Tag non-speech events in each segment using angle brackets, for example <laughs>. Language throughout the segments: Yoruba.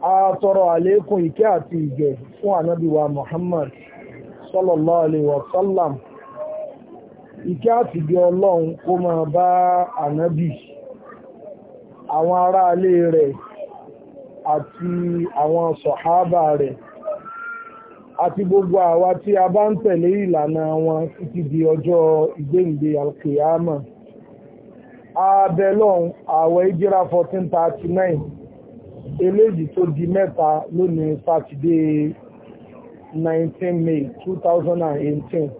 àtọrọ àlékún ìkẹ́ àti ìgẹ̀ fún ànábíwa Muhammad sallallahu alaihi Ike sallam ìkẹ́ àti ìgẹ̀ ọlọ́run kó máa bá ànábì àwọn ará alé rẹ̀ àti àwọn sọ̀hábà rẹ̀ àti gbogbo àwa tí a bá ń tẹ̀lé ìlànà wọn títí di ọjọ́ ìgbéǹde alkiyama abẹ́lọ́run àwẹ̀ ìjírá 1439 eléyìí tó di mẹ́ta lónìí sátidé 19 May 2018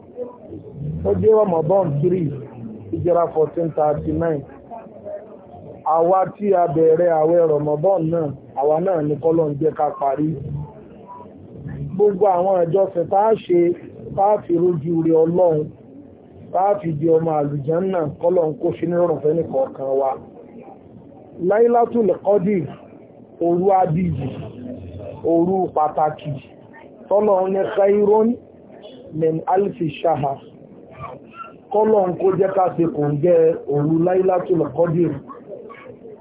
ó jẹ́ Ramadan 3 ìjẹ́ra 1439 àwa tí a bẹ̀rẹ̀ àwẹ̀ Ramadan náà àwa náà ní kọ́lọ̀ ń jẹ́ ká parí gbogbo àwọn ìjọsìn tá a ṣe tá a fi rójú rí Ọlọ́run tá a fi di ọmọ àlùjànnà kọ́lọ̀ ń kó ṣe nírọ̀rùn fẹ́ nìkọ̀ọ̀kan wa Láílátùl Kọ́dìrì òru adìyí òru pàtàkì tọ́lọ̀ ní kairon min alfi shaha kọ́lọ̀ ń kó jẹ́ káṣe kò ń jẹ́ òru láìlátul kọ́dìr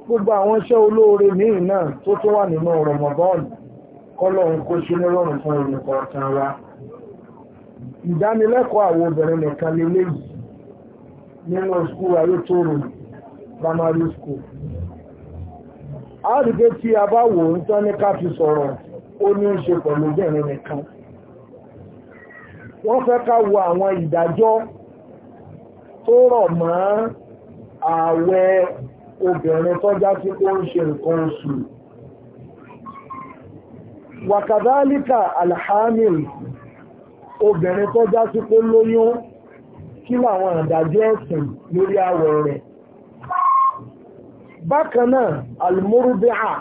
gbogbo àwọn iṣẹ́ olóore míì náà tó tó wà nínú Ramadan kọ́lọ̀ ń kó ṣe nírọ̀rùn fún ẹnìkọ̀ọ̀kan wa ìdánilẹ́kọ̀ọ́ àwọn obìnrin nìkan lélẹ́yìí nínú skúl ayétòrò primary school a rí pé tí a bá wò ń tán ní ká fi sọ̀rọ̀ ó ní í ṣe pẹ̀lú obìnrin nìkan wọ́n fẹ́ ká wo àwọn ìdájọ́ tó rọ̀ mọ́ ààwẹ̀ obìnrin tọ́já sí pé ó ń ṣe nǹkan oṣù wàkàdálíkà alhamil obìnrin tọ́já sí pé lóyún kí làwọn ìdájọ́ ẹ̀sìn lórí àwẹ̀ rẹ̀ bákan náà alimorubiha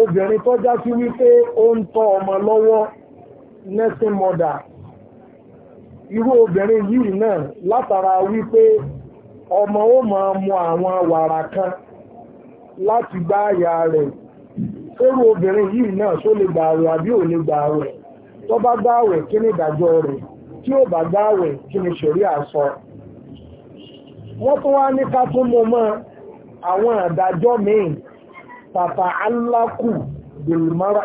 obìnrin tó jásí wípé ó ń tọ ọmọ lọ́wọ́ nursing mother irú obìnrin yìí náà látara wípé ọmọ ó máa mu àwọn wàrà kan láti gbá àyà rẹ̀ fẹ́rù obìnrin yìí náà só lè gbà àwẹ̀ àbí ò lè gbà àwẹ̀ tó bá àwẹ̀ kí ni ìdájọ́ rẹ̀ tí ó wọ́n tún wá ní ká mọ́ àwọn àdájọ́ míì tàtà alákù bilmara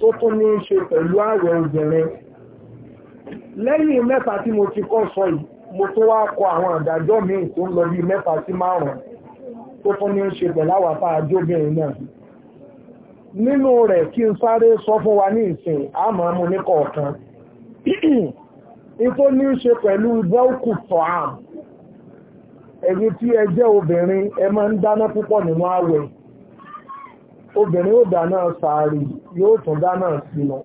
tó tún ní í ṣe pẹ̀lú ààrẹ obìnrin lẹ́yìn mẹ́ta tí mo ti kọ́ sọ yìí mo tó wá kọ àwọn àdájọ́ míì tó ń lọ bí mẹ́ta sí márùn-ún tó tún ní ṣe pẹ̀lú àwàfà <clears throat> ẹ̀yin tí ẹ jẹ́ obìnrin ẹ máa ń dáná púpọ̀ nínú ààwẹ̀ obìnrin ó dáná sàárì yóò tún dáná sínú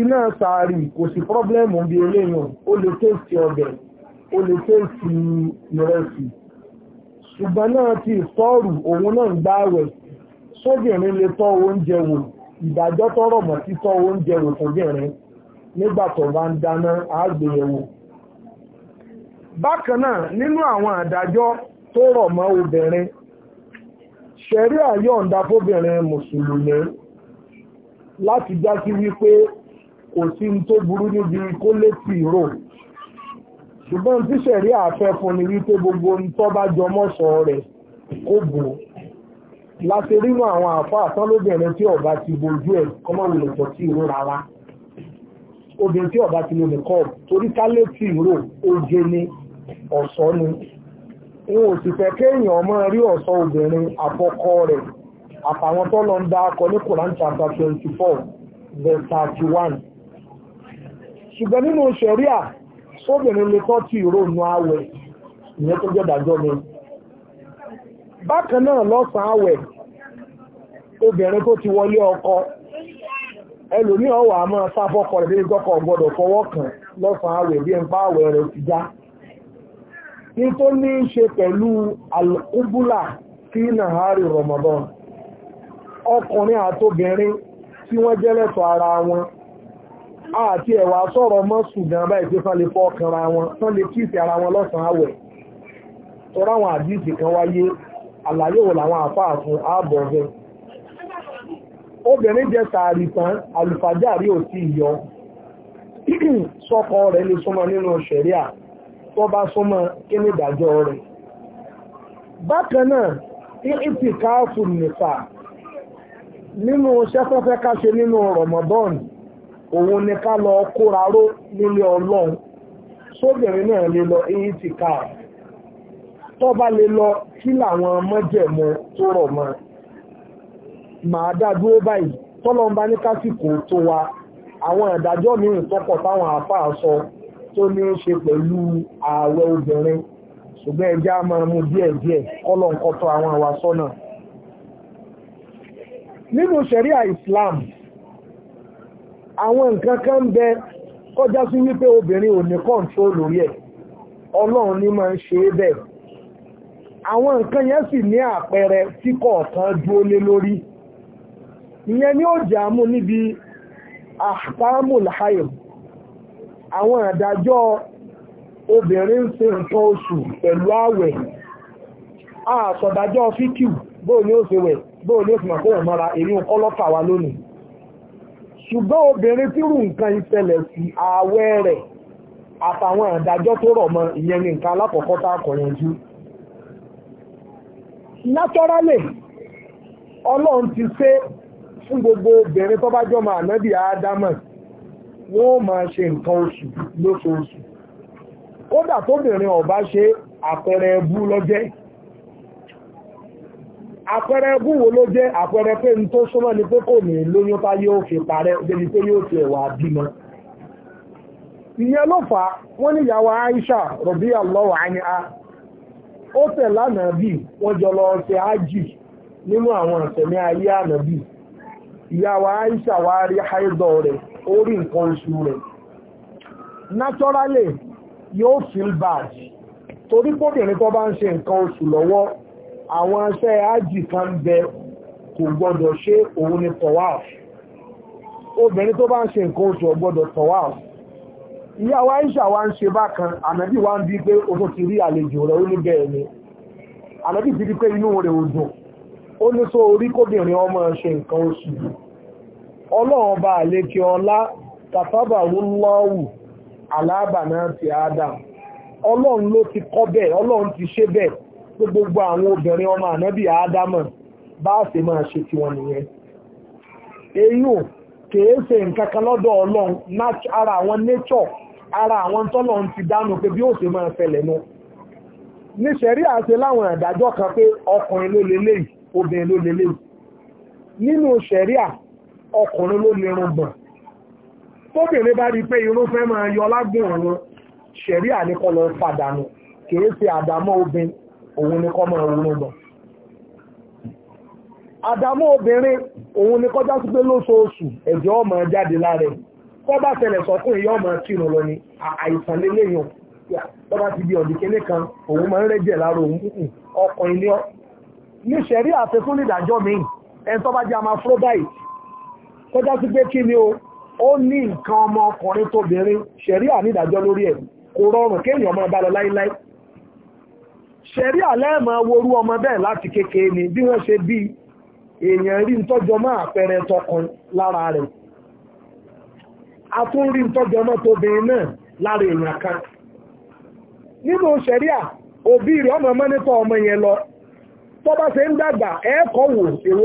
iná sàárì kò sí pọ́blẹ́mù bí eléyìn ó lè tẹ́sì ọbẹ̀ ó lè tẹ́sì ìrẹsì ṣùgbọ́n náà ti ìtọ́rù òun náà ń gbáwẹ̀ sóbìnrin lè tọ́ oúnjẹ wò ìdájọ́ tọ́rọ̀ mọ́ títọ́ oúnjẹ wò fúnbìnrin nígbà tó bá ń dáná àgbéyẹ̀wò bákan náà nínú àwọn àdájọ́ tó rọ̀ mọ́ obìnrin ṣẹ̀rí àyọ̀ǹda fóbìnrin mùsùlùmí láti já sí wípé kò sí ní tó burú níbi kó létí ìró ṣùgbọ́n tí ṣẹ̀rí àfẹ́ fún ni wípé gbogbo ohun tó bá jọmọ́ sọ rẹ̀ kó bò ó láti rínú àwọn àfá àtọ́lóbìnrin tí ọba ti bojú ẹ̀ kọmọ̀wùlẹ̀ tọ̀ tí ìró rárá obìnrin tí ọba ti lò nìkọ́ torí ká létí ìró oje ni ọ̀ṣọ́ ni wọn ò sì fẹ́ kéèyàn ọmọ rí ọ̀ṣọ́ obìnrin àfọkọ rẹ̀ àtàwọn tó lọ ń akọ ní chapter twenty four verse thirty one ṣùgbọ́n nínú ṣẹ̀ríà sóbìnrin lè tọ́ tí ìyẹn tó jẹ́ dájọ́ ni. bákan náà lọ́sàn-án ti wọlé ọkọ ẹlòmí ọwà máa sáfọ́kọ rẹ̀ gbọ́dọ̀ fọwọ́ kàn lọ́sàn-án bí ní tó ní í ṣe pẹ̀lú alkúbúlà sí nàárì Ramadan ọkùnrin àtobìnrin tí wọ́n jẹ́ lẹ́tọ̀ ara wọn àti ẹ̀wà sọ̀rọ̀ mọ́ ṣùgbọ́n báyìí pé fán lè fọ́ ọkànra wọn tán lè kíìsì ara wọn lọ́sàn-án àwẹ̀ tọ́rọ àwọn àdíìsì kan wáyé àlàyé wò <clears throat> rẹ̀ lè súnmọ́ nínú ṣẹ̀ríà tó bá súnmọ́ kí ni ìdájọ́ rẹ̀ bákan náà ìtì káàfù nìfà nínú sẹ́fẹ́fẹ́ ká ṣe nínú Ramadan òun ni ká lọ kóra ró nílé Ọlọ́run sóbìnrin náà lè lọ ìtì káàfù tó bá lè lọ kí làwọn mọ́jẹ̀mọ́ tó rọ̀ mọ́ màá dá dúró báyìí tọ́lọ́mbá ní kásìkò tó wa àwọn ìdájọ́ mìíràn tọ́pọ̀ táwọn àáfàá sọ tó ní ṣe pẹ̀lú ààrẹ obìnrin ṣùgbọ́n ẹjẹ́ a máa mú díẹ̀ díẹ̀ kọ́lọ̀ àwọn àwa sọ́nà. nínú Islam àwọn nǹkan kan ń bẹ kọjá sí wípé obìnrin ò ní kọ́ńtró lórí ẹ̀ ọlọ́run ní máa ń ṣe é àwọn nǹkan yẹn sì ní àpẹẹrẹ tí kọ̀ọ̀kan dúró lé àwọn àdájọ́ obìnrin ń ṣe nǹkan oṣù pẹ̀lú ààwẹ̀ àsọ̀dájọ́ fíkìú bóò ní ó ṣe wẹ̀ bóò ní ó sì màkó ìmọ́ra èyí ń kọ́ lọ́fà wa lónìí ṣùgbọ́n obìnrin tí rù nǹkan ìṣẹ̀lẹ̀ sí ààwẹ̀ rẹ̀ àtàwọn àdájọ́ tó rọ̀ mọ́ ìyẹn ní nǹkan alákọ̀ọ́kọ́ tá a kọ̀ yanjú naturally ọlọ́run ti ṣe fún gbogbo obìnrin tó bá jọ mọ́ ànábì ádámọ̀ wọ́n ma ṣe nǹkan oṣù lóṣooṣù kódà tóbìnrin ọ̀bá ṣe àpẹẹrẹ ẹbú lọ́jẹ́ àpẹẹrẹ ẹbú wo ló jẹ́ àpẹẹrẹ pé n tó súnmọ́ ni pé kò ní lóyún tá yóò fi parẹ́ débi pé yóò ẹ̀wà bímọ ìyẹn ló Aisha á a ó tẹ̀ lánàá wọ́n jọ lọ ṣe ájì nínú àwọn ayé ìyàwó Aisha wá rí haidọ̀ rẹ̀ orí nǹkan oṣù rẹ̀ naturally yóò feel bad torí kóbìnrin tó bá ń ṣe nǹkan oṣù lọ́wọ́ àwọn iṣẹ́ ájì kan bẹ kò gbọ́dọ̀ ṣe òun ni tọ̀wáf obìnrin tó bá ń ṣe nǹkan oṣù ọgbọ́dọ̀ tọ̀wáf ìyá wa Aisha wa ń ṣe bákan ànábì wa ń bí pé o tó ti rí àlejò rẹ̀ ó ní bẹ́ẹ̀ ni ànábì ti rí pé inú rẹ̀ ò dùn ó ní sọ orí kóbìnrin ọmọ ṣe nǹkan oṣù yìí ọlọ́run bá àlékè ọlá kàfábà wúlọ́wù aláàbànà ti adam ọlọ́run ló ti kọ́ bẹ́ẹ̀ ọlọ́run ti ṣe bẹ́ẹ̀ pé gbogbo àwọn obìnrin ọmọ ànábì ádámọ̀ bá ṣe máa ṣe tiwọn nìyẹn eyín kìí ṣe nǹkan kan lọ́dọ̀ ọlọ́run ara àwọn nature ara àwọn tọ́lọ́run ti dánú pé bí ó ṣe máa ṣẹlẹ̀ nu níṣẹ̀rí àṣẹ láwọn àdájọ́ kan pé ọkùnrin ló lélẹ́yìí obìnrin ló lélẹ́yìí nínú ṣẹ̀ríà ọkùnrin ló ní irun gbọ̀n tóbìnrin bá rí pé irun fẹ́ máa yọ lágbọ̀n òun ṣẹ̀rí àníkọ́ lọ fàdánù kìí ṣe àdámọ́ obìnrin òun ni kọ́ máa rún gbọ̀n àdámọ́ obìnrin òun ni kọjá sí pé lóṣooṣù ẹ̀jẹ̀ ọmọ jáde lára ẹ̀ tó bá ṣẹlẹ̀ sọ́kùn ìyá ọmọ kírun lọ ni àìsàn lélẹ́yìn tó bá ti di ọ̀dí kíní kan òun máa ń rẹ́jẹ̀ mi ẹni tó bá jẹ́ àmà fúró báyìí kọjá sí pé kí ni o ó ní nǹkan ọmọ ọkùnrin tóbìnrin ṣẹ̀ríà ní lórí ẹ̀ kò rọrùn kéèyàn ọmọ bá lọ láíláí ṣẹ̀ríà lẹ́ẹ̀mọ́ worú ọmọ bẹ́ẹ̀ láti kékeré ni bí wọ́n ṣe bí èèyàn rí ntọ́jọ́ lára rẹ̀ rí ntọ́jọ́ kan nínú òbí rẹ̀ ọmọ ọmọ lọ bá ṣe ń dàgbà ẹ̀ẹ́kọ̀ wò èwo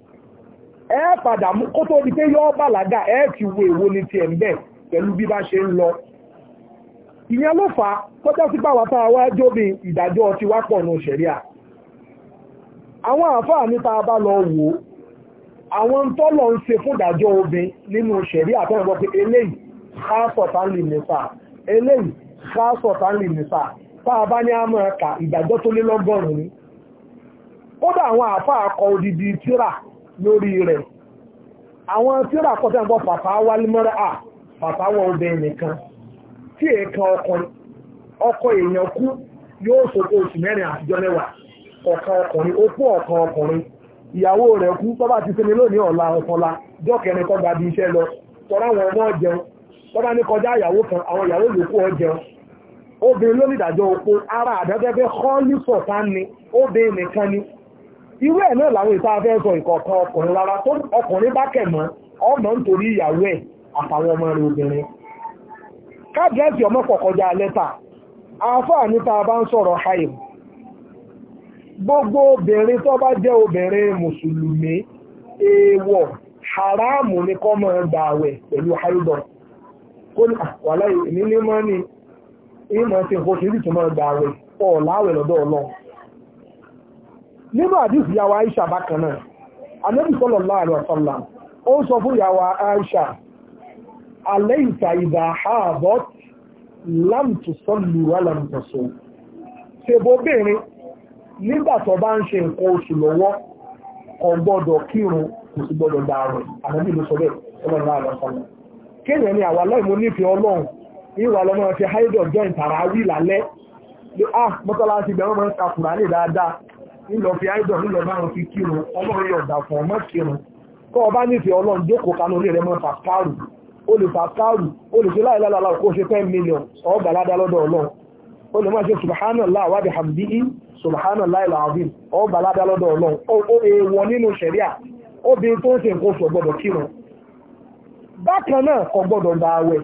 ẹ padà mú kó tó di pé yọ́ bàlágà ẹ wo èwo ni tiẹ̀ ń bẹ̀ pẹ̀lú bí bá ṣe ń lọ ìyẹn ló fà á tọ́jọ́ sí pàwọ́ tá a wá jóbi ìdájọ́ ti wá pọ̀ ṣẹ̀ríà àwọn àfáà ní tá a lọ wò ó àwọn tọ́lọ̀ ń ṣe fún ìdájọ́ obìn nínú pé eléyìí lè nípa eléyìí lè nípa tá a odidi tíra lórí rẹ̀ àwọn tíra kọ́tẹ́ ń bọ́ pàpà wálímọ́ra à pàpà wọn obìnrin nìkan tí èèkan ọkùnrin ọkọ èèyàn kú yóò sọkọ oṣù mẹ́rin àtijọ́ mẹ́wàá ọ̀kan ọkùnrin ó kú ọ̀kan ọkùnrin ìyàwó rẹ̀ kú tọ́ba ti sinmi lónìí ọ̀la ọ̀kanla jọ́kẹrin kọ́ gba bí iṣẹ́ lọ tọ́ra àwọn ọmọ jẹun tọ́ba ní kọjá ìyàwó kan àwọn ìyàwó yòókù ọ jẹun obìnrin lónìí ìdájọ́ opó ara àdájọ́ pé họ́ọ́lì sọ̀tán ni obìnrin nìkan ni irú ẹ̀ náà làwọn ìta afẹ́ sọ ìkọ̀ọ̀kan ọkùnrin rárá tó ọkùnrin bá kẹ̀ mọ́ ọmọ nítorí ìyàwó ẹ̀ àtàwọn ọmọ rẹ̀ obìnrin ọmọ kọjá lẹ́tà àáfàá bá ń gbogbo obìnrin tó bá jẹ́ obìnrin mùsùlùmí èèwọ̀ haramu ni kọ́ máa ń pẹ̀lú haidọ̀ kó ní àwàlá ìní ní ìmọ̀ kò sí nínú àdìsí ìyàwó Aisha bákan náà anábì sallallahu alaihi wasallam ó sọ fún ìyàwó Aisha alẹ́ ìta ìdá ààbọ̀ láǹtù sọ́lù wà láǹtù sọ ṣèbóbìnrin nígbà tó bá ń ṣe nǹkan oṣù lọ́wọ́ kò gbọ́dọ̀ kírun kò sì gbọ́dọ̀ dàrùn ànábì ló sọ bẹ́ẹ̀ ni àwa láì mo ah mọ́tọ́lá ti bẹ̀rẹ̀ mọ́ ń ka Kùránì dáadáa ńlọ fi áìdọ̀ ńlọ bá wọn fi kírun ọlọ́run yóò dà fún ọmọ kírun kọ́ ọba nífẹ̀ẹ́ ọlọ́run jókòó kanú orí rẹ̀ mọ́ fàkárù o lè fàkárù o lè ṣe láìláìlá lára kó ṣe ten million ọgbà ládá lọ́dọ̀ ọlọ́run o lè máa ṣe subhanallah wa bihamdihi subhanallah alazim ọgbà ládá lọ́dọ̀ ọlọ́run o èèwọ̀ nínú ṣẹ̀ríà obìnrin tó ń ṣe nǹkan oṣù ọgbọ́dọ̀ kírun bákan náà kò gbọ́dọ̀ gba àwẹ̀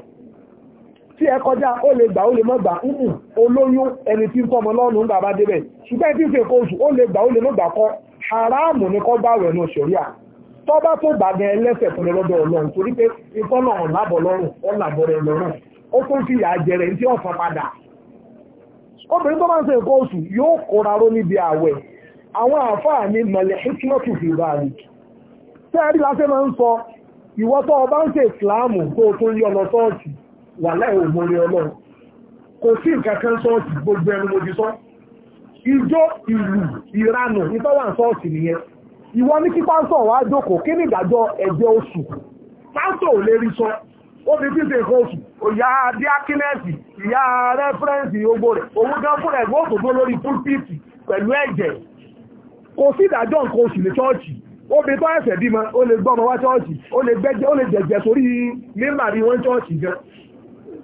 tí ẹ kọjá ó lè gbà ó lè gbà olóyún ẹni tí ń tọ́mọ lọ́nu ńgbà bá débẹ̀ ṣùgbọ́n tí ń fi ni kọ́ bá rẹ̀ náà ṣòríà Tọ́ba tó gbà gan ẹlẹ́sẹ̀ fún lọ́dọ̀ ọlọ́run torí pé ìtọ́nà ọ̀làbọ̀ lọ́rùn rẹ̀ lọ́rùn ó tún fi jẹrẹ ní tí padà obìnrin tó ń oṣù yóò kóra wà láì òmòrè ọlọ́run kò sí nǹkan kan sọ́ọ̀sì gbogbo ẹnu mojú sọ́ ijó ìlú ìranù ìtọ́wà sọ́ọ̀sì nìyẹn ìwọ ní kí pásọ̀ wá jókòó kí ní ìdájọ́ ẹgbẹ́ oṣù pásọ̀ ò lè rí sọ ó fi tí ṣe nǹkan oṣù ìyá díákínẹ́sì ìyá rẹ́fẹ́rẹ́nsì ogbó rẹ̀ òun gan fúnra ẹ̀gbọ́n òṣòdó lórí púlpìtì pẹ̀lú ẹ̀jẹ̀ kò sí ìdájọ́ nǹkan oṣù ní ṣọ́ọ̀ṣì obìnrin tó ẹ̀sẹ̀ bímọ ó lè gbọ́ wá ṣọ́ọ̀ṣì ó lè jẹ̀jẹ̀ sórí mímàrí wọn ṣọ́ọ̀ṣì gan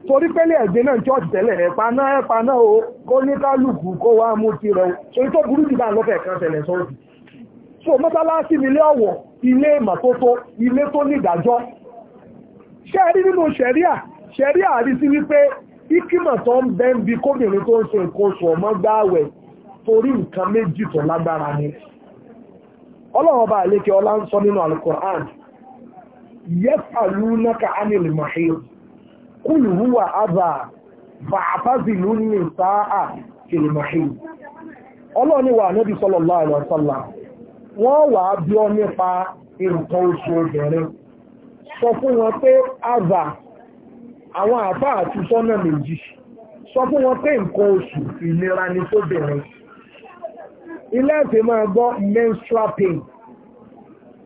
torí pẹ́lẹ̀ ẹ̀gbẹ́ náà church tẹ́lẹ̀ ẹ̀pa náà o kó ní kálùkù kó wá mú ti rẹ̀ torí tó burú jù bá lọ́fẹ̀ẹ́ kan tẹ̀lẹ̀ sọ́ọ̀tì so mọ́sálásí ilé ọ̀wọ̀ ilé ìmọ̀tótó ilé tó ní ìdájọ́ nínú rí sí wípé ikímọ̀ tó ń bẹ́ ń bi kóbìnrin tó ń ṣe nǹkan oṣù ọmọ gbáwẹ̀ torí nǹkan méjì tó lágbára ọba àlékè ọlá ń sọ nínú alukur'an ánìlì kúlù húwà àbà fàáfàzì ló ní sáà kìlìmọ̀ṣìn ọlọ́ni wà níbi sallallahu alaihi wasallam wọ́n wà bí ọ nípa nǹkan oṣù obìnrin sọ fún wọn pé àbà àwọn àbá àti sọ́nà méjì sọ fún wọn pé nǹkan oṣù ìlera ni tóbìnrin ilé ẹ̀fẹ́ máa gbọ́ menstrual pain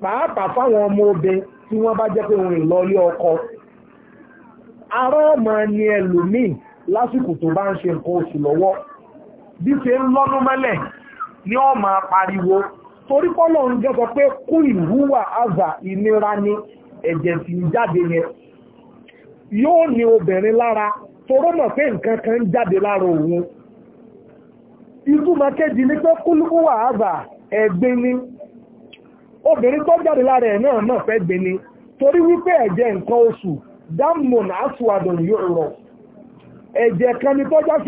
pàápàá fáwọn ọmọ obìnrin tí wọ́n bá jẹ́ pé òun ìlọlé ọkọ Ara ọmọ ni ẹlòmíì lásìkò tó bá ń ṣe nǹkan oṣù lọ́wọ́ bí ṣe ń lọ́nú mẹ́lẹ̀ ni ó máa pariwo torí pọ́lọ̀ ń jẹ́ sọ pé kú ìhùwà àzà ìnira ni ẹ̀jẹ̀ sì ń jáde yẹn yóò ní obìnrin lára torọ́ mọ̀ pé nǹkan kan ń jáde lára òun ìtumọ̀ kejì ni pé kúlùkúwà àzà ẹ̀gbin ni obìnrin tó jáde lára ẹ̀ náà náà fẹ́ gbin ni torí wípé ẹ̀jẹ̀ nǹkan oṣù damon aswadun yóò ẹ̀jẹ̀ kan ni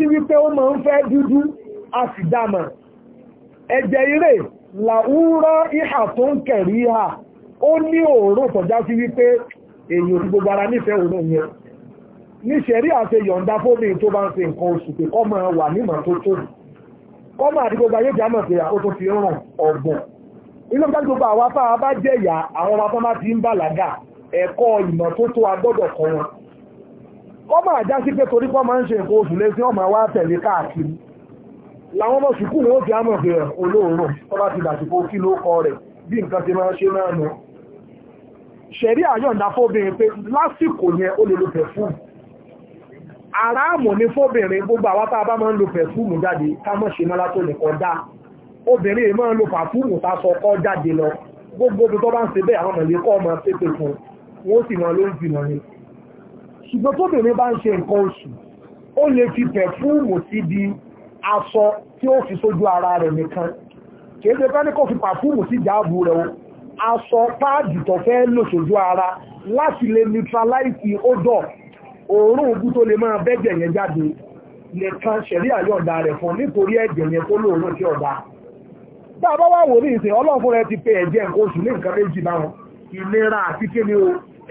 wípé ó máa ń fẹ́ dúdú a sì dámà ẹ̀jẹ̀ ire làúrọ́ ìhà tó ń ìhà ó ní òórùn wípé èyí gbogbo ara òórùn yẹn ní yọ̀ǹda tó bá ń nǹkan oṣù pé kọ́ máa wà nímọ̀ tó tó kọ́ gbogbo ayé jámọ̀ pé ó tó fi ràn ọ̀gbọ̀n inú gbogbo àwọn ti ń bàlágà ẹ̀kọ́ tó agbọ́dọ̀ kọ́ wọn kọ́mọ̀ àjá sí pé torí máa ń ṣe nǹkan oṣù lé ọmọ wa tẹ̀lé káàkiri Láwọn ọmọ sùkúù ni ó fi àmọ̀ tó bá ti dàsìkò kí ló kọ rẹ̀ bí nǹkan ti máa ṣe náà nù ṣẹ̀rí àyọ̀ǹda fóbìnrin pé lásìkò yẹn ó lè lo pẹ̀fúùmù ní fóbìnrin gbogbo tá a bá máa ń jáde ká ṣe wọ́n sì náà ló ń jìnà ni ṣùgbọ́n tóbìnrin bá ń ṣe nǹkan oṣù ó lè fi pẹ̀fúùmù síbi aṣọ tí ó fi sójú ara rẹ̀ nìkan kìí ṣe pé ní kò fi pàfúùmù sí ìjáàbù rẹ̀ o aṣọ páàdì tó fẹ́ lò sójú ara láti lè neutralize odor òórùn ogun tó lè máa bẹ́jẹ̀ yẹn jáde nìkan ṣẹ̀rí àyọ̀dá rẹ̀ fún nítorí ẹ̀jẹ̀ yẹn tó lóòórùn sí ọ̀dà bá a bá wà wò ní ìsìn ọlọ́fun rẹ ti pe ẹ̀jẹ̀ nǹkan oṣù ní nǹkan méjì báwọn ìlera àti kíni o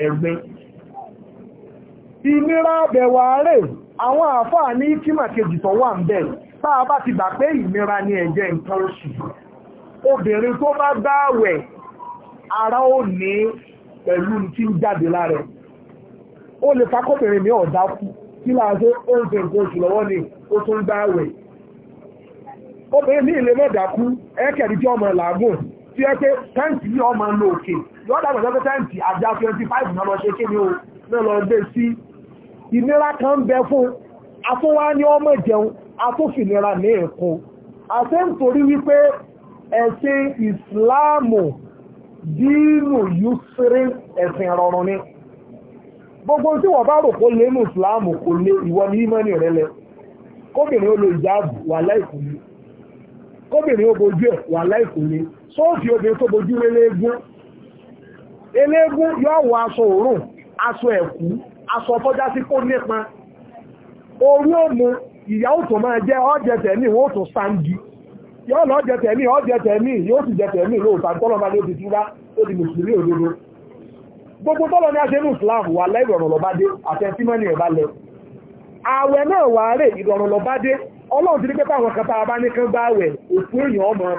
ẹ̀gbin ìnira àbẹ̀wà rẹ̀ àwọn àáfàá ní kímà kejì tó wà ń bẹ̀ tá a bá ti gbà pé ìnira ni ẹ̀jẹ̀ nǹkan oṣù obìnrin tó bá gbààwẹ̀ ara ó ní pẹ̀lú tí ń jáde lára ẹ̀ ó lè fakọ́bìnrin ní ọ̀dá kú kí láàáṣe ó ń fẹ́ nǹkan oṣù lọ́wọ́ ni ó tún gbààwẹ̀ obìnrin ní ilé tí ẹ pé tẹ́ǹtì yìí ọmọ ló òkè lọ́dà gbẹ̀dẹ́ pé tẹ́ǹtì àjà 25 náà lọ ṣe kí ni o náà lọ dé sí ìnira kan bẹ fún afúnwá ní ọmọ jẹun atúfìnira ní ẹ̀kọ́ àti nítorí wípé ẹ̀sìn ìsìláàmù dínú yusri ẹ̀sìn rọrùn ni gbogbo tí wọ́n bá rò kó lé ní ìsìláàmù kò lé ìwọ ní ìmọ̀ni rẹ lẹ kóbìnrin ó lo ìjáàbù wà láìkò lé kóbìnrin ó bojú ẹ̀ wà láìkò lé sóòfì obìnrin tó bojú lélégún elégún yóò wọ aṣọ òórùn aṣọ ẹ̀kú aṣọ tọ́já sí kó nípa orí òmù ìyàwó tó máa jẹ́ ọ́jẹ́ tẹ̀mí wọ́n tó sáńgí yóò lọ jẹ tẹ̀mí ọ́jẹ́ tẹ̀mí yóò sì di gbogbo wà lẹ́yìn ọ̀rọ̀ lọ́bádé àtẹ̀símọ́nì ẹ̀bá Ọlọ́run ti ní kan a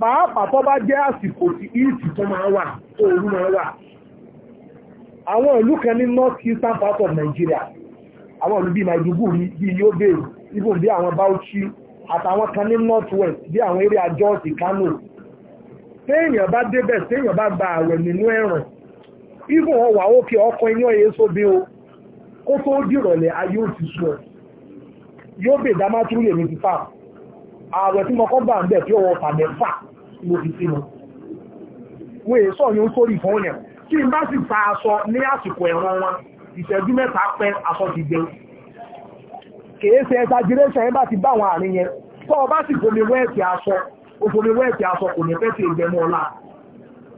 pàápàá tó bá jẹ́ àsìkò tí ìtì tó máa wà òru máa wà àwọn ìlú kan ní north eastern part of Nigeria àwọn ìlú bíi Maiduguri bíi Yobe even bí àwọn Bauchi àtàwọn kan ní north west bí àwọn eré ajọ́ọ̀tì Kano téèyàn bá débẹ̀ téèyàn bá gba àwẹ̀ nínú ẹ̀rùn even ọwà òkè ọkọ̀ iná èso bí o kó tó dìrọ̀lẹ́ ayé òtítù ẹ̀ Yobe damaturu lèmi ti fáà ààrẹ tí mo kọ́ gbà ń bẹ̀ tí ọwọ́ ọ̀fà mẹ́fà ló fi sínú wọ́n èé sọ yóò sórí fún òyìn tí n bá sì ta aṣọ ní àsìkò ẹ̀rọ wọn ìṣẹ́jú mẹ́ta pẹ́ aṣọ ti gbé kèé ṣe exaggeration yẹn bá ti bá àwọn àárín yẹn tọ́ ọ bá sì fomi wẹ́ẹ̀tì aṣọ òfomi wẹ́ẹ̀tì aṣọ kò ní fẹ́ ti ìgbẹ̀mú ọ̀la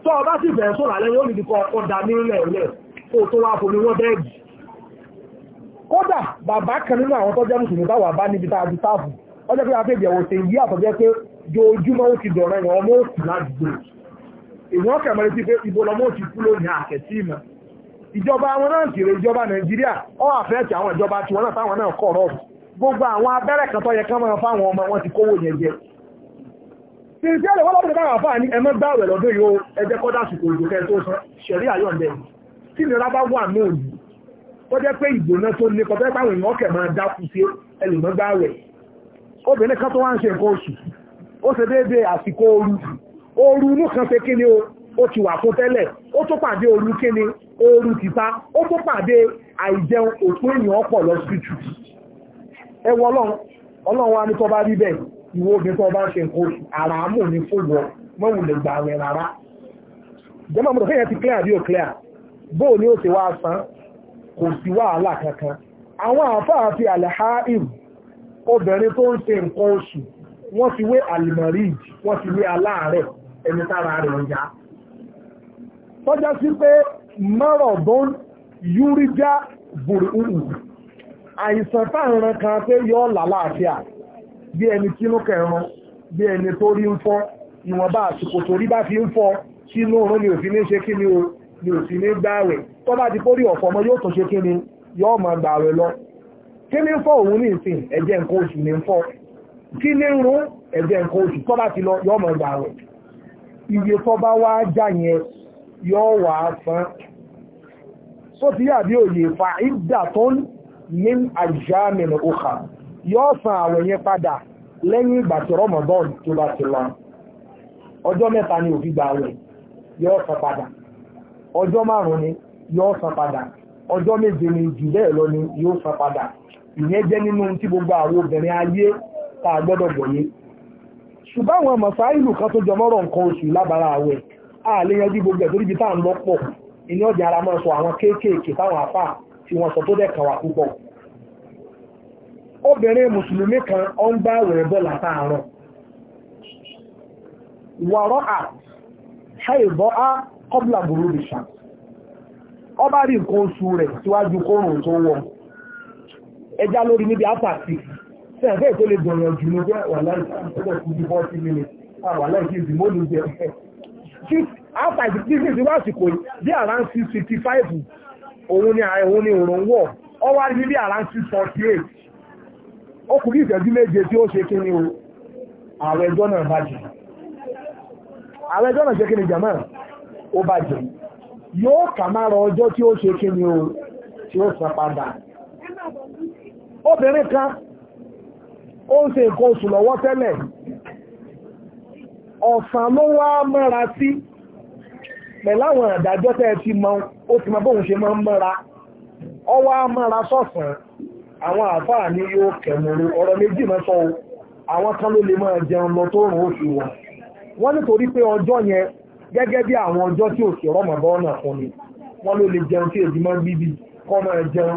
tọ́ ọ bá sì fẹ́ sọ lálẹ́ yóò nídìí kọ́ ọkọ̀ dání lẹ̀lẹ̀ kó tó wá fomi wọ́n bẹ́ẹ̀gì kódà bàbá kan nínú àwọn tọ́jú mùsùlùmí báwà bá níbi tá a ti táàbù ọjọ́ pé afẹ́ ìbẹ̀wò ṣe yí àtọ̀jẹ́ pé dojúmọ́ ó ti dọ̀rọ̀ ẹ̀yàn ọmọ òsì ládùúgbò ìwọ́n kẹ̀mọ́lé sí pé ibo lọmọ òsì kú lónìí àkẹ́tì ìmọ̀ ìjọba àwọn náà kéré ìjọba nàìjíríà ọ àfẹ́ẹ̀tì àwọn ìjọba tiwọn náà táwọn náà kọ̀ rọ́ọ̀bù gbogbo àwọn abẹ́rẹ́ kan tó yẹ ká máa fáwọn ọmọ wọn ti kówó yẹn jẹ tìrìtì ẹ̀rọ wọ́n lọ́pọ̀ obìnrin kan tó wá ń ṣe nǹkan oṣù ó ṣe déédéé àsìkò ooru ooru inú kan ṣe kíni o ó ti wà fún tẹ́lẹ̀ ó tó pàdé ooru kíni ooru tìta ó tó pàdé àìjẹun òkú èèyàn ọ̀pọ̀ lọ sí jù ẹ wọ ọlọ́run ọlọ́run wa ní tó bá rí bẹ́ẹ̀ ìwọ obìnrin tó bá ń ṣe nǹkan oṣù àràámù ní fún wọn mọ́wùn lè gbà rẹ̀ rárá jẹ́mọ̀ mọ́tò kéèyàn ti clear bí ó clear bóò ni ó ti wá san kò sí wàhálà kankan àwọn àfáà fi àlẹ́ ha ìrù obìnrin tó ń ṣe nǹkan oṣù wọ́n ti wé ìjì wọ́n ti wé aláàárẹ̀ ẹni tára rẹ̀ ọjà tọ́já sí pé márọ̀dún yúríjá burúkú àìsàn táàrán kan pé yọ́ làlàáfíà bí ẹni tínú kẹran bí ẹni tó rí ń fọ́ ìwọ̀nba àsìkò ni òfin ní ṣe kí ni òfin ní gbáwẹ̀ ọmọ yóò kí ní fọ́ òun ní ìsìn ẹ̀jẹ̀ nǹkan oṣù ní fọ́ kí ní rún ẹ̀jẹ̀ nǹkan oṣù tó bá ti lọ yọ́ mọ̀ gbà rẹ̀ iye tó bá wá já yẹn yọ́ wà á san só ti yàbí òye fa ìdà tó ní àjá mìíràn òkà yọ́ san àwẹ̀ yẹn padà lẹ́yìn ìgbà tí rọmọdọ́n tó bá ti lọ ọjọ́ mẹ́ta ni òfin gbà rẹ̀ yọ́ san padà ọjọ́ márùn-ún ni yọ́ san padà ọjọ́ méje ni jù bẹ́ẹ̀ lọ ni yóò san padà ìyẹn jẹ́ nínú tí gbogbo àwọn obìnrin ayé tá a gbọ́dọ̀ gbọ̀yé ṣùgbọ́n àwọn mọ̀sáìlù kan tó jọmọ́rọ̀ nǹkan oṣù lábára àwẹ̀ a lè gbogbo ẹ̀ torí bí tá à ń lọ́pọ̀ ìní ọ̀dì ara máa sọ àwọn kéékèèké táwọn àfà tí wọ́n sọ tó dẹ̀ kàn púpọ̀ obìnrin ọ ń bá wọ̀rọ̀ à á kọ́bùlà bìṣà rí nǹkan oṣù rẹ̀ síwájú kórùn tó wọ̀ ẹja lórí níbi àpàtì ṣe àfẹ́ tó lè gbọ̀nyàn jù ní wà láì ọgbọ̀n tó di fọ́ọ̀tì mímì wà láì kí n sì mọ́ ló jẹ. àpàtì tí sì wá àsìkò bí àrán sí fifty five òun ni ni òun wọ̀ ọ wá rí bí àrán sí forty eight ó kù bí ìtẹ́jú méje tí ó ni o ààrẹ ẹjọ́ náà bàjẹ́ ààrẹ ẹjọ́ náà ṣe kí ni jàmá ó bàjẹ́ yóò kà má rọ ọjọ́ tí ó ni o tí ó san obìnrin kan ó ń se nǹkan oṣù lọ́wọ́ tẹ́lẹ̀ ọ̀sán ló wá mọ́ra sí pẹ̀láwọn àdájọ́ tẹ́ ti mọ ó ti mọ bóun ṣe máa ń mọ́ra ọwọ́ á mọ́ra sọ̀sán àwọn àfáà ní yóò kẹ̀mùrú ọ̀rọ̀ méjì mẹ́sọ àwọn kan ló lè máa jẹun lọ tó rùn oṣù wọn wọ́n nítorí pé ọjọ́ yẹn gẹ́gẹ́ bí àwọn ọjọ́ tí òṣù rọ̀mọ̀bọ́ náà fún ni wọ́n ló lè jẹun tí èdè máa gbíbi kọ́ máa jẹun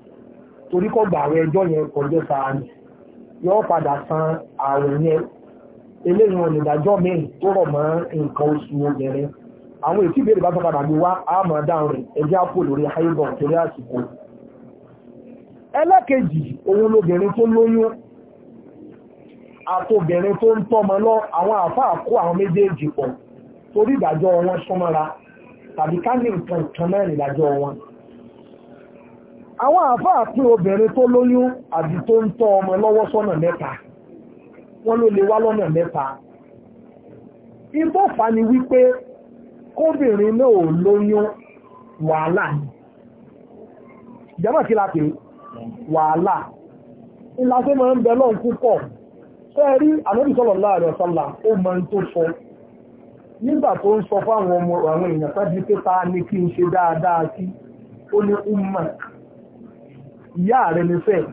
torí kọ́ gbà àwẹ̀ ẹjọ́ yẹn kọjọ́ sáàánì yọ́ padà san àwẹ̀ yẹn eléyìí wọn ìdájọ́ mẹ́rin tó rọ̀ mọ́ nǹkan oṣù obìnrin àwọn èsì ìbéèrè bá tó padà bí wá àmọ́ dáhùn rẹ̀ ẹjẹ́ àpò lórí ayébọ̀ torí àsìkò ẹlẹ́kejì òun lobìnrin tó lóyún àtobìnrin tó ń tọ́mọ lọ àwọn àfáà kó àwọn méjèèjì pọ̀ torí ìdájọ́ wọn súnmọ́ra tàbí ká ní nǹkan kan náà ìdájọ́ wọn àwọn àáfàá pín obìnrin tó lóyún àbí tó ń tọ ọmọ lọ́wọ́ sọ́nà mẹ́ta wọ́n ló lè wá lọ́nà mẹ́ta ìbọ̀fà ni wípé kóbìnrin náà ò lóyún wàhálà ni jẹ́mọ̀ kí la pè wàhálà ìlàsẹ́ máa ń bẹ lọ́n púpọ̀ fẹ́ rí ọmọ àwọn èèyàn pé ta kí n ṣe dáadáa sí ìyá rẹ̀ ní fẹ́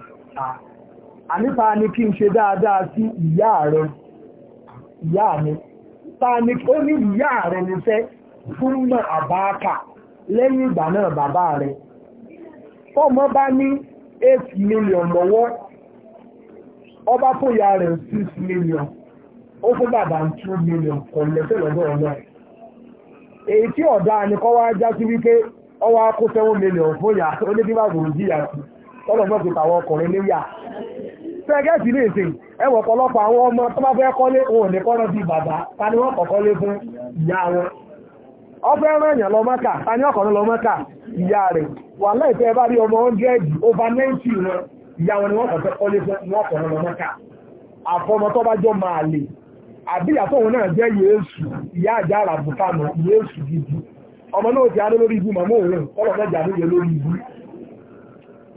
ànípa ni kí n ṣe dáadáa sí ìyá rẹ̀ ìyá mi ó ní ìyá rẹ̀ fẹ́ fún mọ̀ àbáàkà lẹ́yìn ìgbà náà bàbá rẹ̀ fọ́mọ bá ní 8 million lọ́wọ́ ọba rẹ̀ 6 million ó fún bàbá million kò lẹ́sẹ̀ lọ́dọ̀ èyí tí wá já ọlọ́mọ fi tàwọn ọkùnrin níyà sẹ́gẹ́sì lè ẹwọ̀ ọ̀pọ̀lọpọ̀ àwọn ọmọ tó bá fẹ́ kọ́lé ò ta ni wọ́n kọ́kọ́ lé fún ìyá wọn ọfẹ́ lọ mọ́kà ta ni lọ mọ́kà ìyá rẹ̀ wà láìpẹ́ bá rí ọmọ wọn ìyá wọn ni wọ́n kọ́lé fún wọn lọ mọ́kà àfọmọ tó bá jọ máa lè àbíyà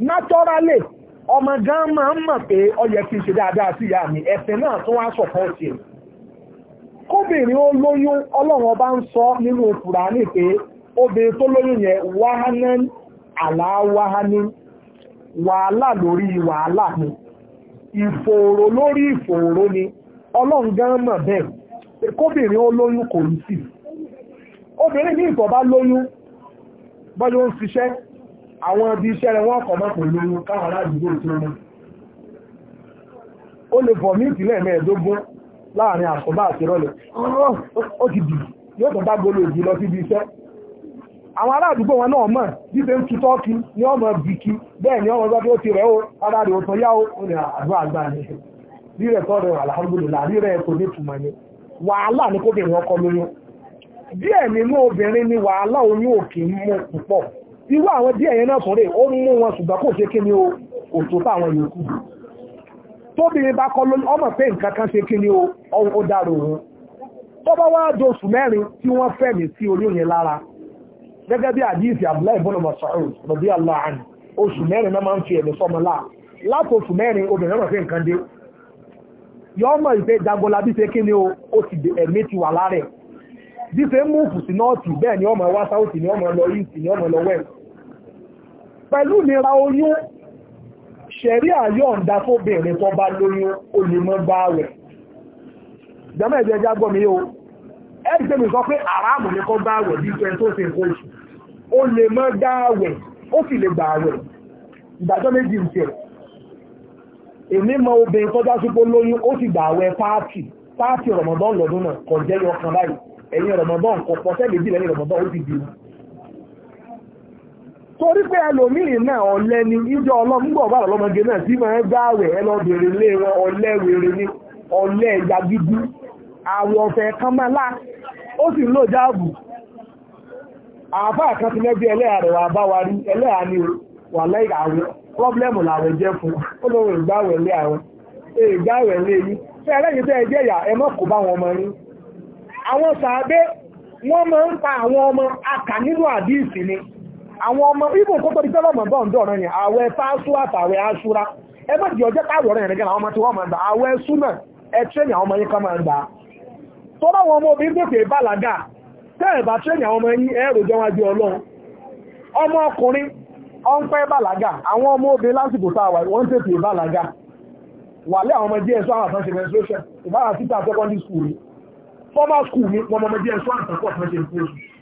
naturally ọmọ gan máa ń mọ̀ pé ó kí n ṣe dáadáa sí ìyá mi ẹ̀sìn náà tún wá sọ̀pọ̀tì ẹ̀ kóbìnrin ó lóyún ọlọ́run ọba ń sọ nínú Kùránì pé obìnrin tó lóyún yẹn wáhánán àláwáhání wàhálà lórí wàhálà ni ìfòòró lórí ìfòòró ni ọlọ́run gan mọ̀ bẹ́ẹ̀ kóbìnrin ó lóyún kò ní sí obìnrin ní ìtọ̀ lóyún bọ́yọ́ ń ṣiṣẹ́ àwọn ibi iṣẹ́ rẹ̀ wọ́n kọ̀ mọ́ pẹ̀lú káwọn aládùúgbò tí ó mọ́ ó lè bọ̀ ní ìpínlẹ̀ mẹ́ẹ̀ẹ́dógún láàrin àkọ́bá àti rọ́lẹ̀ ó ti dì yóò tàn bá gbolo ìjì lọ síbi iṣẹ́ àwọn aládùúgbò wọn náà mọ̀ jíde ń tutọ́ kí ní ọmọ bìkí bẹ́ẹ̀ ni ọmọ gbọ́dọ̀ ti rẹ̀ ó ara rẹ̀ yá ó ní àdúrà àgbà ní rírẹ̀ tọ́ rẹ̀ alhamdulillah rírẹ̀ kò ní tùmọ̀ ni wàhálà ni kóbìnrin ọkọ lóyún díẹ̀ nínú obìnrin ni wàhálà oyún òkè mú púpọ̀ irú àwọn díẹ̀ yẹn náà fún rẹ̀ ó mú wọn ṣùgbọ́n kò ṣe kí ni o òtò táwọn yòókù tóbìnrin bá kọ́ ọmọ pé nǹkan kan ṣe kí ni ó dára òun tó bá wá dóṣù mẹ́rin tí wọ́n fẹ̀mí sí oyún yẹn lára gẹ́gẹ́ bí àdíìsì Abdullahi ibn Mas'ud radiyallahu anhu oṣù mẹ́rin náà máa ń fi ẹ̀mí sọmọ láà láti oṣù mẹ́rin obìnrin náà fi nǹkan dé ti ẹ̀mí ti wà lára ẹ̀ bí ṣe ń mú òfù sí nọ́ọ̀tì bẹ́ẹ̀ ni ọmọ wá sáwọ́tì ni ọmọ lọ yìí sí ni ọmọ lọ wẹ́ẹ̀ pẹ̀lú n'ira oyún ṣẹ̀rí àyọ̀ǹda tó bèèrè tó bá lóyún olùmọ́ bá rẹ̀ jẹ́mọ́ ẹ̀jẹ́ jágbọ́ mi o ẹ̀rì tẹ́mi sọ pé àráàmù ní kọ́ bá rẹ̀ bí i tó ṣe nǹkan oṣù ó lè mọ́ dá rẹ̀ ó sì lè gbà rẹ̀ ìdájọ́ méjì ń tẹ̀ èmi mọ obìnrin tó dá sípò lóyún ó sì gbà rẹ̀ páàtì páàtì rọ̀mọ̀dán lọ́dún náà kọ̀ jẹ́ yọ kan báyìí ẹ̀yìn rọ̀mọ̀dán kọ̀ pọ̀ sẹ́ẹ̀lì torí pé ẹlòmíì náà ọ̀lẹ ni ìjọ ọlọ́mùgbọ̀ bá ọlọ́mọge náà tí máa ń gbá rẹ̀ ẹlọ́bẹ̀rẹ̀ lé wọn ọ̀lẹ́ wèrè ni ọ̀lẹ́ ẹ̀yà gidi àwọn ọ̀fẹ́ kan máa lá ó sì lò jáàbù àáfáà kan ti lẹ́bí ẹlẹ́yà rẹ̀ wà bá wa rí ẹlẹ́yà ni wà lẹ́yìn àwọn pọ́blẹ́mù làwọn jẹ́ fún ó lé àwọn lé fẹ́ ẹlẹ́yìn tẹ́ ẹ jẹ́ ẹ àwọn ọmọ ibùn kó tó di tẹ́lọ̀ mọ̀ bọ́ọ̀ ń dọ̀rọ̀ yẹn fású àtàwẹ̀ aṣúra ẹ má ọjọ́ káàrọ̀ rẹ̀ gẹ́gẹ́ àwọn ọmọ tí wọ́n máa ń gbà àwẹ̀ ọmọ obi kan máa ń gbà tó bá wọn ọmọ obìnrin tó bàlágà ọmọ yín jọ wájú ọlọ́run ọmọ ọkùnrin ọ ń pẹ́ bàlágà àwọn ọmọ obìnrin lásìkò tá a wà wọ́n tètè bàlágà wàlẹ́ àwọn ọmọ díẹ̀ sọ àwọn menstruation ni formal school ni ọmọ díẹ̀ sọ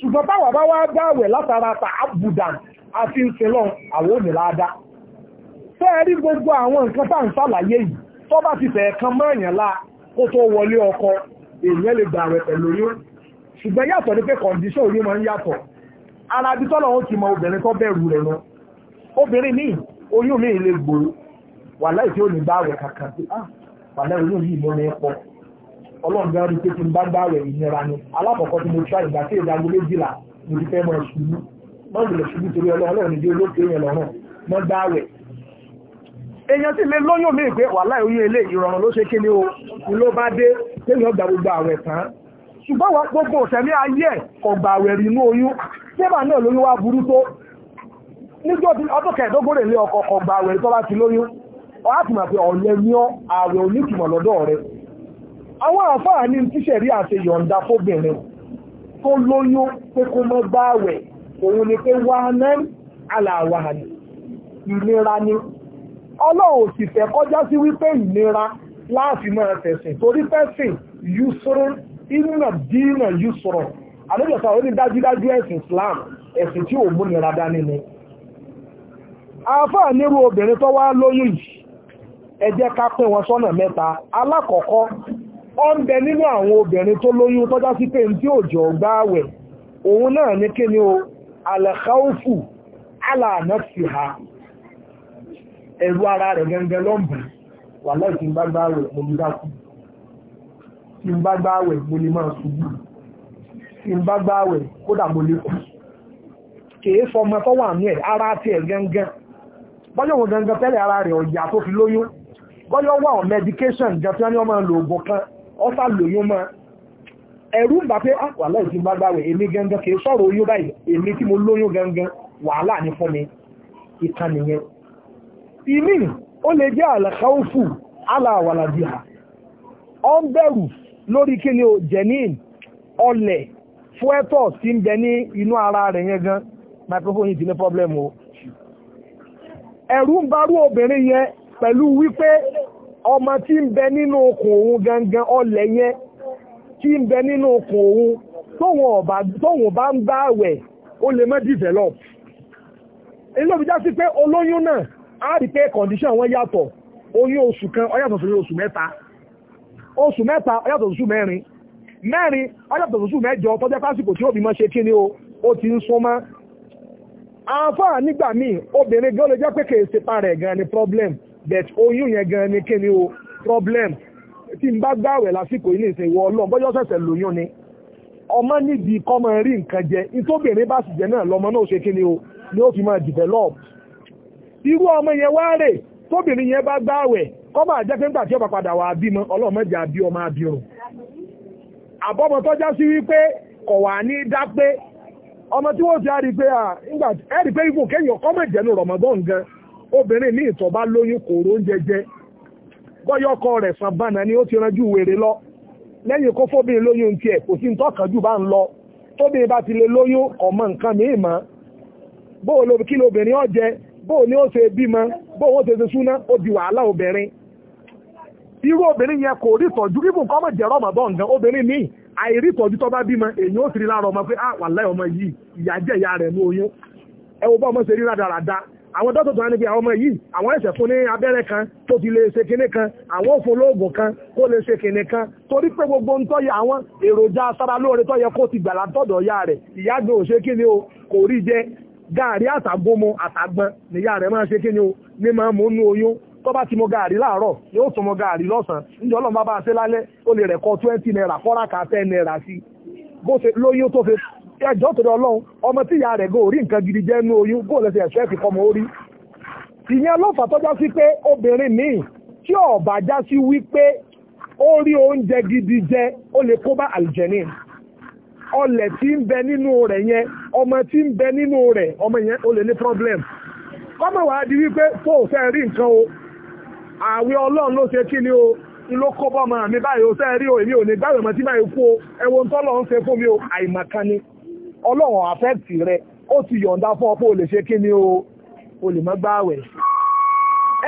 ṣùgbọ́n táwa bá wá gbààwẹ̀ látara ta abudan àti ìṣẹ̀lọ́n àwọn òmìnira fẹ́ rí gbogbo àwọn nǹkan tá ń ṣàlàyé yìí tó bá ti fẹ̀ẹ́ kan mọ́ọ̀yàn lá kó tó wọlé ọkọ èèyàn lè gbà rẹ̀ pẹ̀lú oyún ṣùgbọ́n yàtọ̀ ní pé kọ̀ǹdíṣọ́ orí máa ń yàtọ̀ ara bí tọ́lọ̀ ó ti mọ obìnrin tó bẹ̀rù rẹ̀ lọ obìnrin míì oyún míì lè gbòó wàláì tí ó ní gbààwẹ̀ kankan pé ah oyún yìí mo ní pọ̀ ọlọ́run gan rí pé tí n bá gbá rẹ̀ ìnira ni alákọ̀ọ́kọ́ tí mo tra ìgbà tí èdè agolo jìlá mo ti fẹ́ mọ ṣubú mọ ìbílẹ̀ ṣubú torí ọlọ́run ìdí olókè yẹn lọ́rùn mọ gbá rẹ̀. èèyàn sì lè lóyún mi pé wàhálà oyún ilé ìrọ̀rùn ló ṣe kí ni o ló bá dé téèyàn gba gbogbo àwẹ̀ tán ṣùgbọ́n wọn gbogbo òṣèlú ayé ọgbà àwẹ̀ rí inú oyún tẹ́bà náà lóyún wá burú tó níjọ́ ọdún kẹẹ̀dógún rẹ̀ lé ọkọ̀ ọgbà àwẹ̀ tó bá ti lóyún ọ̀ pé ọ̀lẹ́ ní àwẹ̀ onítùmọ̀ lọ́dọ̀ rẹ̀ àwọn àfáà ní tíṣẹ̀rí àti yọ̀ǹda fóbìnrin tó lóyún pé kó mọ́ bá òun ni pé wáhánán ni kọjá sí wípé ìnira láàfin máa tẹ̀sìn torí pẹ́sìn yusrun dina yusrun àlejòsà ó ní dájúdájú ẹ̀sìn Islam ẹ̀sìn tí ò múnira dání ni àfáà nírú obìnrin tó wá lóyún yìí ẹ ká pín wọn ó bẹ nínú àwọn obìnrin tó lóyún tọ́já sí pé tí òjò gbá àwẹ̀ òun náà ní kí ni o alẹ́káófù alànàfì ha ẹ̀rù ara rẹ̀ gẹ́gẹ́ lọ́mbù wà láì tí ń bá gbá àwẹ̀ mo ní dákú tí ń bá gbá àwẹ̀ mo ní máa ṣubú tí ń bá gbá àwẹ̀ kódà mo lè kú medication gẹ́gẹ́ tí wọ́n ní ọmọ lòògùn kan ọ́sà lóyún mọ́ ẹ̀rú gbà pé ah, wàhálà ìsìn bá gbàwẹ̀ èmi gangan kì í sọ̀rọ̀ oyún báyìí èmi tí mo lóyún gangan wàhálà ní fún mi ìkan nìyẹn ìmí ó lè jẹ́ àlàkáwùfù aláwàlàdìhà ọ ń bẹ̀rù lórí kí ni o jẹ̀nín ọlẹ̀ fúẹ́tọ̀ tí ń bẹ ní inú ara rẹ̀ yẹn gan microphone yìí ti ní pọ́blẹ́mù o ẹ̀rú ń barú obìnrin yẹn pẹ̀lú wípé ọmọ tí ń bẹ nínú okùn òun gangan ọlẹ̀ yẹn tí ń bẹ nínú okùn òun tóun bá ń bá àwẹ̀ ó lè má develop èyí ló fi já sí pé olóyún náà á rí pé condition wọn yàtọ̀ oyún oṣù kan ó yàtọ̀ sí oṣù mẹ́ta oṣù mẹ́ta ó yàtọ̀ sí oṣù mẹ́rin mẹ́rin ọjọ́tọ̀ tuntun mẹ́jọ tọ́jẹ́ pásìkò tí òbí mọ́ ṣe kí ni o ó ti ń súnmọ́ àáfàá nígbà míì obìnrin gan lè jẹ́ pé kèé sepa rẹ̀ gan ni problem but oyún yẹn gan ni o problem tí n bá gbààwẹ̀ lásìkò ilé ìsìn ìwọ ọlọ́run bọ́jọ́ ṣẹ̀ṣẹ̀ lóyún ni ọmọ níbi kọ́mọ rí nǹkan jẹ nítòbìnrin bá sì jẹ náà lọmọ náà ṣe kíni o ni ó fi máa develop irú ọmọ yẹn wá rè tóbìnrin yẹn bá gbààwẹ̀ kọ́mọ àjẹ́ pé nígbà tí ọba padà wà á bímọ ọlọ́run mẹ́jẹ àbí ọmọ abirùn àbọ̀mọ̀ tó já sí wípé kọ̀ wà ní dápé ọmọ tí wọ́n ti á rí pé à ń obìnrin ní ìtọ̀ bá lóyún kòrò oúnjẹ jẹ ọkọ rẹ̀ sàbánà ni ó ti ranjú wèrè lọ lẹ́yìn kó fóbìnrin lóyún ẹ̀ kò sí jù bá ń lọ tóbìnrin bá ti lè lóyún ọmọ nǹkan mìíràn mọ́ bóò lo kí lobìnrin ọ̀jẹ bóò ni ó ṣe bímọ bóò ó ṣe ṣe di wàhálà obìnrin irú obìnrin yẹn kò rí ìtọ́jú kí nǹkan obìnrin míì àìrí ìtọ́jú tó bá bímọ èyí ó sì rí ọmọ pé ah ọmọ yìí ìyá rẹ̀ ní ọmọ ṣe rí rádaràda àwọn dọ́tò tó wá níbi àwọn ọmọ yìí àwọn ẹ̀sẹ̀ fún ní abẹ́rẹ́ kan tó ti lè ṣe kinní kan àwọn òfin olóògùn kan kó lè ṣe kinní kan torí pé gbogbo ń tọ́yẹ àwọn èròjà sára lóore tọ́yẹ kó ti gbàlá tọ̀dọ̀ ya rẹ̀ ìyá gbé òṣè kí ni o kò rí jẹ gaàrí àtàgbọmọ àtàgbọn níyà rẹ̀ máa ṣe kí ni o ní máa mú nú oyún tó bá ti mọ gààrí láàárọ̀ yóò tún mọ gààrí lọ́sàn-án níjọ́ ẹjọ́ torí ọlọ́run ọmọ tí ìyá rẹ̀ gòrí nǹkan gidi jẹ́ nú oyún bó lẹ́sẹ̀ ẹ̀ṣọ́ ẹ̀fì kọmọ orí ìyẹn sí pé obìnrin míì tí ó já wípé ó rí oúnjẹ gidi jẹ ó lè kó bá ọlẹ̀ tí bẹ nínú rẹ̀ yẹn ọmọ tí bẹ nínú rẹ̀ ọmọ yẹn ó lè ní problem kọ́mọ̀ wàá di wípé tó o fẹ́ rí nǹkan o àwẹ̀ ọlọ́run ló ọlọ́run affect rẹ ó ti yọ̀ǹda fún ọ pé o lè ṣe kí ni o o lè má gbààwẹ̀.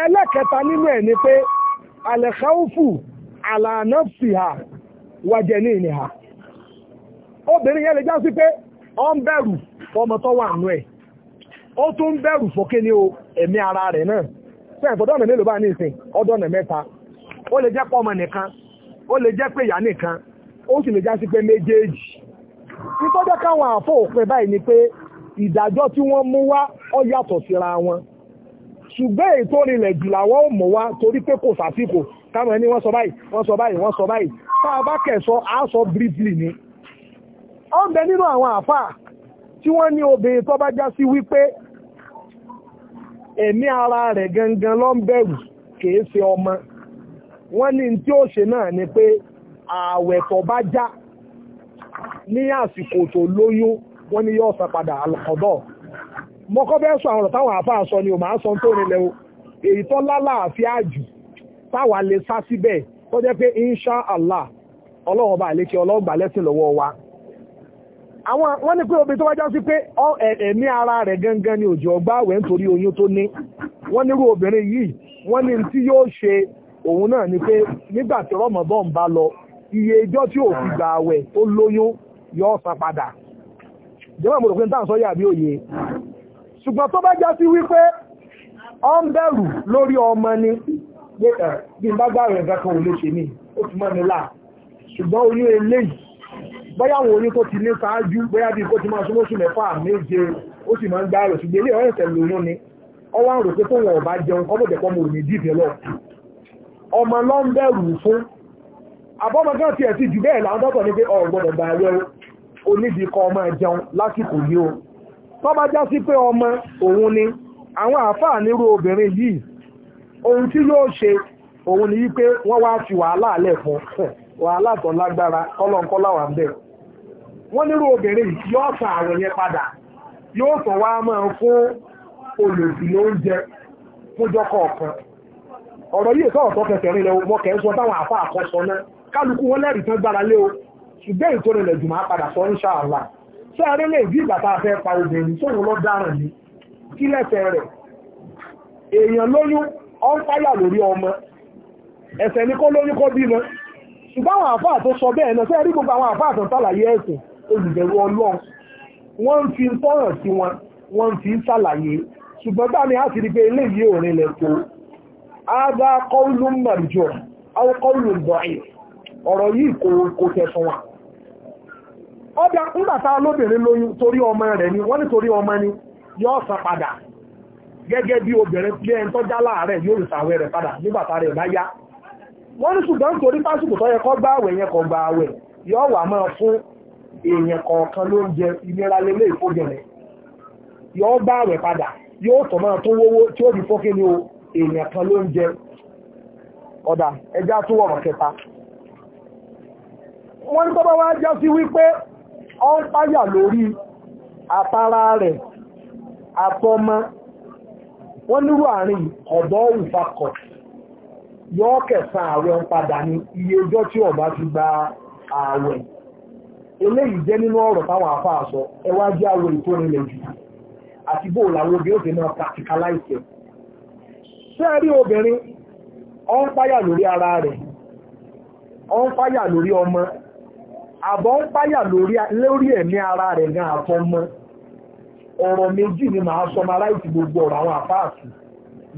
ẹlẹ́kẹta nínú ẹ̀ ni pé alẹ́káwùfù àlànàfìhà wàjẹ̀ ní ìníhà obìnrin yẹn lè já sí pé ó ń bẹ̀rù fọmọ tó wà nù ẹ̀ ó tún ń bẹ̀rù fókè ní o ẹ̀mí ara rẹ̀ náà fẹ́ ìfọ̀dọ́ ọ̀nà mélòó bá ní ìsìn ọdọ́ ọ̀nà mẹ́ta ó lè jẹ́ pọ́mọ nìkan ó lè jẹ́ pé ìyá nìkan ó sì lè já sí pé méjèèjì nítorí káwọn àfọ òpin báyìí ni pé ìdájọ́ tí wọ́n mú wá ó yàtọ̀ síra wọn ṣùgbọ́n èyí tó rinlẹ̀ jù làwọn ò mọ̀ wá torí pé kò sàsìkò káwọn ẹni wọ́n sọ báyìí wọ́n sọ báyìí wọ́n sọ báyìí tá a bá kẹsọ á sọ briefly ni. ó ń bẹ nínú àwọn àfà tí wọ́n ní obìnrin tó bá já sí wípé ẹ̀mí ara rẹ̀ gangan ló ń bẹ̀rù kìí ṣe ọmọ wọ́n ní tí ó ṣe náà ni pé ààwẹ̀ tó bá já ní àsìkò tó lóyún wọ́n ní yóò san padà àlọ́kọ̀dọ̀ mọ́kọ́ bẹ́ẹ̀ sọ àwọn ọ̀rọ̀ táwọn àáfàá sọ ni ò máa sọ tó rinlẹ̀ o èyí tó lálàáfíà jù táwa lè sá síbẹ̀ tó jẹ́ pé insha allah ọlọ́run bá àlékè ọlọ́gbà lẹ́sìn lọ́wọ́ wa àwọn wọ́n ní pé obìnrin tó wájá sí pé ẹ̀mí ara rẹ̀ gangan ni òjò ọgbà àwẹ̀ nítorí oyún tó ní wọ́n nírú obìnrin yìí wọ́n ní tí yóò ṣe òun náà ni pé nígbà tí rọmọbọ́n bá lọ iye ijọ́ tí ò gbà àwẹ̀ tó lóyún yóò san padà jẹ́mọ̀ mọ̀rọ̀ pé ń tàn sọ yà bí òye ṣùgbọ́n tó bá já sí wípé ọ ń bẹ̀rù lórí ọmọ ni bí n bá gbà rẹ̀ kankan ò lè ṣe mí ó ti mọ́ mi là ṣùgbọ́n oyún eléyìí bóyá àwọn oyún tó ti ní ṣáájú bóyá bí kó ti máa súnmọ́sù mẹ́fà méje ó sì máa ń gbà rẹ̀ ṣùgbọ́n ilé ọ̀rẹ́ ìṣẹ̀lẹ̀ oyún ni ọ wá ń rò pé tó wọn ò bá jẹun kọ́ bòjẹ̀ pọ́ mo rò ní dìbẹ̀ lọ ọmọ lọ ń bẹ̀rù fún abọ́mọ kan tiẹ̀ ti jù bẹ́ẹ̀ làwọn dọ́tọ̀ ní pé ọ̀ gbọ́dọ̀ gbà rẹ̀ onídìí kọ ọmọ ẹ̀jẹun lásìkò yìí o tó bá pé ọmọ òun ni àwọn àáfàá nírú obìnrin yìí ohun tí yóò ṣe òun ni pé wọ́n wá fi wàhálà alẹ̀ fún <laughs> wàhálà tó lágbára kọ́lọ́nkọ́lá wà ń wọ́n nírú san àwọn yẹn padà yóò tàn wá máa fún kọ̀ọ̀kan ọ̀rọ̀ yìí sọ̀rọ̀ tó rìn lẹ́wọ̀ mọ́kẹ́ ń sọ ṣùgbọ́n ìtòrò ilẹ̀ jùmọ̀ padà sọ ń ṣàlà ṣé lè bí ìgbà tá a fẹ́ pa obìnrin sóhun lọ dáràn ni kí lẹ́sẹ̀ rẹ̀ èèyàn lóyún ọ ń lórí ọmọ ẹ̀sẹ̀ ní kó lóyún kó bímọ ṣùgbọ́n àwọn àfáà tó bẹ́ẹ̀ náà ṣé rí gbogbo àwọn àfáà tó ẹ̀sìn olùbẹ̀rù ọlọ́run wọ́n a ti mọ̀jọ́ ọ̀rọ̀ yìí kò tẹ̀sùn wà ọjà ńgbàtà olóbìnrin lóyún torí ọmọ rẹ̀ ni wọ́n ni torí ọmọ ni yóò san padà gẹ́gẹ́ bí obìnrin pé ẹni tó já yóò rẹ̀ padà nígbàtà rẹ̀ bá yá wọ́n ṣùgbọ́n torí yẹ àwẹ̀ yẹn àwẹ̀ wà máa fún èèyàn kọ̀ọ̀kan ló ń jẹ ìnira lélẹ̀ bá àwẹ̀ padà yóò tọ̀ máa tó wówó tí ó di ni wọ́n ní tọ́bá wá já sí wípé ọ ń páyà lórí àtàrà rẹ̀ àtọmọ wọ́n nírú àárín ọ̀dọ́ ìfakọ̀ yọ́ kẹsàn ààwẹ̀ ń padà ní iye ọjọ́ tí ọba ti gba ààwẹ̀ eléyìí jẹ́ nínú ọ̀rọ̀ táwọn àfáà sọ ẹwà àbọ̀ ń páyà lórí ẹ̀mí ara rẹ̀ gan àtọmọ ọ̀rọ̀ méjì ni màá sọ máa láìsí gbogbo ọ̀rọ̀ àwọn àpáàtì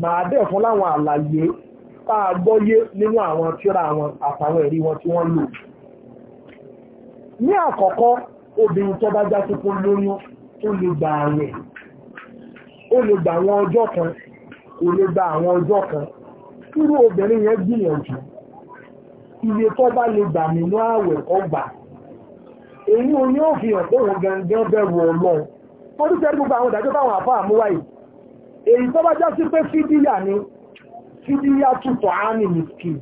màá dẹ̀ fún láwọn àlàyé tá a gbọ́yé nínú àwọn tíra àwọn àtàwọn ẹ̀rí wọn tí wọ́n lò ní àkọ́kọ́ obìnrin tó bá kan ó lè gba àwọn ọjọ́ kan irú obìnrin yẹn èyí o yóò fi hàn tóhun gangan bẹ̀rù ọlọ́run tó ní tẹ́lú gbogbo àwọn ìdájọ́ táwọn àfáà mú wáyìí èyí tó bá já sí pé fídíyà ni fídíyà tutọ̀ áàmì nìkì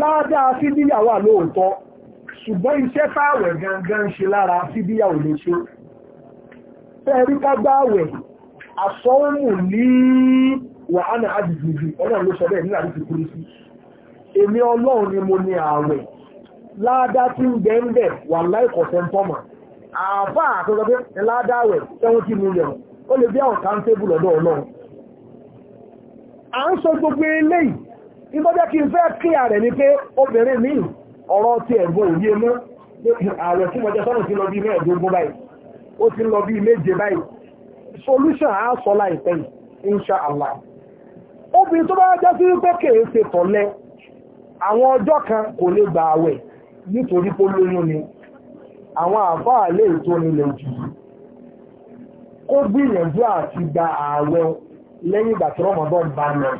ládàá fídíyà wà lóòótọ́ ṣùgbọ́n iṣẹ́ táwẹ̀ gangan ṣe lára fídíyà ò lè ṣe fẹ́ẹ̀rí ká gbáwẹ̀ àsọ́ọ̀mù ní wàhánà àdìgbìgbì ọlọ́run ló sọ bẹ́ẹ̀ nílàrí ti kúrú sí èmi ọlọ́run ni mo ní ààwẹ̀ láàdá tí ń bẹ̀ ń bẹ̀ wà láìkọ̀ọ́sẹ̀ ń fọ́mà àfà àtọ́jọ́gbé láàdáwẹ̀ 70 million ó lè bí àwọn káńtébù lọ́dọ̀ ọlọ́run à ń sọ gbogbo eléyìí ìgbọ́jẹ́ kí n fẹ́ kí ààrẹ ní pé obìnrin mi ọ̀rọ̀ ti ẹ̀gbọ́n òye mú ààrẹ tí wọ́n jẹ́ sọ́nà ti lọ bí mẹ́ẹ̀ẹ́dógún báyìí ó ti lọ bí méje báyìí solution á sọ láìpẹ́ yìí insha allah obìnrin tó bá jẹ́ sí pé kèé ṣe tọ̀lẹ àwọn ọjọ́ kan kò lè gbà àwẹ̀ nítorí pó lóyún ni àwọn àfáà lè tó nílẹ̀ jù kó gbìyànjú àti gba ààwẹ̀ lẹ́yìn ìgbà tí rọmọdún bá lọ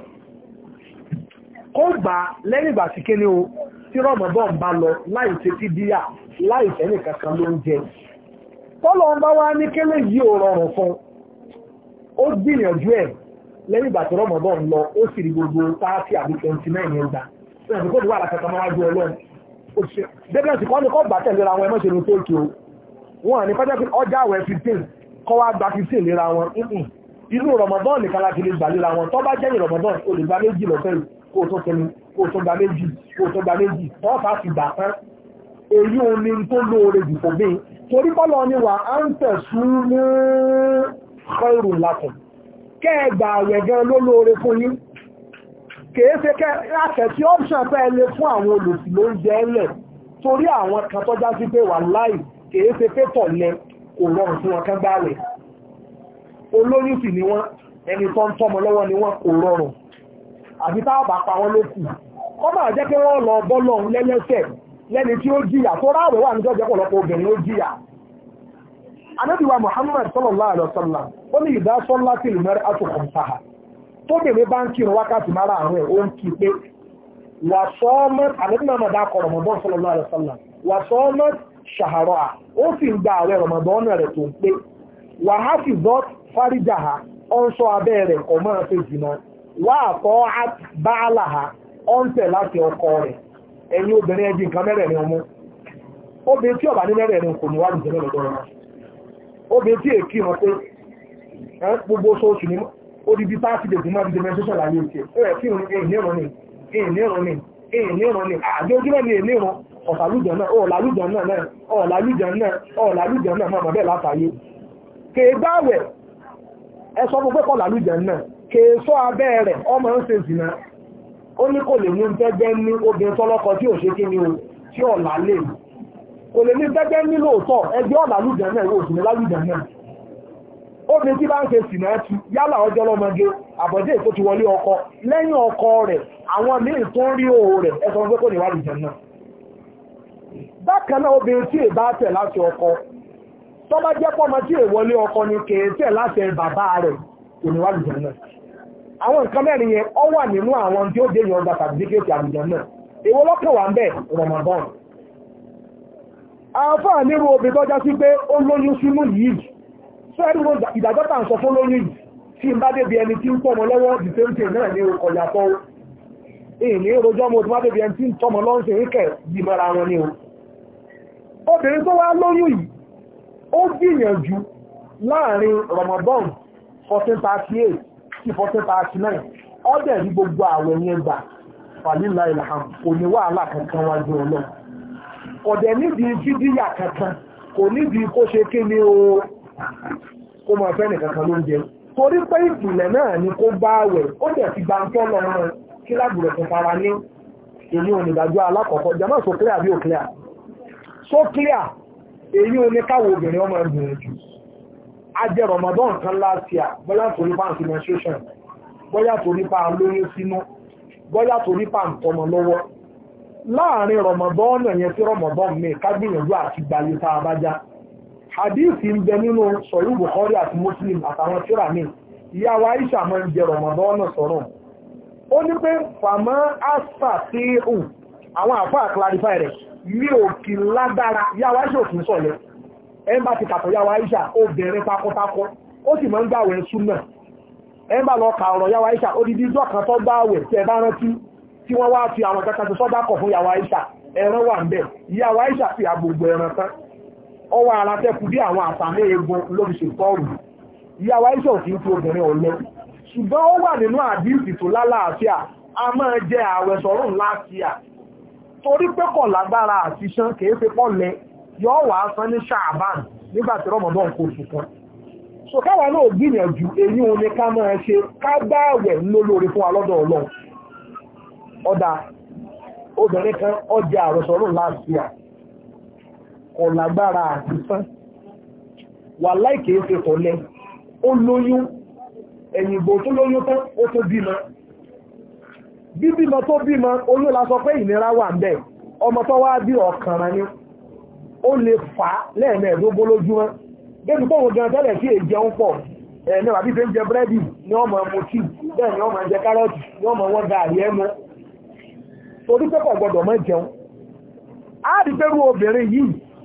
kó gbà lẹ́yìn ìgbà tí kéne o tí rọmọdún bá lọ láì tẹ́tí díyà láì tẹ́nì kankan ló ń jẹ tọ́lọ ń bá wá ní kélé yìí ò rọrùn fún ó gbìyànjú ẹ̀ lẹ́yìn ìgbà tí rọmọdún lọ ó sì rí gbogbo táàtì àbí twenty nine yẹn gbà fún ẹ̀dùn kó débẹ̀sì kọ́ ní kọ́ gbà tẹ̀lera wọn ẹmọ́ṣe ló tóòkì o wọ́n ní kọjá pé ọjà àwẹ̀ 15 kọ́ wá gba 15 lera wọn inú Ramadan nìkan láti lè gbà lera wọn tó bá jẹ́yìn Ramadan o lè gba méjì lọ́fẹ́ kó tó kẹni kó tó gba méjì kó tó gba méjì tó fà sì gbà tán èyí ò ní tó lóore dìbò bẹ́ẹ̀ torí bọ́lọ̀ ni wà á ń tẹ̀sùn ní kèé ṣe kẹ́ àkẹ́sí option fún àwọn olùsí ló ń jẹ́ ẹlẹ̀ torí àwọn kan tọ́já sí pé wà láì kèé ṣe pé kò rọrùn fún wọn kán gbá rẹ̀ olóyún sì ni wọ́n ẹni tó ń tọ́mọ lọ́wọ́ ni wọ́n kò rọrùn táwọn bá pa wọn jẹ́ pé wọ́n lọ lẹ́lẹ́sẹ̀ lẹ́ni tí ó jìyà tó tóbìnrin bá ń kírun wákàtí mara àrùn ẹ̀ ó ń kí pé wà sọ́ọ́mọ́ sallallahu alaihi wasallam wà sọ́ọ́mọ́ ṣàhàrọ̀ à ó sì ń gba àwẹ̀ Ramadan rẹ̀ tó ń pé wà á sì bọ́ fáríjà ha ó ń sọ abẹ́ rẹ̀ kọ̀ mọ́ ẹ jìnnà wà obìnrin ẹ̀jìn nǹkan mẹ́rẹ̀ẹ̀rin ọmọ obìnrin tí ọ̀bà ní mẹ́rẹ̀ẹ̀rin kò ní wá lùjẹ́ mẹ́rẹ̀ẹ̀rin ọmọ obìnrin tí èkì wọn pé gbogbo oṣooṣù ni odidi táàkì lè gùn máa di demonstration láyé òkè ẹ̀rẹ̀ kí òun èèyàn ìrọ̀ ni èèyàn ìrọ̀ ni èèyàn ìrọ̀ ni àjọjúmọ̀ ni èèyàn ìrọ̀ ọ̀tàlújọ náà ọ̀làlújọ náà ọ̀làlújọ náà ọ̀làlújọ náà máa bẹ́ẹ̀ látàyé kèégbáwẹ̀ ẹ sọ fún pẹ́kọ̀ làlújọ náà kèésọ́ abẹ́ rẹ̀ ọmọ ń ṣe zìnà ó ní kò lè ní tẹ́gbẹ́ ní obìnrin tọ́lọ́kọ tí ò ṣe kí ni o tí ọ̀là lè kò lè ní tẹ́gbẹ́ ní lóòótọ́ ẹgbẹ́ ọ̀làlújọ náà ìwòsùn lálújọ náà obìnrin tí bá ń ṣe sìnà ẹtù yálà ọjọ́ àbọ̀dé ọkọ lẹ́yìn ọkọ rẹ awọn míì tó rí òwò bákan náà obìnrin tí tẹ̀ láti ọkọ tó bá jẹ́ tí ọkọ ni tẹ̀ láti bàbá rẹ̀ náà àwọn ọ wà nínú àwọn tí ó dé ọgbà àlùjọ náà lọ́kàn wà ń bẹ̀ rọmọbọ́n nírú obìnrin so everyone ìdàgbọ́ tà ń sọ fún lórí tí n bá débi ẹni tí ń tọ́mọ lọ́wọ́ the same thing náà ní ọkọ̀ yàtọ̀ ìní rojọ́ mo ti má débi ẹni tí ń tọ́mọ lọ́nṣẹ̀ ìkẹ̀ yìí mọ́ra wọn ni o obìnrin tó wá lóyún yìí ó gbìyànjú láàrin Ramadan 1438 sí 1439 ọdẹ̀ rí gbogbo àwẹ̀ yẹn gbà fàlílà ìlàhàn kò ní wàhálà kankan wájú ọlọ́run ọ̀dẹ̀ nídìí fídíyà kankan kò nídìí kó ṣe kí ni o kó máa fẹ́ nìkan kan ló ń jẹ torí pé ìpìlẹ̀ náà ni kó bá wẹ̀ ó dẹ̀ ti gba ńkọ́ lọ rán kí lágbùrẹ̀ tó fara ní èyí ò ní ìdájọ́ alákọ̀ọ́kọ́ jẹ́ náà so clear àbí ò clear so clear èyí ò ní káwọ obìnrin ọmọ ẹgbẹ̀rún jù a jẹ́ Ramadan kan last year bóyá torí pa menstruation bóyá torí pa lóyún sínú bóyá torí pa ntọ́mọ lọ́wọ́ láàrin Ramadan náà yẹn sí Ramadan mi ká gbìyànjú àti gbayé tá a bá já hadith ń bẹ nínú sọ̀rọ̀ bukhari àti muslim àtàwọn tíra mi ìyá wa aisha máa ń jẹ rọmọdọ́nà sọ̀rọ̀ ó ní pé fàmọ́ àṣà tí àwọn àfáà clarify rẹ̀ mi ò kì lágbára ìyá wa aisha òfin sọ̀lẹ̀ ti aisha ó bẹ̀rẹ̀ ó sì máa ń gbàwẹ̀ ẹ bá lọ ka ọ̀rọ̀ yàwó odidi ìjọ kan ọwọ́ ara tẹ́kù bí àwọn àtàmé egun lórí ṣètọ́rù ìyàwó aṣọ́ kìí tó obìnrin ọ̀lẹ́ ṣùgbọ́n ó wà nínú àdíìsì tó lálàáfíà a máa jẹ ààwẹ̀ sọ̀rùn láàfíà torí pé kò lágbára àti ṣán kìí fi pọ́ lẹ yọ wà á san ní ṣàbán nígbà tí rọmọdọ́ kò sùn kan so káwa náà gbìyànjú èyí òun ni ká máa ṣe ká gbá ààwẹ̀ lólórí fún alọ́dọ̀ ọlọ́run ọ̀dà obìnrin kan ọjà àròsọ̀rùn láàfíà ọ̀làgbára àtisán wà láìké ṣe kọ̀lẹ́ ó lóyún ẹ̀yìnbó tó lóyún tán ó tó bímọ bíbímọ tó bímọ oyún la sọ pé ìnira wà ń bẹ̀ ọmọ tó wá bí ọ̀kànràn ni ó lè fà á lẹ́ẹ̀mẹ́ẹ̀dógún lójúmọ́ débi tó wọn gan tẹ́lẹ̀ sí èjẹun pọ̀ ẹ̀ẹ́nà àbí tó ń jẹ búrẹ́dì ní ọmọ mọ̀tí bẹ́ẹ̀ ni ọmọ jẹ kárọ́ọ̀tì ní ọmọ wọn gààrí ẹnu torí pẹ́pọ̀ gbọdọ̀ mọ́ jẹun á rí pẹ́rú obìnrin yìí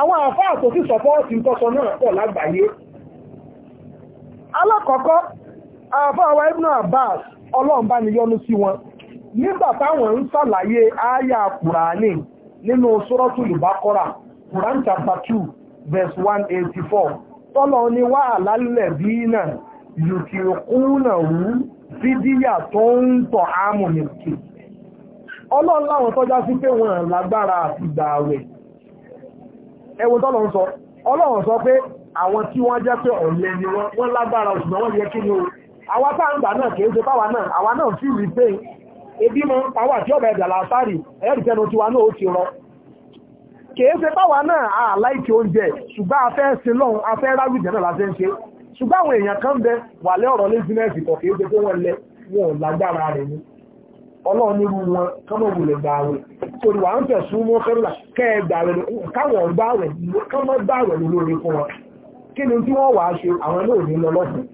àwọn àfáà tó sì sọpọ́ọ̀tì tọ́sọ náà pọ̀ lágbàáyé alákọ̀ọ́kọ́ àfáà wa Ibn Abbas ọlọ́run bá ni yọ́nú sí wọn nígbà táwọn ń sàlàyé àyà kùránì nínú Suratul Baqara Quran chapter 2 verse 184 tọ́lọ ni wà lálẹ̀ bí náà yùkì kúnnà wú fídíyà tó ń tọ̀ ámù nìkì ọlọ́run láwọn tọ́já sí pé wọn lágbára àti gbààwẹ̀ ẹwọ tọ́lọ̀ ń sọ ọlọ́run sọ pé àwọn tí wọ́n jẹ́ pé ọ̀lẹ ni wọ́n lágbára òṣùgbọ́n wọ́n yẹ kí ni o àwa tá náà kìí ṣe náà àwa náà sì rí pé ebi mọ́ páwa tí ọ̀bẹ̀ ẹ̀dà látàrí ẹ̀rì tiwa náà ó ti rọ kìí ṣe náà àláìkì oúnjẹ ṣùgbọ́n afẹ́ afẹ́ náà láti ń ṣe ṣùgbọ́n àwọn èèyàn kan bẹ wà lẹ́ ọ̀rọ̀ lẹ́sìnẹ́sì ọlọ́run nírú wọn kọ́mọ̀ gbààwẹ̀ torí wà ń tẹ̀sùn mọ́ kẹ́rìnlá kẹ́ẹ̀gbààwẹ̀ lórí fún wọn kí ni tí wọ́n wàá ṣe àwọn náà ní lọ lọ́sùn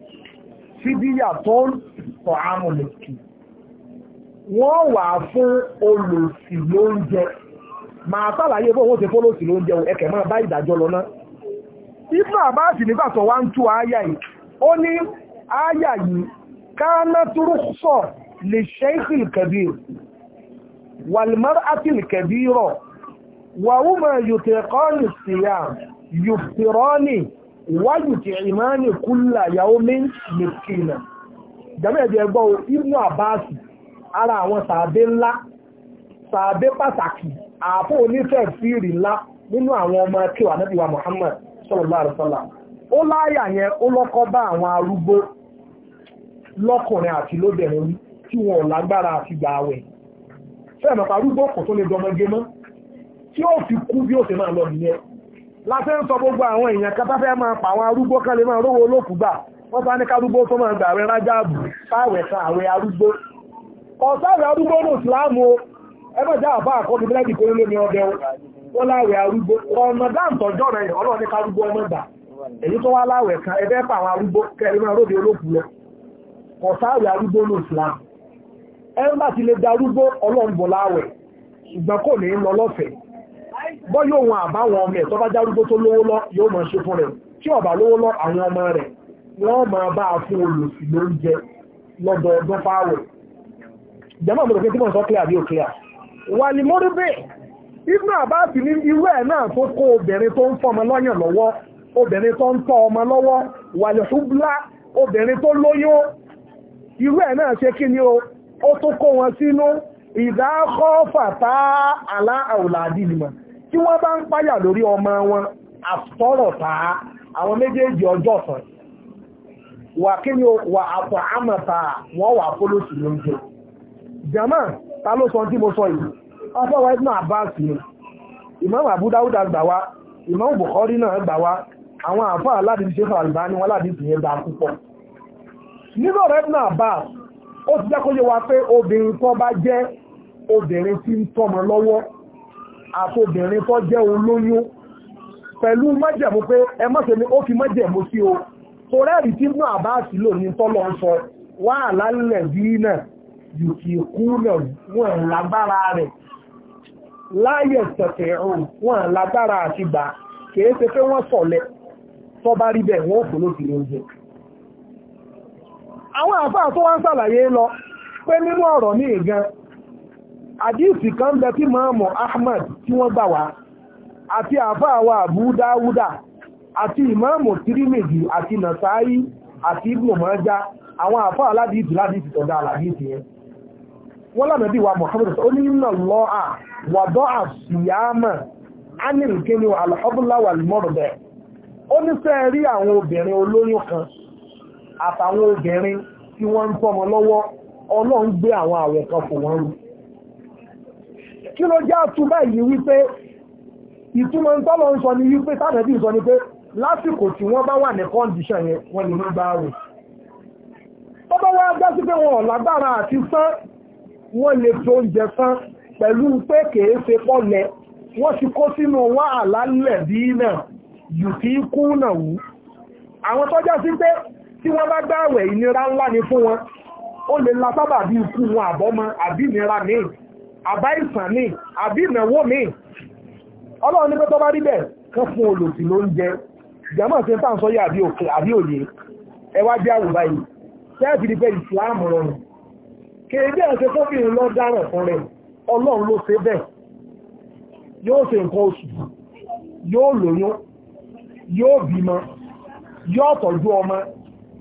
fídíyà wọ́n wà fún olòṣì lóúnjẹ màá sàlàyé bóun lóúnjẹ máa bá ìdájọ́ lọ ná nígbà tó lè ṣẹ́ìkìl kẹbíir wàlmar atil kẹbíirọ̀ wàwú ma yùtẹ̀kọ́ni síyà yùtẹ̀rọ́ni wáyùtẹ̀ ìmáni kúlà yàwó min mìkìnà jẹ́mẹ́ ẹ̀jẹ̀ gbọ́ ibnu abbas ara àwọn sàbẹ́ ńlá sàbẹ́ pàtàkì àpò onífẹ̀ẹ́ fìrì ńlá nínú àwọn ọmọ akẹ́wà nábì wa muhammad sallallahu alaihi wasallam ó láyà yẹn ó lọ́kọ́ bá àwọn arúgbó lọ́kùnrin àti lóbìnrin tí wọn ò lágbára àti gbà àwẹ̀ parúgbó kò tó lè dọmọgé mọ́ tí ó fi kú bí ó ṣe máa lọ nìyẹn láti ń sọ gbogbo àwọn èèyàn kan máa pa àwọn arúgbó kan lè máa rówó olókùú gbà wọ́n bá ní kárúgbó tó máa gbà sáwẹ̀ kan àwẹ̀ arúgbó ọ̀sáwẹ̀ arúgbó ní ìsìláàmù àbá àkọ́bí bílẹ́dì kó lé ní ọdẹ wọn láwẹ̀ arúgbó ọlọ́ọ̀ní ọmọ gbà èyí ẹ̀rọ ti lè darúgbó ọlọ́run láwẹ̀ ṣùgbọ́n kò ní lọ lọ́fẹ̀ẹ́ bọ́ yóò wọn àbáwọn ọmọ ẹ̀ tó bá darúgbó tó lówó lọ yóò máa ṣe fún rẹ̀ tí ó bá lówó lọ àwọn ọmọ rẹ̀ wọ́n máa bá a fún olùsí lóúnjẹ lọ́dọọdún fáwẹ̀ jẹ́mọ̀ mọ̀ lókè tí mọ̀ sọ clear bí ó irú ẹ̀ náà ṣe kí ni o ó tún kó wọn sínú ìdákọ́ fàtà àlá ni nìmọ̀ tí wọ́n bá ń páyà lórí ọmọ wọn àtọ́rọ̀ àwọn méjèèjì ọjọ́ sàn wà kí ni wà àpọ̀ àmọ̀ta wọ́n wà pólósì lóúnjẹ jama ta ló sọ tí mo imam gbà wá imam náà gbà wá àwọn aládìsí fàlùbá ni aládìsí yẹn gbà púpọ̀ ó ti jẹ́ kó yé wa pé obìnrin tó bá jẹ́ obìnrin tí ń tọ́mọ lọ́wọ́ àtobìnrin tó jẹ́ olóyún pẹ̀lú májẹ̀mú pé ẹ mọ́sẹ̀ ni ó fi májẹ̀mú sí o tó rẹ́rìí tí mú àbá sí lò ní tọ́lọ ń sọ wà lálẹ́ bí náà yùkì kú náà wọ́n lágbára rẹ̀ láyẹ̀ tẹ̀tẹ̀ ọ̀hún wọ́n lágbára àti gbà kìí ṣe pé wọ́n sọ̀lẹ̀ tó bá rí bẹ́ẹ̀ àwọn àfáà tó wá ń sàlàyé lọ pé nínú ọ̀rọ̀ ní ìgan àdíìsì kan bẹ tí mọ́ọ̀mù Ahmad tí wọ́n gbà wá àti àfáà wa Abu Dáwúdà àti ìmọ́ọ̀mù Tírímìdì àti Nàsáyí àti Ibnu Májà àwọn àfáà aládìíjì ládìíjì tọ̀dá aládìíjì yẹn wọ́n lánàbí wa Muhammad ó ní iná lọ à wàdọ́ àṣìyàmà á ní ìkéni alhọ́bùláwà mọ́rọ̀dẹ̀ ó ní àtàwọn obìnrin tí wọ́n ń tọ́mọ lọ́wọ́ ọlọ́run gbé àwọn àwẹ̀ kan fò wọ́n rú kí ló jẹ́ àtúbà yìí wípé ìtumọ̀ tọ́lọ ń sọ ni wípé tàbí sọ ni pé lásìkò tí wọ́n bá wà ní kọ́ndíṣàn yẹn wọ́n lè gbá rẹ̀ tó bá wá gbá sí pé wọn ò lágbára àti sán wọ́n lè tó oúnjẹ sán pẹ̀lú pé kèé ṣe pọ́lẹ̀ wọ́n ti kó sínú wàhálà lẹ̀ bí náà yùtí kú náà wú àwọn tọ́já sí pé tí wọ́n bá gbá àwẹ̀ ìnira ńlá ni fún wọn ó lè la sábà bí ikú wọn àbọ́mọ àbí ìnira míì àbá ìsàn míì àbí ìnáwó míì ọlọ́run ní pé tó bá rí bẹ́ẹ̀ kán fún olòṣì ló ń jẹ jàmọ́ sí tàn sọ́yà àbí òkè àbí òye ẹ wá jẹ́ àwòrán yìí tẹ́ẹ̀fì ní pé ìsìláàmù rọrùn kéèdè ẹ̀ṣẹ́ fóbìnrin lọ dáràn fún rẹ̀ ọlọ́run ló ṣe bẹ́ẹ̀ yóò ṣe nǹkan oṣù yóò lóyún yóò bímọ yóò tọ́jú ọmọ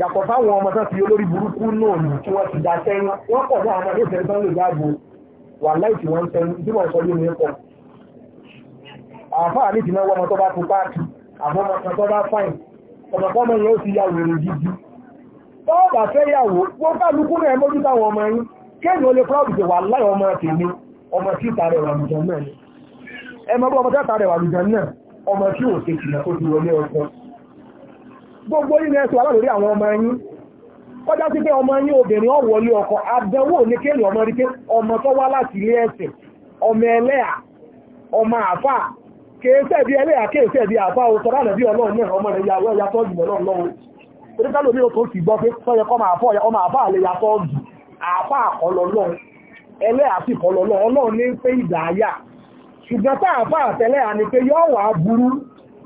yàtọ̀ fáwọn ọmọ tán fi olórí burúkú náà nù tí wọ́n ti dá sẹ́yìn wọ́n pọ̀ náà ọmọdé ìfẹ́ tán lè dáàbò wà láì tí wọ́n ń sẹ́yìn bí wọ́n sọ lónìí pọ̀ àfáà ní ìdínáwó ọmọ tó bá kú páàkì àbọ̀ ọmọ tó bá fáìn ọ̀pọ̀pọ̀ ọmọ yẹn ó ti ya wèrè gidi tọ́ọ̀bà fẹ́ yàwó wọ́n kálukú náà mójú táwọn ọmọ yín kéèyàn ó lè proud pé wà láì ọmọ tèmi ọmọ tí ìta rẹ̀ wà lùjọ náà ni ẹ mọ́ bí ọmọ tí ìta rẹ̀ wà lùjọ náà ọmọ tí ò ṣe kìlọ̀ tó ti wọlé ọkọ̀ gbogbo nínú ẹsẹ̀ ala lórí àwọn ọmọ yín kọjá sí pé ọmọ yín obìnrin ọ̀wọ́lé ọkọ àdánwò ní kéèyàn ọmọ rí pé ọmọ tó wá láti ilé ẹsẹ̀ ọmọ ẹlẹ́à ọmọ àfà kéèsẹ̀ bí ẹlẹ́à kéèsẹ̀ bí àfà òsọ̀rọ̀ àlẹ́bí ọlọ́run náà ọmọ rẹ̀ yàwó ẹ̀yà tó jùmọ̀ náà lọ́wọ́ ọmọ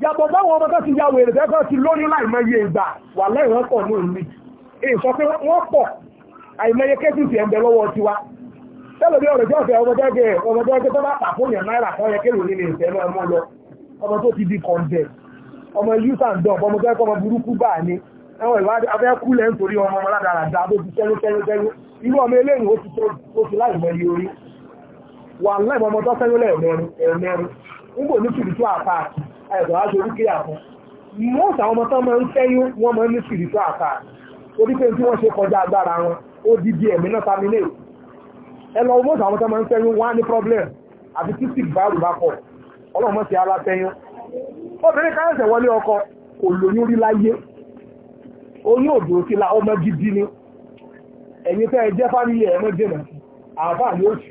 yàtọ̀ sáwọn ọmọ tó ti ya wèrè tẹ́kọ́ ti lórí láìmọye ìgbà wà lẹ́yìn pọ̀ ní òní èso pé wọ́n pọ̀ àìmọye kéjì ti lọ́wọ́ tiwa tẹ́lẹ̀ bí ọ̀rẹ́ tí ọ̀fẹ́ ọmọ tó bá náírà kan yẹ nílé ìfẹ́ ọmọ tó ti di kọ̀ǹdẹ̀ ọmọ ọmọ ọmọ burúkú ọmọ bó ti tẹ́lú tẹ́lú tẹ́lú irú ọmọ eléyìí ó ti tó ẹ̀dọ̀ á ṣe oríkèé àfún most àwọn ọmọ tán máa ń tẹ́yún wọ́n máa ń ní spiritual attack torí pé tí wọ́n ṣe kọjá agbára wọn ó di bí ẹ̀mí náà terminate ẹ lọ most àwọn tán máa ń tẹ́yún wọ́n á ní problem àti títí báàrù bá pọ̀ ọlọ́mọ ti ara tẹ́yún obìnrin kan ṣẹ̀ wọlé ọkọ kò lóyún rí láyé oyún òdò sí la ọmọ gidi ni ẹ̀yin tẹ́ ẹ jẹ́ fámìlì ẹ̀ mọ́ jẹ́ náà àbá yóò sì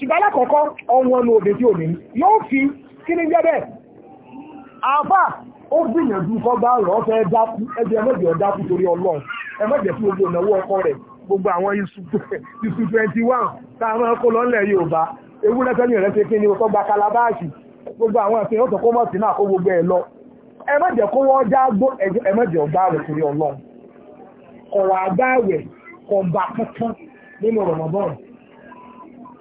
ṣùgbọ́n alákọ̀ọ́kọ́ ọ̀wọ́n ní obè tí ò ní yóò fi kí ní Aba àbá ó gbìyànjú kọ́ bá rọ̀ ọ́ dákú ẹgbẹ́ ẹmẹ́jẹ ọ̀dákú torí ọlọ́run ẹmẹ́jẹ fún gbogbo ọkọ rẹ̀ gbogbo àwọn iṣu <laughs> twenty one lọ nílẹ̀ kí ni ọkọ̀ gba gbogbo àwọn gbogbo ẹ̀ lọ kó wọ́n já gbó rẹ̀ torí ọlọ́run kọ̀wà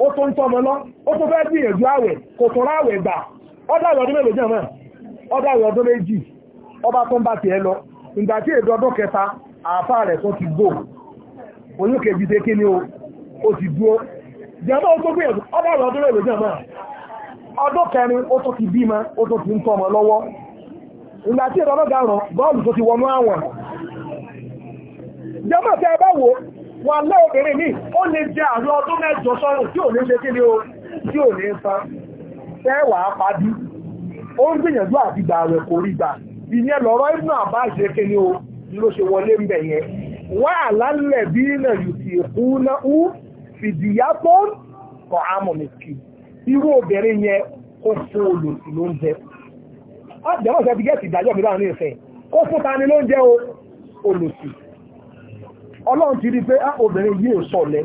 ó tó ń tọ́mọ lọ ó tó fẹ́ gbìyànjú àwẹ̀ kò tó ráwẹ̀ gbà ọdáwẹ̀ ọdún ọ jẹ́mọ̀ ọdáwẹ̀ ọdún ọba tó ń bá tiẹ̀ lọ ìgbà tí èdè ọdún kẹta àáfà rẹ̀ tó ti gbò oyún kejì kí ni o ó ti dúó jẹ́mọ́ ó tó gbìyànjú ọdáwẹ̀ ọdún ọdún kẹrin ó tó ti bímọ ó tó ti ń tọ́mọ lọ́wọ́ ìgbà tí èdè wà lọ́ọ̀bẹ̀rẹ̀ ní ó lè jẹ àrùn ọdún mẹ́jọ sọ́rùn tí ò ní ṣe kí ni o tí ò ní san tẹ́wà padì ó ń gbìyànjú àti gbà rẹ̀ kò rí gbà ìyẹn lọ́rọ̀ inú àbá ìṣe kí ni o ló ṣe wọlé ń bẹ̀ yẹn wà lálẹ̀ bí ilẹ̀ yìí ti kú náà fìdíyà tó ń kọ̀ àmọ̀ mẹ́kì irú obìnrin yẹn kó fún olùsí ló ń jẹ ọ̀dẹ̀mọ̀sẹ̀ ti gẹ́ẹ̀tì ìdájọ́ mi láàrin ọlọ́run ti rí pé á ah, obìnrin yìí sọ̀lẹ̀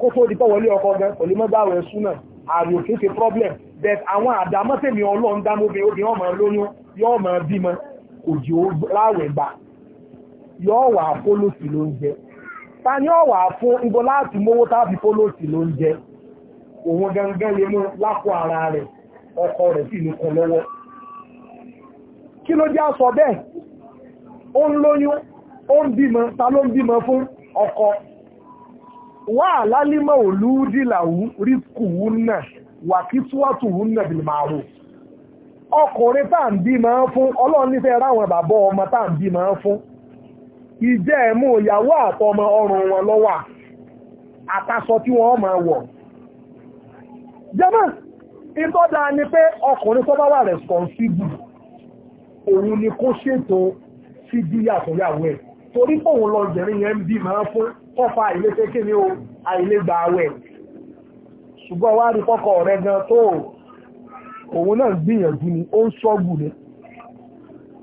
kó tó di wọlé ọkọ gan pẹ̀lú mọ́gbàwẹ̀ súnà àrùn òkè problem that àwọn àdámọ́tẹ̀mí ọlọ́run dá mọ́bìn obìnrin ọmọ lóyún yóò mọ kò jí ó gba yọọ yóò wà ló ta fún ló ń jẹ gangan lè mú rẹ̀ ọkọ rẹ̀ si kan lọ́wọ́ kí ló jẹ́ sọ bẹ́ẹ̀ ń lóyún ó ń bímọ ta ló ń bímọ fún ọkọ wà lálímọ̀ òlúdìláwú ríkùwú náà wà kí túwọ́tùwú náà bìí máa rò ọkùnrin tá à ń bímọ fún ọlọ́run nífẹ̀ẹ́ ráwọn bàbá ọmọ tá à ń bímọ fún ìjẹ́ ẹ̀mú ìyàwó àtọmọ ọrùn wọn lọ́wà àtàṣọ tí wọ́n máa wọ̀ jẹ́mọ́ ìtọ́jà ni pé ọkùnrin tó bá wà responsible òun ni kó ṣètò fídíyà fúnyàwó ẹ̀ torí pòun lọ jẹ̀rin yẹn ń bí máa fún kọfà àìlẹ́sẹ̀ kí ni o àìlẹ́gbà awẹ̀ ṣùgbọ́n wá rí kọ́kọ́ rẹ̀ gan tó òun náà gbìyànjú ni ó ń ṣọ́gbù ni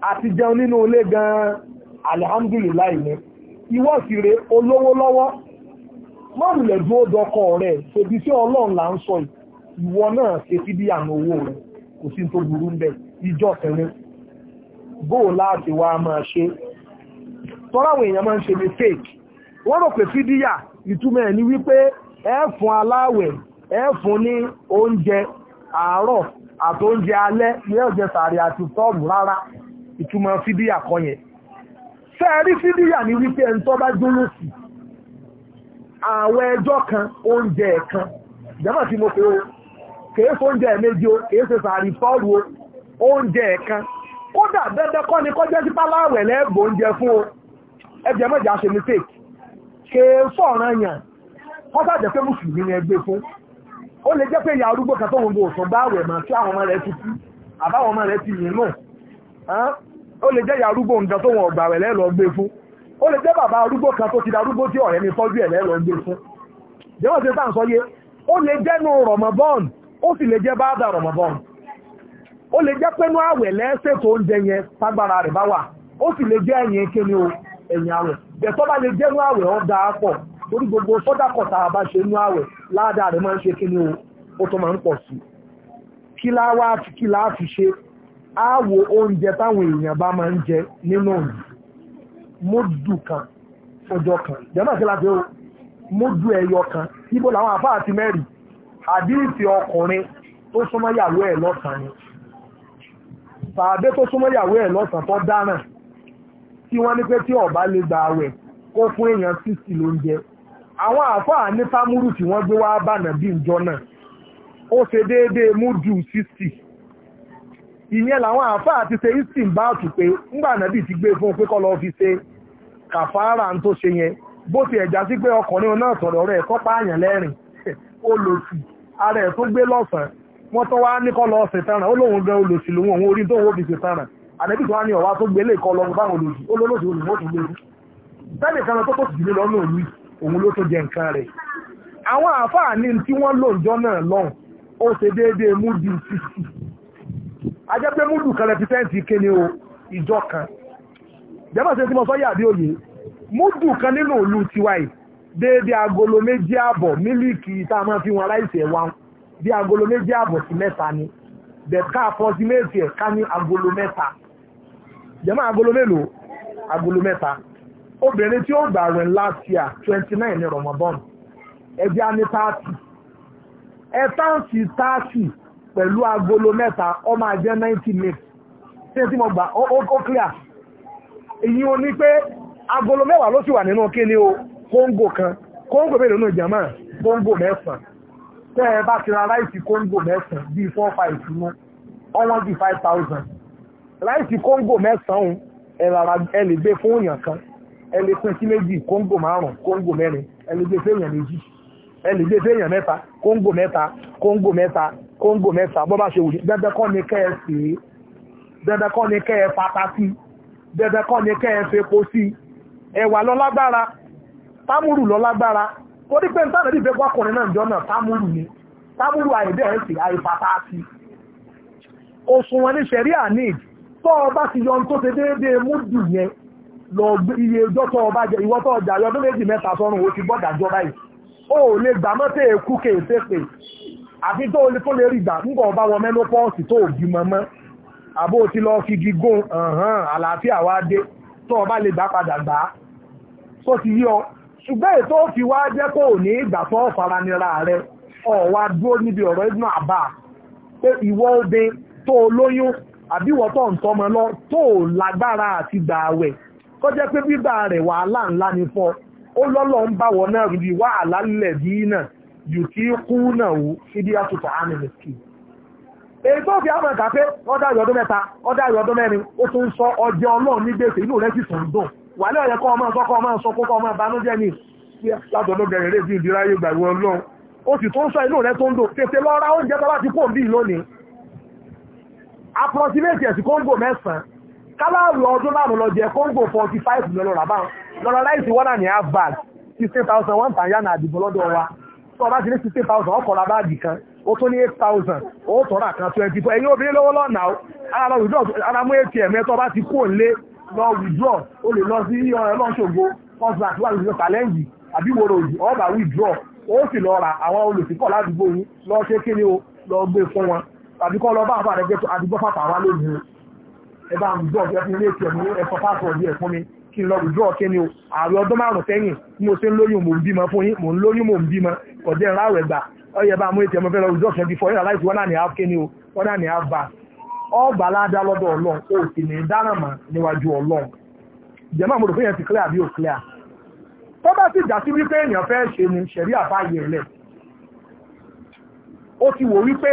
àti jẹun nínú ilé gan Alhamdulillah, ni ìwọ sì rè olówó lọ́wọ́ mọ́rùlẹ̀ dúró dọkọ̀ rẹ̀ ṣèbí sí ọlọ́run là ń sọ ìwọ náà ṣe fi bí àmì owó rẹ̀ kò sí tó burú ń bẹ̀ ìjọ tẹ̀lé bóò láti wá máa ṣe tọ́rọ àwọn èèyàn máa ń ṣe mistake wọ́n rò pé fídíyà ìtumọ̀ ẹ̀ ni wípé ẹ fún aláwẹ̀ ẹ fún ní oúnjẹ àárọ̀ àti oúnjẹ alẹ́ ní ọ̀jẹ̀ sàárì àti tọ́ọ̀mù rárá ìtumọ̀ fídíyà kọ́ yẹn fẹ́ẹ̀rí fídíyà ni wípé ẹni tó bá jólósì àwọn ẹjọ́ kan oúnjẹ ẹ̀kan ìjọba tí mo pe o kèé fóúnjẹ ẹ̀mẹ́jọ kèé ṣe sàárì tọ́ọ̀rù oúnjẹ ẹ̀kan kódà dandan kọ́ ni kọjá sí páláwẹ̀ oúnjẹ fún o ẹgbẹ́ mẹ́jà ṣe mistake ṣe fọ́ọ̀ràn yàn kọ́sàjẹ́ pé mùsùlùmí ni ẹgbẹ́ fún ó lè jẹ́ pé ìyá arúgbó kan tó wọn bò sùn bá àwẹ̀ mà tí àwọn ọmọ rẹ̀ ti kú àbáwọn ọmọ rẹ̀ ti yìn náà ó lè jẹ́ ìyá arúgbó nǹkan tó wọn ọ̀gbà rẹ̀ lẹ́lọ́ gbé fún ó lè jẹ́ bàbá arúgbó kan tó ti da arúgbó tí ọ̀rẹ́ mi tọ́jú ẹ̀ lẹ́lọ́ gbé fún jẹ́wọ́n ti sáà ń sọ yé ó lè jẹ́nu rọ̀mọ́bọ́n ó sì lè jẹ́ báàdà rọ̀mọ́bọ́n ó lè jẹ́ pẹ́nu àwẹ̀ lẹ́sẹ̀ tó ń jẹ yẹn tágbára rẹ̀ bá wà ó sì lè jẹ́ ẹ̀yìn kíni o ẹ̀yìn àwẹ̀ bẹ̀tọ́ bá lè jẹ́nu àwẹ̀ ọ́ dáa pọ̀ torí gbogbo sọ́dà àbá ṣe àwẹ̀ ládàá rẹ̀ máa ń ṣe kí ni ó tó ń pọ̀ sí kí láwá kí fi ṣe àwo oúnjẹ táwọn èèyàn bá máa ń jẹ nínú kan ọjọ́ kan láti ó ẹyọ kan ibo làwọn àti àdírísì ọkùnrin tó súnmọ́ yàwó ẹ̀ lọ́sàn-án tí wọ́n ní pé tí ọ̀bá lè gba àwẹ̀ kó fún èèyàn sixty lóúnjẹ àwọn àáfàá ní fámúrù tí wọ́n gbé wá bànà bí ìjọ náà ó ṣe déédéé múdù sixty ìyẹn làwọn àáfàá ti ṣe bá tù pé ti gbé fún pé kọ́ lọ́ọ́ fi ṣe kàfàárà ń tó ṣe yẹn bó ti ẹ̀já sí pé ọkùnrin náà sọ̀rọ̀ rẹ̀ kọ́ ara ẹ̀ tó gbé lọ́sàn-án wọ́n tó wá ní kọ́ àdẹ́bí tó wá ní ọ̀wá tó gbélé ìkọ lọ́nà báwọn olóòjì olóòjì olùmọ́tò lójú tẹ́lẹ̀ kan tó tó sì dìde lọ́nà òní òun ló tó jẹ nǹkan rẹ̀ àwọn àáfàá ní tí wọ́n lò ń jọ náà lọ́hùn ó ṣe déédéé múdù sixty ajẹ́ pé múdù kan rẹpítẹ́ǹtì kéne o ìjọ kan jẹ́mọ̀ ṣe tí mo sọ yàbí òye múdù kan nínú òlu tiwa yìí déédéé agolo méjì àbọ̀ mílíìkì tá a máa fi wọn aláìsẹ̀ wa bí agolo méjì àbọ̀ sí mẹ́ta ni bẹ̀ká apọ́símẹ́ẹ̀tì ẹ̀ ká ní agolo mẹ́ta jẹ́mọ́ agolo mélòó agolo mẹ́ta obìnrin tí ó gbà rẹ̀ last year twenty nine ní Ramadan ẹbí á ní thirty ẹ̀táǹsì thirty pẹ̀lú agolo mẹ́ta ó máa jẹ́ ninety mix tí ẹ ti mọ̀ gbà ó clear èyí o ní pé agolo mẹ́wàá ló sì wà nínú kíni o kóńgò kan kóńgò mélòó nù jẹ́mọ́ kóńgò mẹ́sàn-án tẹ́ ẹ bá ti ra ráìsì Congo mẹ́sàn-án bíi four five mú ọwọ́n bíi five thousand láìsí kóńgò mẹ́sàn-án ẹ lè gbé fún èèyàn kan ẹ lè pín sí méjì kóńgò márùn-ún kóńgò mẹ́rin ẹ lè gbé fún èèyàn méjì ẹ lè gbé fún èèyàn mẹ́ta kóńgò mẹ́ta kóńgò mẹ́ta kóńgò mẹ́ta bọ́ bá ṣe wù ní dandan kọ́ ni kẹ́ ẹ sè é dandan kọ́ ni kẹ́ ẹ fata sí dandan kọ́ ni kẹ́ ẹ fepo sí ẹ̀wà lọ lágbára támúrù lọ lágbára ó ní pé n tánà wákùnrin náà jọ náà támúrù ni támúrù àìdẹ́ ẹ̀ sì àìfata sí òṣùwọ̀n ní ṣẹ̀rí àníìdì tọ́ ọba ti yọ tó ṣe déédéé múdù yẹn lọ iye ọjọ́ tọ́ ọba jẹ ìwọ́ tọ́ ọjà yọ ọdún méjì mẹ́ta sọ́run ó ti bọ́dà jọ báyìí ó lè gbà mọ́tẹ́ èkú kéèsé pé àfi tó lè tó lè rí gbà ńgbà ọba wọn mẹ́lópọ́ọ̀sì tó bí mọ́mọ́ àbó ti lọ fi gígùn ọ̀hán àlàáfíà wá dé tọ́ ọba lè gbà padà gbà á tó ti yọ ṣùgbọ́n ètò òfi wá jẹ́ kó ní ìgbà tó faranira rẹ ọ̀wá dúró níbi ọ̀rọ̀ Ibn Abbas pé ìwọ obìnrin tó olóyún àbí wọ́n tó ń tọmọ lọ tó lágbára àti gbà àwẹ̀ kó jẹ́ pé bíbà rẹ̀ wàhálà ńlá ni fọ́ ó lọ́lọ́ ń bá wọn náà rí wàhálà lẹ̀ bí náà yù tí kú náà wú síbi àtúntò ánìmẹ̀kì èyí tó fi àmọ̀ ìkàpé ọdá ìyọ̀ ọdún mẹ́ta ọdá ìyọ̀ ọdún mẹ́rin ó tún sọ ọjọ́ ọlọ́run ní gbèsè inú rẹ̀ sì sùn dùn wà ní ọ̀yẹ̀kọ́ ọmọ sọ́kọ́ ọmọ sọ́kọ́ ọmọ ìbànújẹ́ ni látọ̀dọ̀ gẹ̀rẹ̀ rẹ̀ sí ìdíráyé gbàgbọ́ ọlọ́run ó sì tún sọ inú rẹ̀ tó ń dùn tètè lọ ra oúnjẹ tó bá ti pò ń lónìí approximate ẹ̀sì kóńgò mẹ́sàn-án káláàrù ọdún márùn-ún lọ jẹ kóńgò forty five lọ́lọ́ ràbá lọ́lọ́ láìsí one and a half bag sixteen thousand one tàn yánà àdìbò lọ́dọ̀ wa tó o ti ní sixteen thousand ọkọ̀ ra báàgì kan ó tó ní eight thousand ó tọ́ra kan twenty four ẹ̀yin obìnrin lọ́wọ́ lọ́nà o ara lọ withdraw ara mú atm ẹ̀ tó o bá ti kó o lé lọ withdraw o lè first bank wà lóṣù kàlẹ́ǹgì àbí wòrò òjì ọ̀bà withdraw ó sì lọ ra àwọn olùsìnkọ̀ ládùúgbò yín lọ ṣe kí gbé fún wọn tàbí kọ́ lọ bá àbá rẹ̀ jẹ́ àdúgbò fàtà wá lónìí ẹ bá ń gbọ́ ọ̀gẹ́ fún ilé ìtẹ̀mú ẹ̀fọ́ pásọ̀ ọ̀dí ẹ̀ fún mi kí n lọ wùdúrọ̀ kí ni o ààrẹ ọdún márùn sẹ́yìn mo ṣe ń lóyún mò ń bímọ fún yín mò ń lóyún mò ń bímọ ọ̀dẹ́ ìráwẹ̀ gbà ọyẹ bá mú ìtẹ̀mú fẹ́ lọ wùdúrọ̀ kẹ́ bí fọyín aláìsí wọn náà ní àá kí ni o wọn náà ní àá bá ọgbà ládá lọ́dọ̀ ọlọ́run o sì ní dáràmà níwájú ọlọ́run jẹ́mọ́ mo rò pé yẹn ti clear àbí ò clear tó bá sì jà sí wípé èèyàn fẹ́ ṣe ni ṣẹ̀rí àbáyé ẹ̀lẹ̀ ó ti wò wípé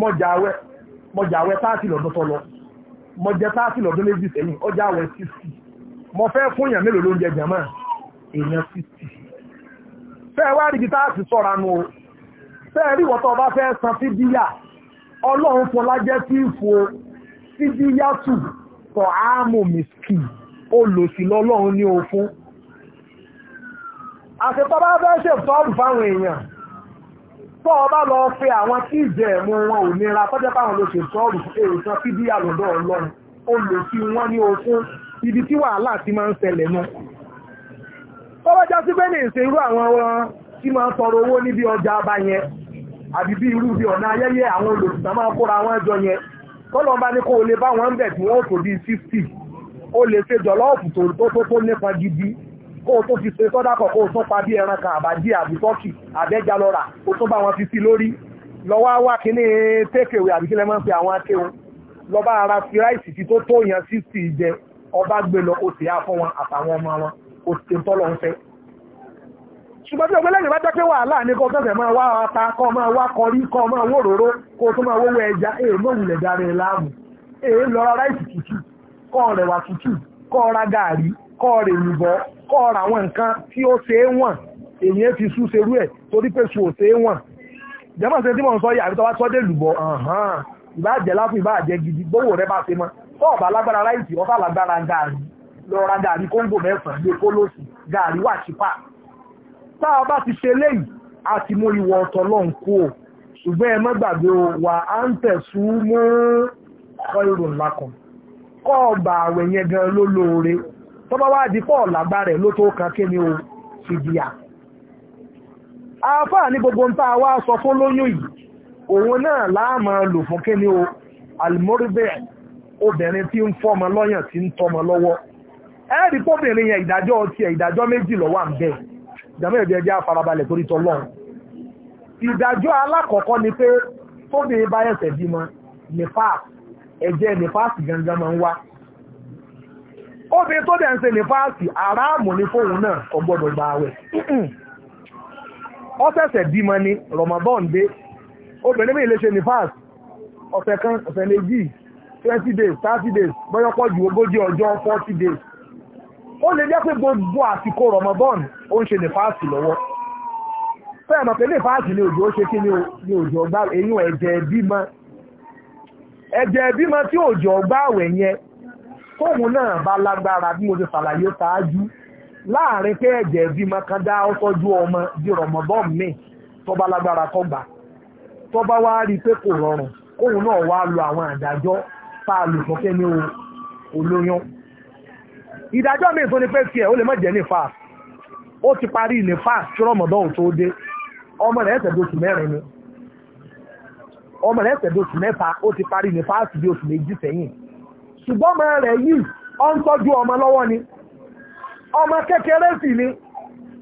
mọ̀jà àwẹ̀ táàtì lọ́dún tó lọ mọ̀jẹ táàtì lọ́dún méjì sẹ́yìn ọjà àwẹ̀ sixty mọ fẹ́ fún èèyàn mélòó lóúnjẹ jẹ̀mọ́ èèyàn sixty fẹ́ wá rí táàtì sọ̀ra nu o fẹ́ rí ọba bá fẹ́ san fídíyà ọlọ́run fún lájẹ́ tí ń fo fídíyà tù tọ̀ áàmù mìsíkì olòsì lọ́lọ́run ní o àṣetọ́ bá fẹ́ ṣètọ́rù fáwọn èèyàn tọ́ ọ bá lọ fẹ́ àwọn tí ẹ̀mú wọn ò nira tọ́jẹ́ báwọn ló ṣe sọ́ọ̀rù èrò tán bí àlọ́dọ̀ ọlọ́run ó ibi tí wàhálà ti máa ń ṣẹlẹ̀ sí pé ní ìṣe wọn tí máa ń tọrọ owó níbi ọjà ọba yẹn àbí bí irú bí ọ̀nà ayẹyẹ àwọn máa wọn jọ o lè bá tí wọ́n tó bíi kó o tún fi ṣe sọ́dá kọ̀kọ́ o pa bí ẹran kan àbájí lọ́ra o tó bá wọn fi sí lórí lọ́wọ́ wá kíní tékèwé àbíkílẹ̀ máa ń àwọn akéwọn ọba gbé lọ sì ọmọ wọn sì ń fẹ́. ṣùgbọ́n tí ọgbẹ́lẹ́yìn bá jẹ́ pé wàhálà ní máa wá ata máa wá kọrí máa wó òróró kó tó máa wówó ẹja láàmú ra gàárì kọ́ rè yìnbọn kọ́ ra àwọn nǹkan tí ó ṣe é wọ̀n èyí fi sú serú ẹ̀ torí pé sùn ò ṣe é wọ̀n ìjọba ṣe tí mò ń sọ yìí àbí tó bá sọ́dẹ̀ lùbọ̀ ìbàjẹ́ láfún ìbàjẹ́ gidi gbówó rẹ bá ṣe mọ́ tọ́ọ̀bà lágbára láìsí ọ̀sà lágbára gààrí lọ́ra gààrí kóńgò mẹ́sàn-án gbé kólóòsì gààrí wà sípà tá a bá ti ṣe léyìí a ti mú ìwọ ọ̀tọ̀ lọ́n kú o ṣùgbọ́n ẹ má gbàgbé o wà á ń tẹ̀sù mú kọ́ ìròyìn lákan kọ́ọ̀bà àwẹ̀ yẹn gan lólóore tó bá wá di pọ̀ làgbà rẹ̀ ló tó kan kí ni o fìdíà àáfàá ní gbogbo nta wá sọ fún lóyún yìí òun náà láàmà lò fún kí ni o almorbe obìnrin tí ń fọmọ lọ́yàn tí ń tọmọ lọ́wọ́ ẹ̀rí pọ́bìnrin yẹn ìdájọ́ ti ẹ̀ ìdájọ́ méjì ló wà ń bẹ̀ ìdámẹ́ ẹjẹ́ àfarabalẹ̀ torí tọlọ́run ìdájọ́ alákọ̀ọ́kọ́ ni pé tóbi bá ẹsẹ̀ bímọ nípa ẹ̀jẹ̀ nípa gangan máa ń wá obìnrin tó dẹ̀ ń ṣe ní fáàsì àràmù ní fóun náà kò gbọ́dọ̀ gba àwẹ̀ ó ṣẹ̀ṣẹ̀ bímọ ni Ramadan dé obìnrin mi lè ṣe ní fáàsì ọ̀sẹ̀ kan ọ̀sẹ̀ méjì twenty days thirty days bọ́yọ́pọ̀ ju ogójì ọjọ́ forty days ó lè jẹ́ pé gbogbo àsìkò Ramadan ó ń ṣe ní fáàsì lọ́wọ́ fẹ́ẹ̀ mọ̀ pé ní fáàsì ni òjò ṣe kí ni òjò gbá eyín ẹ̀jẹ̀ bímọ ẹ̀jẹ̀ bímọ tí òjò gbá àwẹ̀ yẹn tóun náà bá lágbára bí mo ti ṣàlàyé ṣáájú láàrin pé ẹ̀jẹ̀ bímọ kan dá ọ́tọ́jú ọmọ di rọ̀mọ́bọ́n mi tó bá lágbára kó gbà tó bá wá rí i pé kò rọrùn kóun náà wá lo àwọn àdájọ́ tá a lò fún kẹ́ni olóyún ìdájọ́ mi tó ní pé tiẹ̀ ó lè má jẹ́ ní fa ó ti parí ní fa tí rọ̀mọ́bọ́n tó dé ọmọ rẹ̀ ẹ̀sẹ̀ dóṣù mẹ́rin ni ọmọ rẹ̀ ẹ̀sẹ̀ dóṣù mẹ́ta ó ti parí ní fáàsì bí oṣù méjì sẹ́yìn ṣùgbọ́n ọmọ rẹ̀ yìí ọ ń tọ́jú ọmọ lọ́wọ́ ni ọmọ kékeré sì ni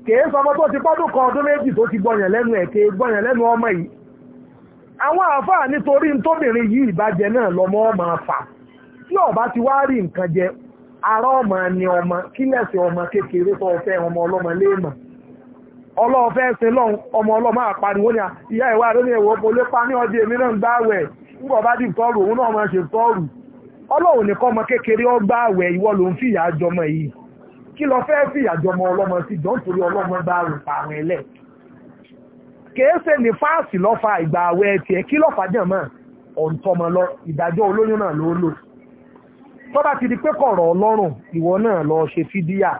kèé sọmọ tó ti pọ́dún kan ọdún méjì tó ti gbọ́yàn lẹ́nu ẹ̀ kéé lẹ́nu ọmọ yìí àwọn àfáà nítorí tóbìnrin yìí ìbàjẹ́ náà ọmọ tí ọba ti wá rí nǹkan jẹ ara ọmọ ni ọmọ kílẹ̀sì ọmọ kékeré tó fẹ́ ọmọ ọlọ́mọ léèmọ̀ ọlọ́run nìkan ọmọ kékeré ọgbà àwẹ̀ ìwọ ló ń fìyà jọmọ yìí kí lọ fẹ́ fìyà jọmọ ọlọ́mọ sí jọ nítorí ọlọ́mọ bá rò pa àwọn ẹlẹ́ kìí ṣe ní fáàsì lọ́fà ìgbà àwẹ̀ tiẹ̀ kí lọ́fà jẹ̀ mọ́ ọ̀ǹtọ́mọ lọ ìdájọ́ olóyún náà ló lò tọ́ba ti di pé kọ̀rọ̀ ọlọ́run ìwọ náà lọ ṣe fídíà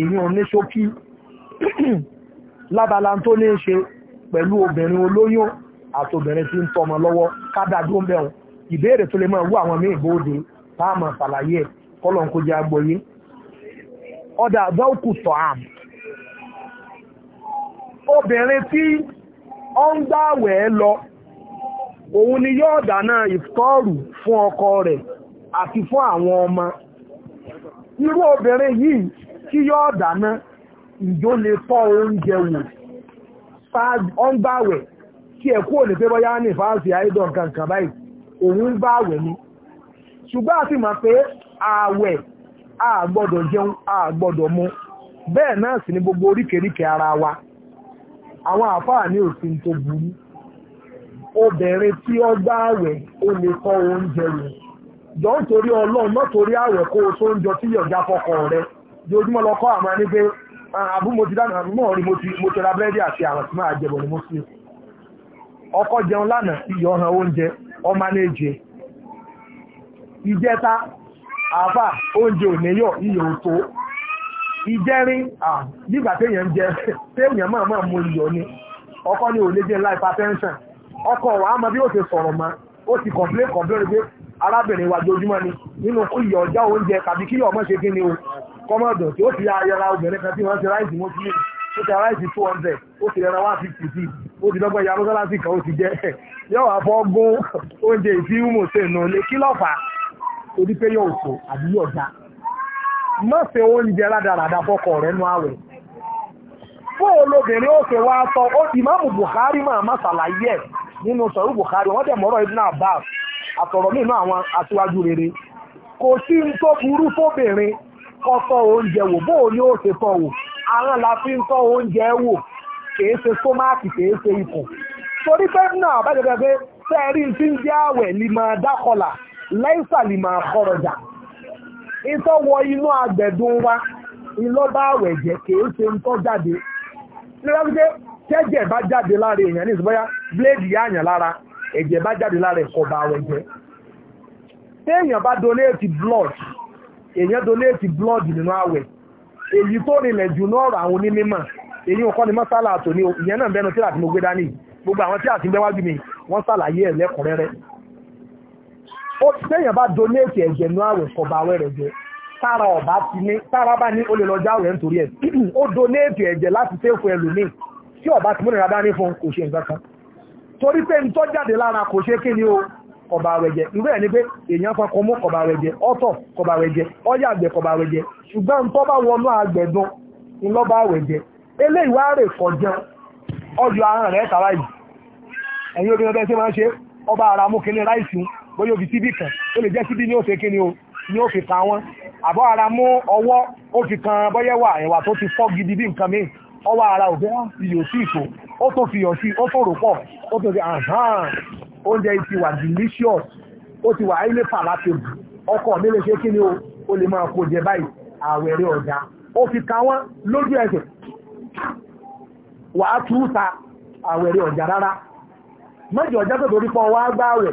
èyí ò ní ṣókí lábala tó ní ṣe pẹ̀lú obìnrin olóyún àtobìnrin tí ń tọmọ lọ́wọ́ ká dájú ń bẹ̀rùn ìbéèrè tó lè máa wú àwọn míì bóde táàmà ṣàlàyé kọ́lọ̀n kó jẹ́ agbóyé ọ̀dà dọ́ọ̀kù tọ̀hám obìnrin tí ó ń gbàwẹ̀ lọ òun ni yóò dáná ìfọ́ọ̀rù fún ọkọ rẹ̀ àti fún àwọn ọmọ irú obìnrin yìí tí yóò dáná ìjó lè tọ́ oúnjẹ wò ó ń gbàwẹ̀ kí ẹ̀kú ò pé bọ́yá ní fáàsì àìdọ̀ nǹkan kan òun ń gbàwẹ̀ ni ṣùgbọ́n a ti pé ààwẹ̀ a gbọdọ jẹun a gbọdọ mu bẹ́ẹ̀ náà sì ni gbogbo oríkèéríkèé ara wa àwọn àfáà ní òfin tó burú obìnrin tí ó gbá ààwẹ̀ ó lè kọ́ oúnjẹ rẹ̀ jọ ń torí ọlọ́run náà torí ààwẹ̀ o tó ń jọ tí yọ̀gá fọkọ rẹ̀ jojúmọ́ lọ kọ́ àmọ́ ní pé ti dáná àti àwọn tí máa ni mo ọkọ jẹun lánàá oúnjẹ ọmọ náà ìjẹta àfà oúnjẹ òníyọ̀ iyọ̀ tó ìjẹrin nígbà téèyàn ń jẹ téèyàn máa mu ni ọkọ ni ò lè jẹ ọkọ wa ama bí ó ṣe sọ̀rọ̀ mọ́ ó ti complain complain pé arábìnrin wa ni nínú iyọ̀ ọjọ́ oúnjẹ tàbí kí ọmọ ṣe kí ni o kọ́mọ̀dọ̀ tí ó ti ayẹra obìnrin kan tí ti ráìsì ó ti ráìsì two hundred ó ti rẹra one fifty ó ti kan ó ti oúnjẹ ìfihùn kí lọ́fà torí pé yóò sọ àbí yóò má ṣe oúnjẹ rádaràda fọkọ rẹ nú àwẹ̀ fóò lóbìnrin ó ṣe wá sọ ìmáàmù Buhari máa má ṣàlàyé nínú sọ̀rọ̀ Bukhari wọ́n dẹ̀ mọ́rọ̀ àtọ̀rọ̀ nínú àwọn aṣíwájú rere kò sí ń tó burú fóbìnrin oúnjẹ wò bóò ni ó la ń tọ́ oúnjẹ wò kìí ṣe sómáàkì kìí ṣe ikùn torí pé náà bá pé ti ń jẹ́ láìsàlì máa kọ́rọ̀jà ìtọ́ wọ inú àgbẹ̀dùn wa ìlọ́bà àwẹ̀ jẹ́ kìí ṣe ń tọ́ jáde nígbàgbé tẹ́jẹ̀ bá jáde lára èèyàn ní ìsúbọ́yá bléèdì yáàyàn lára ẹ̀jẹ̀ bá jáde lára ẹ̀kọ́ bá àwẹ̀ jẹ́ téèyàn bá donate blood èèyàn donate blood nínú àwẹ̀ èyí tó rinlẹ̀ jù náà ọ̀rọ̀ àwọn onímọ̀ èyí ò kọ́ ni mọ́sálà àtò ní ìyẹn náà bẹnu tí àti mo gbé dání gbogbo àwọn tí àti bẹ́wájú mi wọ́n ṣàlàyé ẹ̀ lẹ́kùnrẹ́rẹ́ téèyàn bá donate ẹ̀jẹ̀ nú àwẹ̀ kọba àwẹ̀ rẹ̀ jẹ́ tára ọba ti ní tára bá ní ó lè lọ nítorí ẹ̀ ó donate ẹ̀jẹ̀ láti tẹ́kù ẹlòmíì tí ọba ti múnira fún kò ṣe nǹkan kan torí pé ní jáde lára kò ṣe kí ni o kọba àwẹ̀ irú ẹ̀ ni pé èèyàn kan kọ mú kọba àwẹ̀ kọba àwẹ̀ àgbẹ̀ kọba àwẹ̀ ṣùgbọ́n tó bá wọnú bóyá òbí síbì kan ó lè jẹ́ síbì ní òfin kíni o ní ó fi kan wọn àbọ̀ ara mú ọwọ́ ó fi kan bọ́yẹ́wà ẹ̀wà tó ti fọ́ gidi bí nǹkan míì ọwọ́ ara òbí iyọ̀ sí ìtò ó tó fi iyọ̀ sí ó tó rò pọ̀ ó tó fi ahàn oúnjẹ ti wà delicious ó ti wà ilé palatable ọkọ mi lè ṣe kíni o ó lè máa kó jẹ báyìí àwẹ̀rẹ̀ ọ̀dà ó fi kan wọn lójú ẹsẹ̀ wàá túúta àwẹ̀rẹ̀ ọ̀dà rárá mẹ́jọ ọjọ́ tó torí pọ̀ wá gbáwẹ̀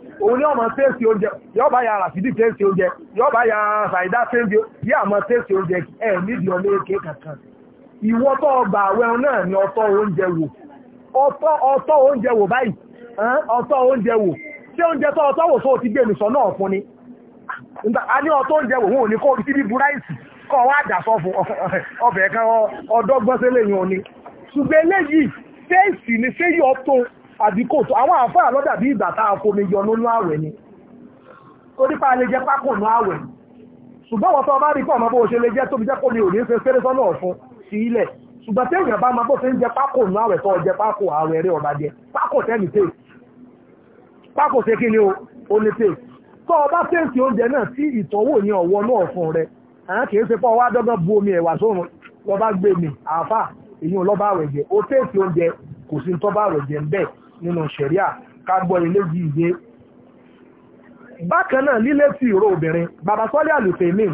òun ni ọmọ tẹ́sì oúnjẹ yóò bá ya ràfídì tẹ́sì oúnjẹ yóò bá ya ṣàìdá tẹ́sì yí àmọ́ tẹ́sì oúnjẹ ẹ̀ nídìí ọmọ eke kankan ìwọ tó ọgbà àwẹ̀ náà ni ọtọ́ oúnjẹ wò ọtọ́ oúnjẹ wò báyìí ọtọ́ oúnjẹ wò ṣé oúnjẹ tó ọtọ́ wò sóò ti gbé mi sọ náà fún ni a ní ọtọ́ oúnjẹ wò wọn ò ní kó ibi síbi buráìsì kọ́ wá dàsọ́ fún <laughs> ọbẹ̀ kan ọdọ́gbọ́n sí lẹ́yìn òní ni ṣé àbí kò tó àwọn àǹfààní lọ́dà bí ìgbà tá a fomi yọ nínú àwẹ̀ ni ó nípa lè jẹ pákó nínú àwẹ̀ ṣùgbọ́n wọ́n tó bá rí pọ̀ mọ́ bó ṣe lè jẹ́ tóbi jẹ́ kó ní òní ṣe fẹ́rẹ́ sọ́nà ọ̀fun sí ilẹ̀ ṣùgbọ́n tí èèyàn bá máa bó ṣe ń jẹ pákó nínú àwẹ̀ tó jẹ pákó àwẹ̀ rẹ̀ ọ̀bà jẹ pákó tẹ́ni tè pákó ṣe kí ni o ó ní tè tó o bá tẹ̀sí oúnjẹ náà tí ìtọ́wò ní ọ̀wọ́ náà fún rẹ̀ àwọn kì í ṣe pọ̀ wá dọ́gbọ́n bu omi ẹ̀wà sórun lọ́ba gbé mi àáfà èyí ò lọ́ba àwẹ̀ jẹ ó tẹ̀sí oúnjẹ kò sí ń tọ́ba àwẹ̀ jẹ ń bẹ́ẹ̀ nínú ṣẹ̀ríà ká gbọ́ ilé yìí yé bákan náà lílé sí ìró obìnrin bàbá sọ́lé àlùfẹ́ mi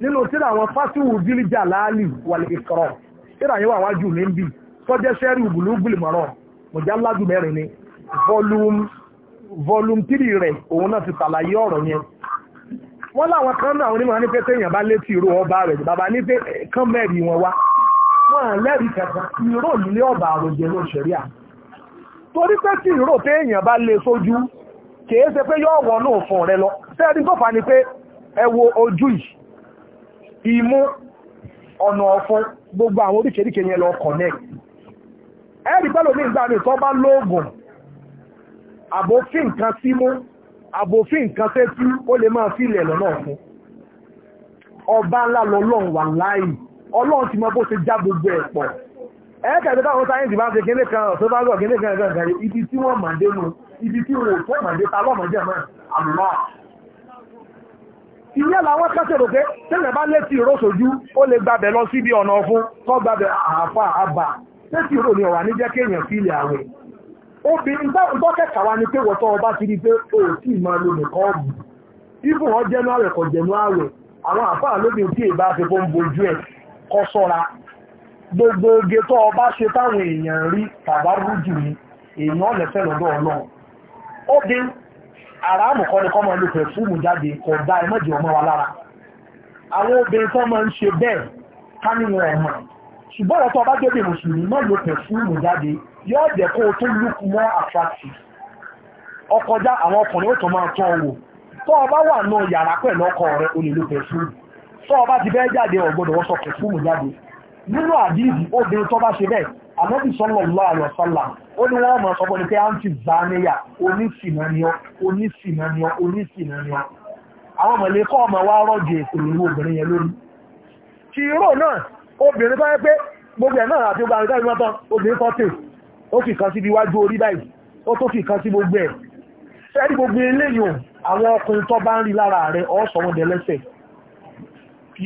nínú tíra àwọn fásitì dìlíjà láàlì wàlẹ̀ ìkọ̀rọ̀ tíra yẹn wà wájú mi ń bì sọ́jẹ́ sẹ́rí ìbùlúgbìlì mọ́rọ̀ mọ̀já lájú mẹ́rin ni volume volume three rẹ̀ òun náà ti tàlàyé ọ̀rọ̀ yẹn wọ́n láwọn kan náà onímọ̀ ní pé téèyàn bá létí ìró ọba rẹ̀ bàbá ní pé kán mẹ́rin wọn wá wọ́n lẹ́rìí kẹta ìró ìlú ọba àròjẹ ló ṣẹ̀rí àná torí pé tí ìró téèyàn bá lè sójú kìí ṣe pé yóò wọnú òfin rẹ lọ sẹ́ẹ̀dí tó fà ní pé ẹ wo ojú yìí ìmú ọ̀nà ọ̀fun gbogbo àwọn oríkèríkè yẹn lọ connect ẹ̀rí pẹ́lú ní ìgbà rẹ̀ tó bá lóògùn àbòfin nǹkan símú ọlọ́run ti mọ bó ṣe já gbogbo ẹ̀ ẹ̀ẹ́kẹ̀ẹ́kẹ́ táwọn sáyẹ́ǹsì bá ṣe kíní kan tó bá gọ̀ kíní kan gàgà ibi tí wọ́n màdé nù ibi tí wọ́n tó màdé ta lọ́mọdé mọ́ àmúlá ìyẹ́ làwọn pé tẹ́lẹ̀ bá ìró lè gbabẹ̀ lọ síbi ọ̀nà ọ̀fún tó gbabẹ̀ àbà ìró ní jẹ́ kéèyàn fi ilẹ̀ àwẹ̀ obìnrin gbogbo oge tó ọba ṣe táwọn èèyàn rí tàbá rújù ni èèyàn lẹ́fẹ́ lọ́dọ̀ ọlọ́run ó dé àràmù kọ́ ni jáde ọmọ wa lára àwọn obìnrin tó máa ń ṣe bẹ́ẹ̀ ọmọ ṣùgbọ́n ọ̀rọ̀ tó ọba mùsùlùmí jáde yóò jẹ́ kó o tó ọkọjá àwọn ọkùnrin ó máa tán ọ wò tó ọba wà náà yàrá pẹ̀lú jáde ọ̀gbọ́dọ̀ nínú àdíjì obìnrin tó bá ṣe bẹ́ẹ̀ àmọ́bí sọ́lọ̀lọ́ àlọ́sọ́là ó ní wọ́n mọ̀ sọ́pọ̀ ní pé áńtì zaniya onísìnàníọ́ onísìnàníọ́ onísìnàníọ́ àwọn mọ̀lẹ́ kọ́ ọmọ wa rọ́jì ètò ìlú obìnrin yẹn lórí ti irú náà obìnrin tó yẹ pé gbogbo ẹ̀ náà àti obìnrin tó yẹ obìnrin kan tè ó fi kan síbi iwájú orí báyìí ó tó fi kan sí gbogbo ẹ̀ sẹ́ẹ̀dì gbogbo eléyìí àwọn ọkùnrin tó bá ń rí lára rẹ̀ ọ̀ sọ̀wọ́n dẹ̀ lẹ́sẹ̀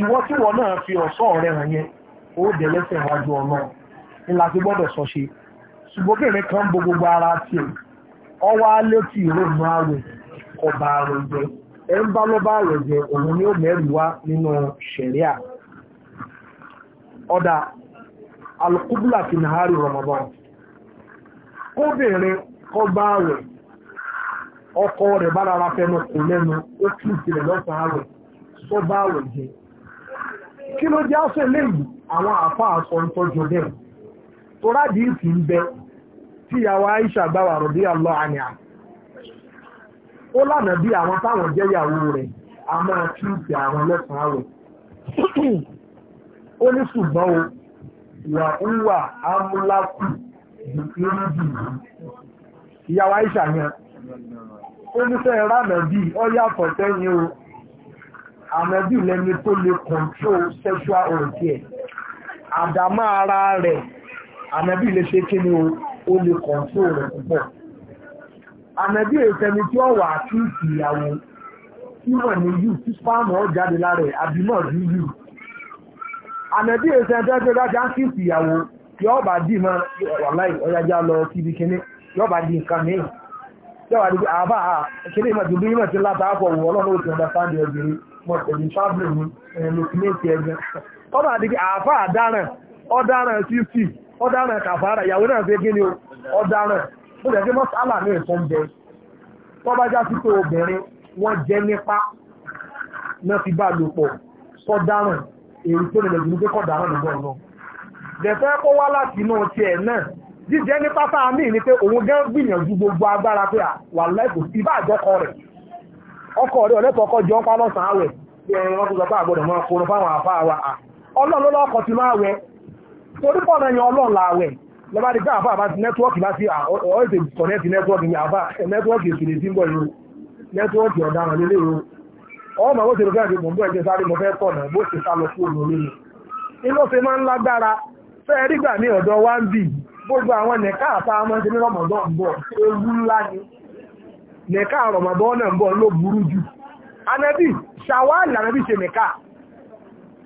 ìwọ tí wọn náà fi ọ̀ṣọ́ rẹ̀ hàn yẹn ó dẹ̀ lẹ́sẹ̀ ọ̀nà ńlá ti gbọ́dọ̀ sọ ṣe ṣùgbọ́n kan bo gbogbo ara tiẹ̀ ọwọ́ alẹ́ tí ìrònú ààrẹ ọba ààrẹ jẹ ẹ ń bá ààrẹ jẹ òun ni ó mẹ́rin wá nínú ṣẹ̀ríà ọ̀dà alukubula fi nàárì Ramadan ààrẹ ọkọ rẹ̀ bá rárá àwọn àfa àsọ ń tọ́jú tó rádi tí Aisha gbáwà rọ̀bí àlọ́ àníà ó lànà bí àwọn táwọn jẹ́ yàwó rẹ̀ a máa kí àwọn lẹ́sàn-án o, ó ní ṣùgbọ́n o wà ń wà ámúlákù ìyàwó Aisha ó ní bí o tó control sexual orientation àdámọ́ ara rẹ̀ ànábì lè ṣe kí ni ó lè kọ̀ǹtò rẹ̀ púpọ̀ ànábì èsẹ̀ni tí ó wà kí ìyàwó tí wọ́n ní yù tí spáàmù ọ̀ jáde lára ẹ̀ àbí rí yù ànábì èsẹ̀ni tó ń bá kí ìyàwó yóò bá dì mọ́ wàláì ọ̀yájá lọ síbi kíní yóò bá di nǹkan mìíràn yóò bá di àbá ah, ah, kíní ìmọ̀tí bí ìmọ̀tí látàá pọ̀ wọ́ ọlọ́run ó ti ọ̀dà sáà tọ́nà àdìgbì àfà àdáràn ọ̀dáràn 50 ọ̀dáràn kàfàárà ìyàwó náà fẹ́ gíní ọ̀dáràn ó lẹ́gbẹ́ mọ́sálà ní ìtọ́ jẹ tọ́ já sí pé obìnrin wọ́n jẹ́ nípa náà fi bá lò pọ̀ sọ́dáràn èrú tó nílẹ̀ jùlọ pé dẹ̀fẹ́ kó wá láti gbogbo agbára pé wà àjọkọ ọkọ rẹ̀ jọ ń pa lọ́sàn-án bí ẹran àgbọ̀dọ̀ wa ọlọ́run lọ́kọ̀ ti máa torí pọ̀ náà ọlọ́run làwẹ̀ lọ́ba di àbá àbá ti nẹ́tíwọ́ọ̀kì bá sí ọ̀ẹ́sẹ̀ ní àbá sí ń bọ̀ yìí ọ̀daràn lélẹ̀ ọmọ bó ṣe mọ̀ sáré fẹ́ bó ṣe sá lọ fún òun inú ṣe máa ń lágbára rí gbà ní wá ń bì gbogbo àwọn ni náà ń bọ̀ ló burú jù anabi ṣàwálì anabi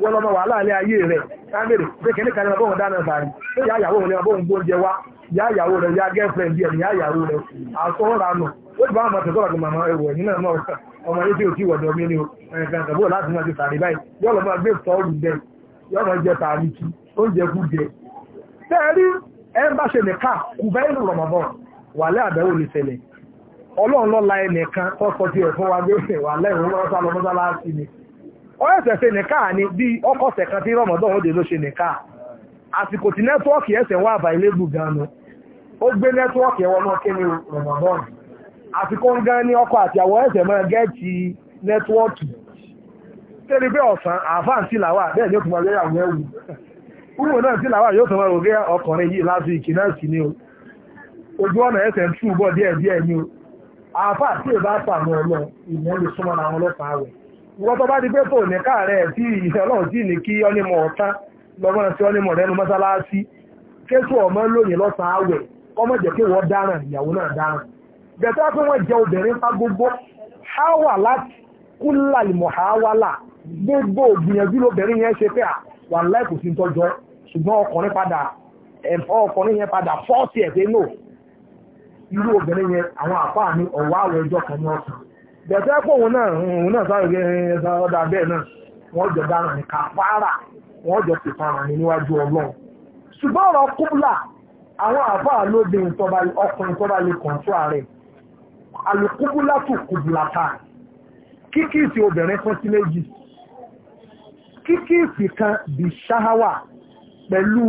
wọ́lọ́mọ wà láàrin ayé rẹ̀ kámẹ́rẹ̀ pé kìíní kan ní ọmọ bóun dáná sàárì yá ìyàwó rẹ̀ ọmọ bóun gbóúnjẹ wá yá ìyàwó rẹ̀ yá gẹ́fẹ̀rẹ̀ndì ẹ̀ yá ìyàwó rẹ̀ àtọ́ranù ó ti bá ọmọ tẹ̀sọ́rọ̀ màmá ẹ̀wọ̀ ẹ̀yìn náà ọmọ tí ò tí ni ẹ̀ẹ̀kan bó láti máa ti wa gbé wà lẹ́yìn ọ̀ẹ́sẹ̀ ṣe nìka ní bí ọkọ̀ ṣẹ̀kan tí rọ̀mọ̀dọ́ òde ló ṣe nìka àsìkò tí nẹ́tíwọ́ọ̀kì ẹ̀sẹ̀ wà bá ilé gbù ganu ó gbé nẹ́tíwọ́ọ̀kì ẹwọ náà kí ni rọ̀mọ̀dọ́ ni àsìkò ń gan ní ọkọ̀ àti àwọ̀ ẹsẹ máa ń ni ó tún kúrò náà yóò tún rògbé ọkùnrin yìí láti ni o ojú ọ̀nà ń túbọ̀ díẹ̀ díẹ̀ ni tí ì bá wọ́n tó bá di pé kò ní káàrẹ̀ tí ìṣẹ́ ọlọ́run sì ní kí ọ́nìmọ̀ ọ̀tá lọ́gbọ́n sí ọ́nìmọ̀ rẹnu mọ́sálásí kéṣù ọmọ lónìí lọ́sàn-án ọmọ kọ́mọ̀ jẹ́ kí wọ́n dáràn ìyàwó náà dáràn bẹ̀tọ́ pé gbogbo háwà láti gbogbo lóbìnrin yẹn ṣe pé à wà láì kò sí tọ́jọ́ ṣùgbọ́n ọkùnrin padà ọkùnrin yẹn padà fọ́ọ̀tì ẹ̀ pé nò irú obìnrin yẹn àwọn àpá bẹ̀tẹ́ pọ̀ naa náà òun náà sáré gẹ́ ẹ̀sà ọ̀dà bẹ́ẹ̀ náà wọ́n jọ dára ní kàfàrà wọ́n jọ pèsàrà ní níwájú ọlọ́run ṣùgbọ́n ọ̀rọ̀ àwọn àfáà ló di ọkùnrin lè kàn tó ààrẹ alùkúbùlà tó ta kan sí méjì kíkìsì kan ṣáháwà pẹ̀lú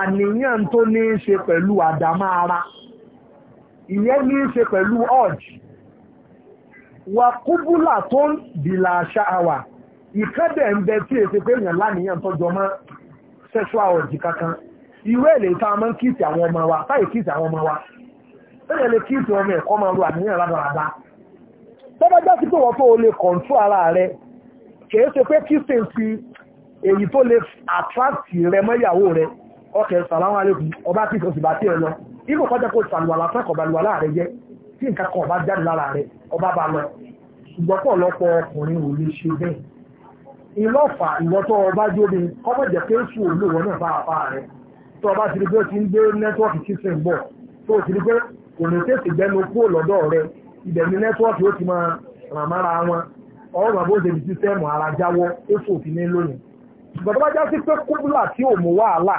àníyàn tó ní í ṣe wà kúbúlà tó ń bìlà àṣà àwà ìkẹ́bẹ̀ ń bẹ tí èsì pé èèyàn láníyàn tọ́jọ mọ́ sexual orgy kankan irú èlé tá a máa ń kíìtì àwọn ọmọ wa táyì kíìtì àwọn ọmọ wa ẹ̀yẹ̀ lè kíìtì ọmọ ẹ̀kọ́ máa ro àníyàn rádaràdá tó bá jásí pé wọ́n tó o lè kọ̀ǹtú ara rẹ kìí ṣe pé kíìsìn fi èyí tó lè àtráktì rẹ mọ́yàwó rẹ ọkẹ̀ sàlámù alẹ́kùn ọba kíìsì òsì bá tiẹ̀ lọ inú kọjá kó sàlùwàlà fẹ́kọ̀ọ́bàlùwàlà rẹ jẹ́ tí nǹkan kan ọba jáde lára rẹ̀ ọba bá lọ ṣùgbọ́n pọ̀ lọ́pọ̀ ọkùnrin ò lè ṣe bẹ́ẹ̀ ìlọ́fà ìwọ́tọ́ ọba jóde kọ́mọ̀ jẹ́ pé sùn òun lòwọ́ náà bá apá rẹ̀ tó ọba ti rí pé ó ti ń gbé nẹ́tíwọ́ọ̀kì sísìn bọ̀ tó ti rí pé kò ní tètè gbẹnu kúrò lọ́dọ̀ rẹ̀ ibẹ̀ ni nẹ́tíwọ́ọ̀kì ó ti máa ràn mára wọn ọ̀rùn àbóṣe ibi sísẹ́ẹ̀mù ara jáwọ́ èso òfin ní lónìí ṣùgbọ́n tó bá já sí pé kúbúlà tí ò mú wàhálà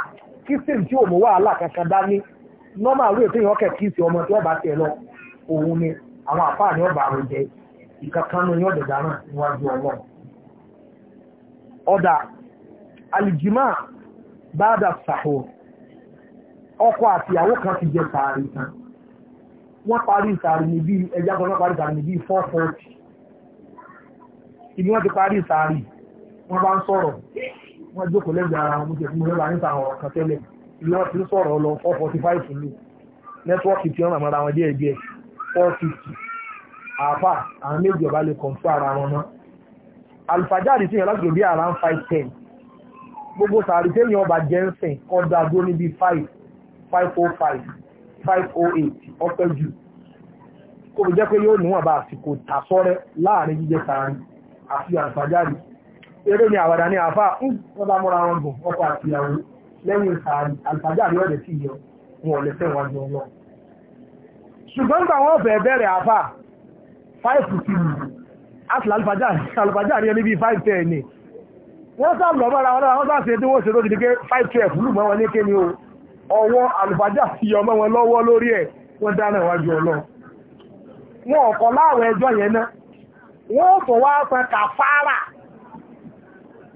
kísìn tí ò mú wàhálà kankan dání nọ́mà rèé téèyàn kẹ̀ kíìsì ọmọ tí wọ́n bá tiẹ̀ lọ òun ni àwọn àpá àní ọba àrùn jẹ ìkankan ní ọ̀dọ̀dà náà níwájú ọlọ́run ọ̀dà alìjìmá báadà sàhó ọkọ àti ìyàwó kan ti jẹ sàárì tán wọ́n parí sàárì ní bí ẹjá kan parí sàárì ní bí four forty ibi wọ́n ti parí sàárì wọ́n bá ń sọ̀rọ̀ wọ́n jókòó lẹ́gbẹ̀ẹ́ ara wọn jẹ́ fún mi níta àwọn ọ̀kan tẹ́lẹ̀ four fifty àfà àwọn méjì ọba lè kọ̀ǹtú ara wọn mọ́ alifajari ti yàn láti òbí around five ten gbogbo sàárì téèyàn ọba jensen kọ́dà dúró níbi five five oh five five oh eight ọpẹ́ jù kó fi jẹ́ pé yóò níwọ̀n bá àsìkò tàṣọ́rẹ́ láàrin jíjẹ sàárì àti alifajari eré ni àwàdà ni àfà ń wọ́n bá múra wọn gùn ọkọ̀ àtìyàwó lẹ́yìn sàárì alifajari ọ̀dẹ̀ sì yọ wọn ò lẹ́sẹ̀ wájú ọlọ́run ṣùgbọ́n gbà wọ́n fẹ́ bẹ̀rẹ̀ àfà 5:15 àti alùbájá rí ẹni bí 5:10 ni wọ́n sáà lọ mọ́ra wọn wọ́n sáà ṣe tí wọ́n ṣe lórí díké 5:12 lù mọ́ wọn ní kéni o ọwọ́ alùbájá fi ọmọ wọn lọ́wọ́ lórí ẹ̀ wọ́n dáná ìwájú ọlọ́ wọn ọ̀kọ̀ láwọn ẹjọ́ yẹn náà wọ́n fọ̀ wá san kàfárà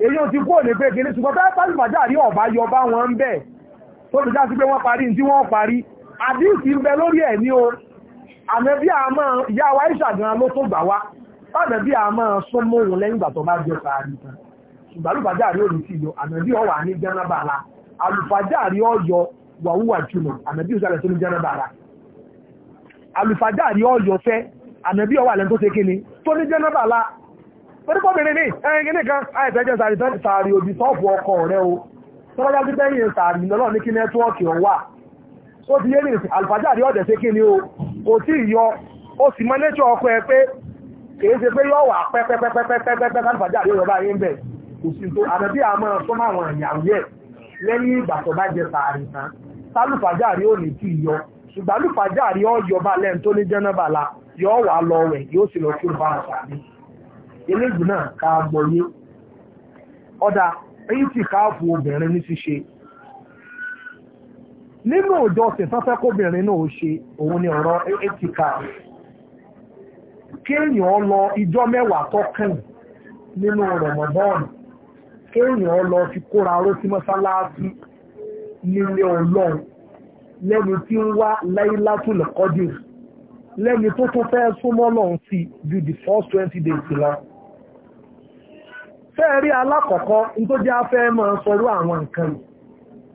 èyí ò ti kúrò ní pé kìíní ṣùgbọ́n tẹ́lẹ̀ pàdé bàjá rí ọ̀bá yọ bá wọn ń bẹ̀ tó ti já sí pé wọ́n parí ní tí wọ́n parí àdíìsì ń bẹ lórí ẹ̀ ní o ànàbí àmọ́ ìyá wa ìṣàgbọ́n ló tó gbà wá ànàbí àmọ́ súnmọ́ òun lẹ́yìn ìgbà tó bá jẹ sàárì tán ṣùgbọ́n àlùfájàrí ò ní sí yọ ànàbí ọ̀wà ní jẹ́nàbàlá àlùfájàrí ọ̀yọ́ wàhúwà jùlọ ànàbí òṣàlẹ̀ tó ní jẹ́nàbàlá àlùfájàrí ọ̀yọ́ fẹ́ ànàbí ọ̀wà lẹ́yìn tó ṣe kíni tó ní jẹ́nàbàlá onípọ̀bìnrin ní ẹ̀yìn kíní kan àìtẹ́jẹ́ sàárì òbí sọ́ọ̀fù ọkọ rẹ o tọ́lọ́jà kò tí ì yọ ó sì mọ nature ọkọ̀ ẹ pé kìí ṣe pé yọọ wà pẹ́pẹ́pẹ́pẹ́pẹ́pẹ́ káfíńfàjà yóò bẹ̀ kò sì tó àdàbí àmọ́ àwọn ìyàwó lẹ́yìn ìgbà tó bá jẹ sàárì tán ò ní tí ì yọ ṣùgbọ́n ní jẹ́nàbà la wà lọ wẹ̀ yóò sì lọ kí ó bá sàárì eléyìí náà ká gbọ́yé ọ̀dà èyí tí káàfù nínú òjò ọ̀sìn tán kóbìnrin ṣe òun ni ọ̀rọ̀ etika kéèyàn lọ ijọ́ mẹ́wàá tọ́kàn nínú rọ̀mọ̀dọ́ọ̀nù kéèyàn lọ fi kóra ró sí mọ́sálásí nílé ọlọ́run lẹ́ni tí ń wá láìlátùl kọ́dìr lẹ́ni tó tó fẹ́ súnmọ́ lọ́run sí ju the first twenty days lọ. alákọ̀ọ́kọ́ ní tó jẹ́ afẹ́ máa sọ̀rọ̀ àwọn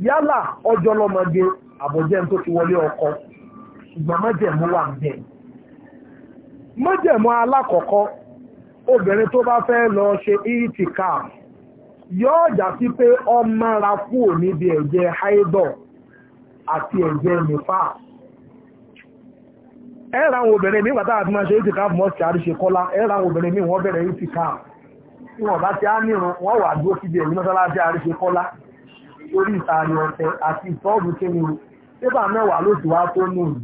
yálà ọjọ́ lọ́mọdé àbọ̀jẹ́ tó ti wọlé ọkọ ṣùgbọ́n májẹ̀mú wà ń bẹ̀. májẹ̀mú alákọ̀ọ́kọ́ obìnrin tó bá fẹ́ lọ ṣe ìtìká yóò jà sí pé ọ ra kúrò níbi ẹ̀jẹ̀ haidol àti ẹ̀jẹ̀ nífà ẹ̀rà àwọn obìnrin míì pàtàkì àti máa ṣe ìtìká fún ọ̀sẹ̀ àríṣe kọ́lá ẹ̀rà àwọn obìnrin míì wọ́n bẹ̀rẹ̀ ìtìká wọn bá ti á nírun wọ́n wà dúró síbi ẹ̀yìn mọ́sálásí àríṣe kọ́lá orí ìtààrí ọ̀tẹ́ àti ìtọ́ọ̀dù kéwì pépà mẹ́wàá ló wá tó nù yìí.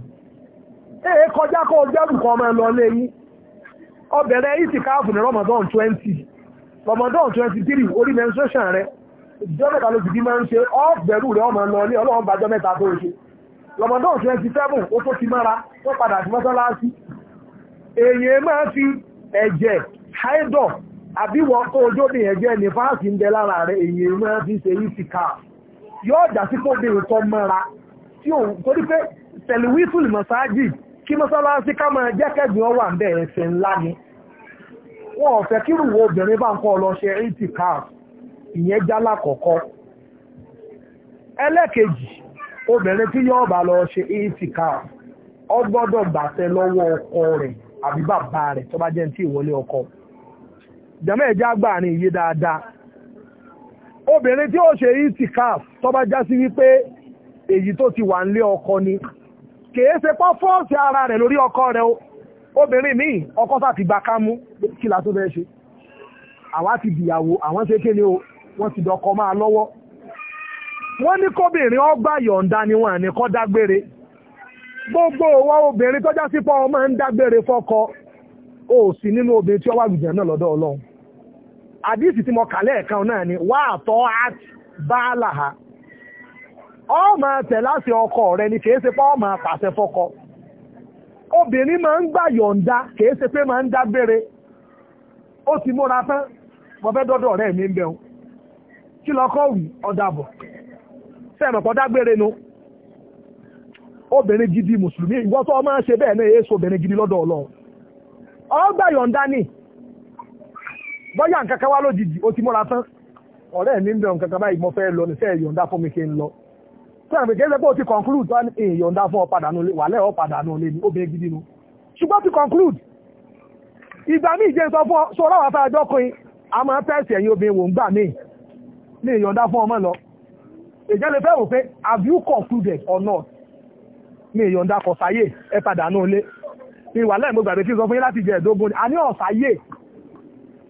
èé kọjá o kan ọmọ lọ lé ní Ramadan twenty Ramadan twenty three orí menstruation ìjọ́ mẹ́ta ló ti bí máa ń ṣe ọmọ lọ lé ọlọ́run Ramadan twenty ó tó ti fi ẹ̀jẹ̀ àbíwọ̀ tó ẹ̀jẹ̀ ní fáàsì ń bẹ lára rẹ̀ èèyàn máa fi ṣe yóò jà sí kó dé ìtọ́ mọ́ra tí ò torí pé tẹ̀líwífù lè mọ̀sáájì kí mọ́sálásí ká máa jẹ́ kẹ́gbìn ọwà ń bẹ̀rẹ̀ wọn ọ̀fẹ́ kírù wo obìnrin lọ ṣe eighty cars ìyẹn jálá kọ̀ọ̀kọ́ obìnrin tí lọ ṣe eighty cars gbọ́dọ̀ gbàṣẹ ọkọ rẹ̀ àbí bàbá rẹ̀ tó bá ọkọ obìnrin tí ó ṣe itikaf tó bá já sí wípé èyí tó ti wà nílé ọkọ ni kìí ṣe pọ́ fọ́ọ̀sì ara rẹ̀ lórí ọkọ rẹ o obìnrin míì ọkọ sá ti gba kámú kí la tó fẹ́ ṣe àwa ti dìyàwó àwọn ṣe kéde o wọ́n ti dọkọ máa lọ́wọ́ wọ́n ní kóbìnrin ọgbà yọ̀ǹda ni wọ́n àní kọ́ dágbére gbogbo wa obìnrin tọ́já sí pọ́ ọmọ ń dágbére fọ́kọ o sì nínú obìnrin tí ó wà lùjẹ̀ náà lọ́dọ̀ ọlọ́run àdísì tí mo kà lẹ́ẹ̀kan náà ni wà àtọ́ àti báàlà ha ọmọ tẹ̀láṣẹ ọkọ rẹ ni kìí ṣe pé ọmọ àpàṣẹ fọkọ obìnrin ma ń gbà yọ̀ǹda kìí ṣe pé máa ń dágbére ó ti múra tán mo fẹ́ dọ́dọ̀ ọ̀rẹ́ mi ń bẹ̀rù kí lọ́kọ́ wì ọ̀dàbọ̀ sẹ́ẹ̀mọ̀pọ̀ dágbére nu obìnrin gidi mùsùlùmí ìwọ́sọ́ ọmọ ṣe bẹ́ẹ̀ náà èso obìnrin gidi lọ́dọ̀ ọlọ́run ọgbà yọ̀ǹda ni bọ́yà nǹkan kan wá lójijì ó ti múra tán ọ̀rẹ́ mi ń bẹ̀rù nǹkan kan báyìí mo fẹ́ lọ ní sẹ́ẹ̀ yọ̀ǹda fún mi kí n lọ sẹ́yìn pé kéde pé ó ti conclude wá ní ìyọ̀ǹda fún ọ̀padà nulẹ̀ wàlẹ́ ọ̀padà nulẹ̀ ní obìnrin gidi nu ṣùgbọ́n ti conclude ìgbà míì jẹ́ sọ fún ọ sọ ọlọ́wà fẹ́ ẹjọ́ kan a máa tẹ̀sí ẹ̀yìn obìnrin wò ń gbà míì ní ìyọ̀ǹda fún ọmọ lọ ìjẹ́ lè fẹ́ wò pé have you concluded or not ní ìyọ̀ǹda kọ̀sáyè ẹ padà nulẹ̀ ìwàlẹ́ ìmọ̀gbàgbé kí n sọ fún yín láti jẹ́ ẹ̀dógún ni a ní ọ̀sáyè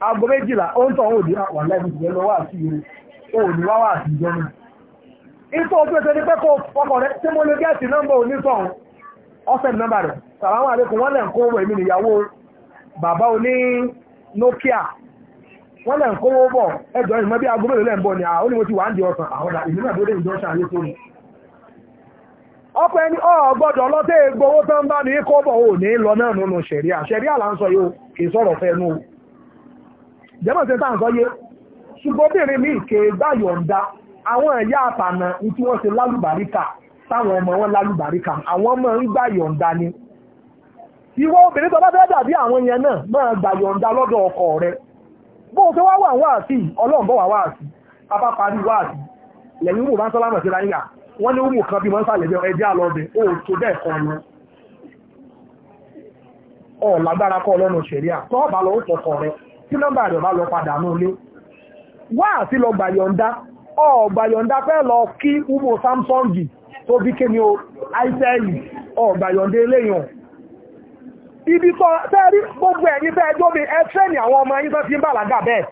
aago méjìlá ó ń tọ̀ ó ní wà láì mú ìgbẹ́ lọ wá sí irú ó ní wá wá sí ìjọ náà. ipò òfin ètò ni pé kó ọkọ̀ rẹ tí mo lè gẹ́ẹ̀sì nọ́mbà òní sọ̀hún ọ̀sẹ̀ nọ́mbà rẹ̀ sàlámù àlékún wọ́n lẹ̀ ń kó èmi nìyàwó bàbá oní Nokia wọ́n lẹ̀ ń kówó bọ̀ ẹjọ́ ìmọ̀ bí aago mélòó lẹ̀ ń bọ̀ ni àwọn onímọ̀ ti wà ń di ọ̀sán àwọn ọ̀dà ìlú náà tó dé ìjọ ṣàyé tó ní. ọ̀pọ̀ ẹni ọ̀ gbọ́dọ̀ lọ́tẹ̀ gbowó tán bá ní kó bọ̀ ò ní lọ náà nínú ṣẹ̀ríà ṣẹ̀ríà là ń sọ yóò kì í sọ̀rọ̀ fẹ́ nù o. jẹ́mọ̀ sí sáà ń sọ́yé ṣùgbọ́bìnrin mi kè gbàyọ̀ǹda àwọn ẹ̀yà àpànà tí wọ́n ṣe lálùbáríkà táwọn ọmọ wọn lálùbáríkà àwọn ọmọ ń gbàyọ̀ǹda ni ìwọ obìnrin tó bá fẹ́ dàbí àwọn yẹn náà máa lọ́dọ̀ ọkọ rẹ bó o wá wà ọlọ́run wá apá parí umu sọ́lámọ̀ wọ́n ní kan bí wọ́n sàlẹ̀ ẹdí ọ lágbára kọ́ ọlọ́run tí nọ́mbà rẹ̀ bá lọ padà náà lé wá àti lọ gbàyọ̀ǹda ọ̀gbàyọ̀ǹda fẹ́ lọ kí umo samsongi tó bí kí eléyàn ibi tó gbogbo ẹ̀yìn bẹ́ẹ̀ jóbi ẹ̀fẹ́ ni àwọn ọmọ yín tó ti ń bàlágà bẹ́ẹ̀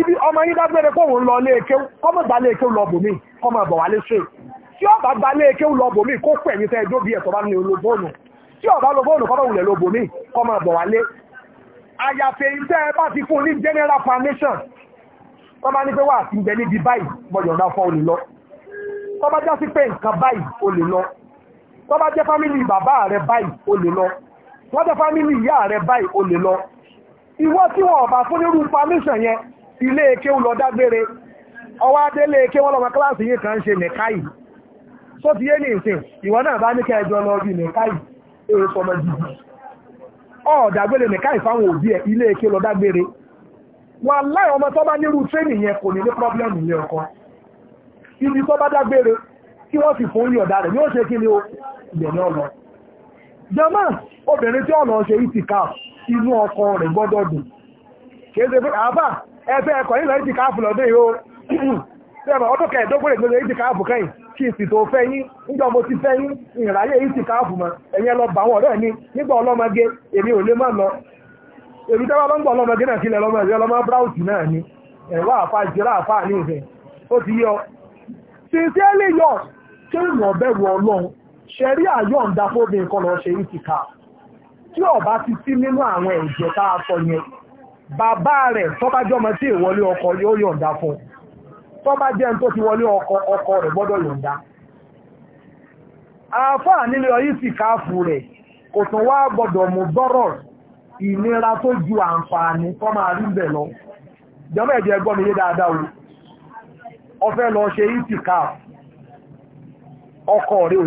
ibi ọmọ yín dágbére pé òun lọ lé eke kọ́mọ̀ gbà lé eke lọ bòmí kọ́mọ̀ bọ̀ wá lé ṣe tí ọba gbà lé eke lọ bòmí kó pẹ̀yìn tẹ́ jóbi ẹ̀tọ́ bá ní olóbóònù tí ọba lóbóònù kọ́mọ̀ wulẹ̀ lọ bòmí kọ́mọ̀ bọ̀ wá lé àyàfẹ́ iṣẹ́ bá ti fún ní general foundation wọ́n bá ní pé wà sí ìgbẹ̀ níbi báyìí bọ̀yọ̀nà fọ́ olè lọ tó bá já sí pé nǹkan báyìí olè lọ tó bá jẹ́ fámílì bàbá rẹ̀ báyìí olè lọ wọ́n jẹ́ fámílì ìyá rẹ̀ báyìí olè lọ ìwọ tí wọ́n bá fún nírú foundation yẹn ilé eke ń lọ dágbére ọwọ́ adélé eke wọ́n lọ́mọ kíláàsì yìí kan ṣe nìkáyì So ti yé ní ìsìn ìwọ náà bá ní kẹjọ lọ bí nìkáyì èrò sọmọ jìbìtì ọ̀dàgbére nìka ìfáwọn òbí ẹ̀ ilé eke lọ dágbére wà láì ọmọ tó bá nírú tréní yẹn kò ní ní pọ́blẹ́mù ọkọ ibi tó bá dágbére kí wọ́n sì fún yí ọ̀dà rẹ̀ yóò ṣe kí ni ó ìyẹ̀ni jama obìnrin tí ọ̀nà ṣe inú ọkọ rẹ̀ gbọ́dọ̀ dùn ṣe àbá fún sẹ́mọ̀ ọdún kẹẹ̀ẹ́dógún ègbèrè ìtìkáàfù kẹ́yìn kí n sì tó fẹ́ nígbà mo ti fẹ́ yín ìràyè ìtìkáàfù mọ́ ẹ̀yẹ lọ bá àwọn ọ̀rẹ́ mi nígbà ọlọ́mọge èmi ò lè má lọ èmi tẹ́wọ́ ọlọ́mọge náà lọ́mọ ọlọ́mọ náà ni ẹ̀wọ́ àfa àfa ní ìfẹ́ ó ti yọ. sincerely ṣé ìwọ̀n a tó bá jẹ́ tó ti wọlé ọkọ rẹ̀ gbọ́dọ̀ gbọdọ àáfàá nílé ọyí sì káàfù rẹ̀ kò tún wá gbọ́dọ̀ mú bọ́rọ̀ ìnira tó ju àǹfààní tó máa rí bẹ̀ lọ jọmọ́ ẹgbọ́n mi yé dáadáa o ọfẹ́ lọ ṣe káàfù rẹ̀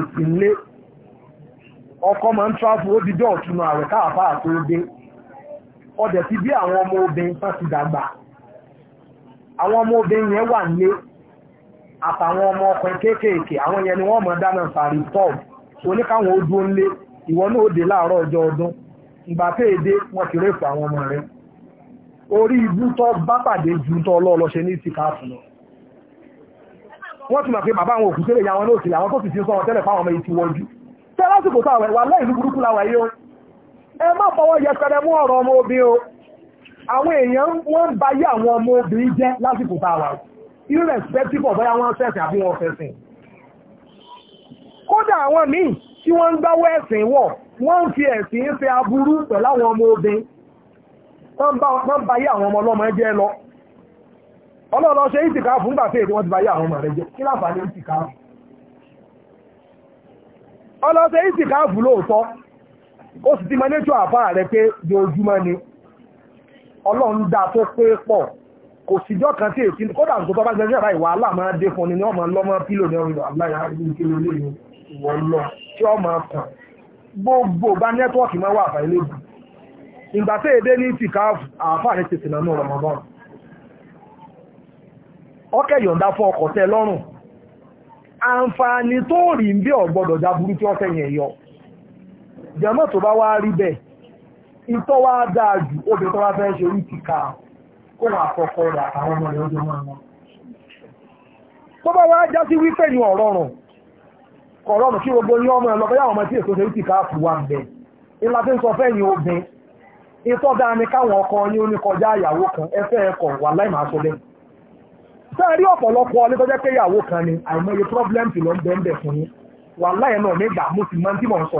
ò máa ń tráfù ó di dọ́ọ̀tún ààrẹ tó dé àwọn ọmọ obìnrin yẹn wà nílé àtàwọn ọmọ ọkùnrin kéékèèké àwọn yẹn ni wọ́n mọ̀ dáná sàrí pọ́ọ̀b oníkàwọn ojú ńlé ìwọ náà dé láàárọ̀ ọjọ́ ọdún ìgbà pé èdè wọn kì rèéfù àwọn ọmọ rẹ orí ibú tó bá pàdé ju tó ọlọ́ọ̀lọ́ ṣe ní ìsìnká fún lọ wọ́n ti mọ̀ pé bàbá àwọn òkú tẹ́lẹ̀ ya wọn náà sílẹ̀ àwọn tó sì ti ń sọ wọn tẹ́lẹ̀ fáwọn ọmọ yìí ti wọ́jú àwọn èèyàn wọ́n ń bayé àwọn ọmọ obìnrin jẹ́ lásìkò tá a wà irrespective of bóyá wọ́n ṣẹ̀sìn àbí wọ́n fẹ̀sìn kódà àwọn míì tí wọ́n ń gbáwọ́ ẹ̀sìn wọ̀ wọ́n ń fi ẹ̀sìn ṣe aburú pẹ̀lú àwọn ọmọ obìnrin wọ́n ń bayé àwọn ọmọ ọlọ́mọ jẹ́ lọ ọlọ́ọ̀lọ́ ṣe ìtìká fún gbà fèèrè wọ́n ti báyé àwọn ọmọ rẹ̀ jẹ́ kí láfà ní ìtìká fún ọlọ́ọ̀ṣe ìtìká fún lóòótọ́ ó sì ti mọ nẹ́tọ̀ àfáà rẹ̀ pé jojúmọ́ ọlọ́run dá tó pé pọ̀ kò síjọ́ kan tí èsì kódà tó tọ́ bá jẹ́ ìrà ìwà aláàmọ́ dé fún ni ni ọmọ lọ́mọ pílò ní ọrùn àláyà ìkílò lè ní ìwọ̀n lọ tí ọmọ kan gbogbo bá nẹ́tíwọ̀kì máa wà àfàilé bù ìgbà tí èdè ní ti ká àáfàá ní tètè nánú Ramadan ọkẹ́ yọ̀ǹda fún ọkọ̀ tẹ lọ́rùn àǹfààní tó rí ń bí ọ̀gbọ́dọ̀ jáburú tí ọkẹ́ yẹn yọ jẹ́mọ́ tó bá wá rí bẹ́ẹ̀ ìtọ́wà dáa jù obì tọ́wà fẹ́ ṣe orí ti kó wà àkọ́kọ́ rẹ̀ àtàwọn ọmọ rẹ̀ ọjọ́ máa wọn. tó bá wá já sí wípé ní ọ̀rọ̀rùn kọ̀rọ̀rùn kí gbogbo ní ọmọ ẹ̀lọ́gbẹ́ yàwọn ọmọ tí èso ṣe orí ti kù wà ń bẹ ìlà tí ń sọ fẹ́ yín obìn ìtọ́ dáa ni káwọn ọkọ ní kọjá ìyàwó kan ẹ fẹ́ wà láì máa sọ bẹ́ẹ̀ sáà rí ọ̀pọ̀lọpọ̀ ọlẹ́ tó pé ìyàwó kan ni àìmọye problem ti lọ ń bẹ́ẹ̀ fún yín wà láì náà nígbà mo sì máa tí mò ń sọ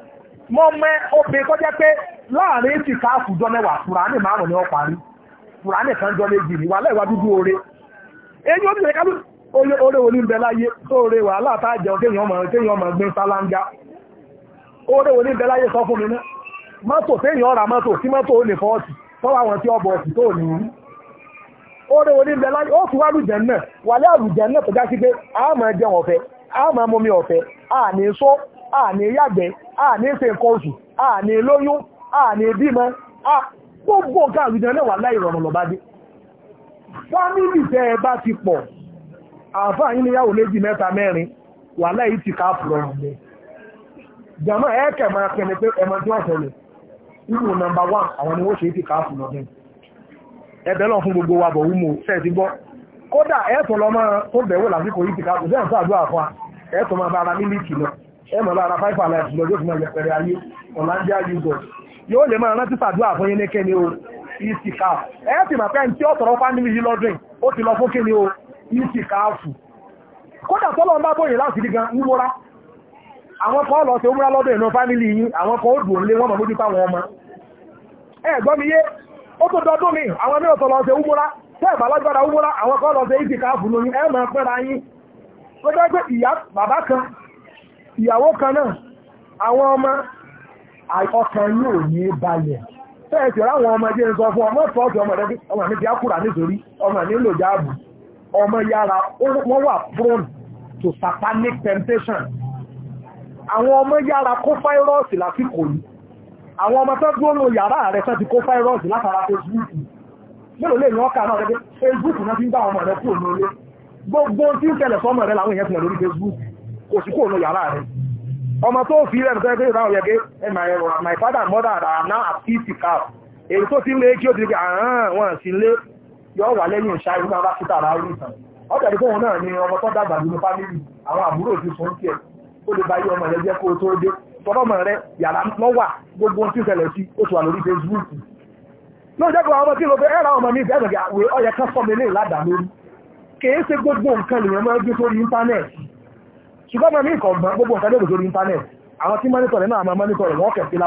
mọ́ mẹ́ obìnrin kọjá pé láàrin ti ká àfùjọ mẹ́wàá fúránì márùn ni wọ́n parí kan jọ méjì ní wàhálà ìwà dúdú oore èyí ó bìnrin kálú oore wo ní bẹ láyé tó oore wàhálà tá jẹun kéèyàn ọmọ kéèyàn ọmọ gbé sálángá oore wo ní bẹ láyé sọ fún mi náà mọ́tò téèyàn ọ̀rà sí ó lè tí tó ní oore wo ní bẹ láyé ó wá náà náà tó já sí pé àní yàgbẹ́ àní ṣe nǹkan oṣù àní lóyún àní bímọ gbogbo nǹkan àrùjọ náà wà láì rọrùn lọ́ba dé fámìlì tẹ́ ẹ bá ti pọ̀ àǹfààní níyàwó méjì mẹ́ta mẹ́rin wà láì ti ká rọrùn lẹ́ jàmọ́ ẹ kẹ̀ máa kẹ́ni pé nọmba àwọn ni wọ́n ṣe ti ká fún gbogbo wa bọ̀ wúmo ṣẹ́ ti gbọ́ kódà tó bẹ̀wò yìí ti ká E lára five alive lọ́jọ́ fún ẹgbẹ̀ pẹ̀rẹ̀ ayé ọ̀làndíà yúgọ̀ yóò lè máa rántí sàdúrà fún yín ni kéde o ìsìká ẹ̀ ti mà pẹ́ tí ó tọ̀rọ̀ yìí lọ́dún ó ti lọ o isi fù kódà tọ́lọ́ ń bá bóyè láti rí gan múra àwọn kan lọ sí múra lọ́dún ìnú fámìlì yìí àwọn kan ó dùn lé wọn mọ̀ mójú táwọn ọmọ ẹ gbọ́ mi yé ó tó dọdún mi àwọn àwọn kan lọ sí fù lóyún ẹ máa pẹ́ra ìyàwó kan náà àwọn ọmọ ọkàn yóò ní balẹ̀ fẹ́ẹ̀sì ráwọn ọmọdé ń sọ fún ọmọ tọ́ọ̀tù ọmọdé ọmọ mi ti ákùrà nítorí ọmọ mi ń lò jáàbù ọmọ yára wọ́n wà prone to satanic temptation àwọn ọmọ yára kó fáírọ́ọ̀sì lásìkò yìí àwọn ọmọ tó dúró lo yàrá rẹ̀ fẹ́ ti kó fáírọ́ọ̀sì látara Facebook mélòó lè ní ọkà náà rẹ̀ Facebook náà ti ń gbà ọmọ rẹ̀ kúrò ní ilé gbogbo tí ń tẹ̀lẹ̀ sọ́mọ rẹ̀ làwọn èèyàn ti lẹ̀ lórí Facebook kò sí yàrá rẹ̀ ọmọ tó fi eh, my father and mother are now at èyí tó ti ń lé kí ó ti wọn sí yọ wà lẹ́yìn ìṣá ìlú náà láti tààrà orí ìtàn ọjà náà ni ọmọ tó dàgbà nínú fámìlì àwọn àbúrò ti sọ ń tiẹ̀ ó lè ọmọ rẹ jẹ́ kó o tó dé tọ́lọ́mọ rẹ yàrá lọ́wà gbogbo tí ń ṣẹlẹ̀ sí ó ti wà lórí Facebook lóòjọ́ pé àwọn tí fẹ́ ẹ̀rọ ọmọ mi bẹ́ẹ̀ àwẹ̀ ọyẹ kan sọ mi ṣùgbọ́n mọ̀ ní ìkọ̀ọ̀gbà gbogbo nǹkan lóòrùn lórí íńtánẹ̀tì àwọn tí mọ́nítọ̀ rẹ̀ náà máa mọ́nítọ̀ rẹ̀ wọ́n kẹ̀kẹ́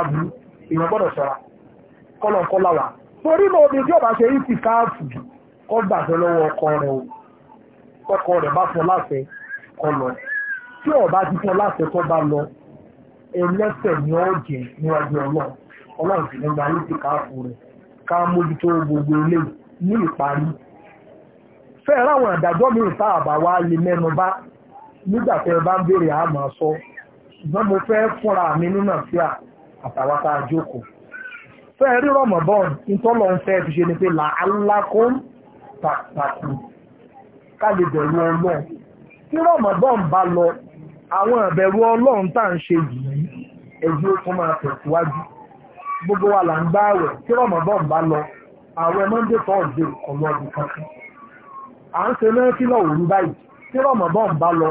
gbọ́dọ̀ ṣọ́ra torí obìnrin ọkọ rẹ̀ o ọkọ rẹ̀ bá fún láṣẹ kọ lọ tí ó ti láṣẹ tó bá lọ ẹlẹ́ṣẹ̀ ni ó jẹ níwájú ọlọ́run ọlọ́run nígbà tẹ́ ẹ bá ń béèrè a máa sọ ṣùgbọ́n mo fẹ́ fúnra mi nínà sí à àtàwọn tá a jókòó fẹ́ rí rọ̀mọ̀bọ́n ìtọ́lọ̀ ń fẹ́ fi ṣe ni pé là alákún pàtàkì ká lè bẹ̀rù ọlọ́run tí rọ̀mọ̀bọ́n bá lọ àwọn ìbẹ̀rù ọlọ́run tá à ń ṣe yìí ẹ̀jú ó tún máa tẹ̀síwájú gbogbo wa là ń gbá àwẹ̀ tí rọ̀mọ̀bọ́n bá lọ àwẹ̀ monday thursday ọ̀lọ́ọ̀dún kankan à ń ṣe náà kí lọ́wọ́ òru báyìí tí rọ̀mọ̀bọ́n bá lọ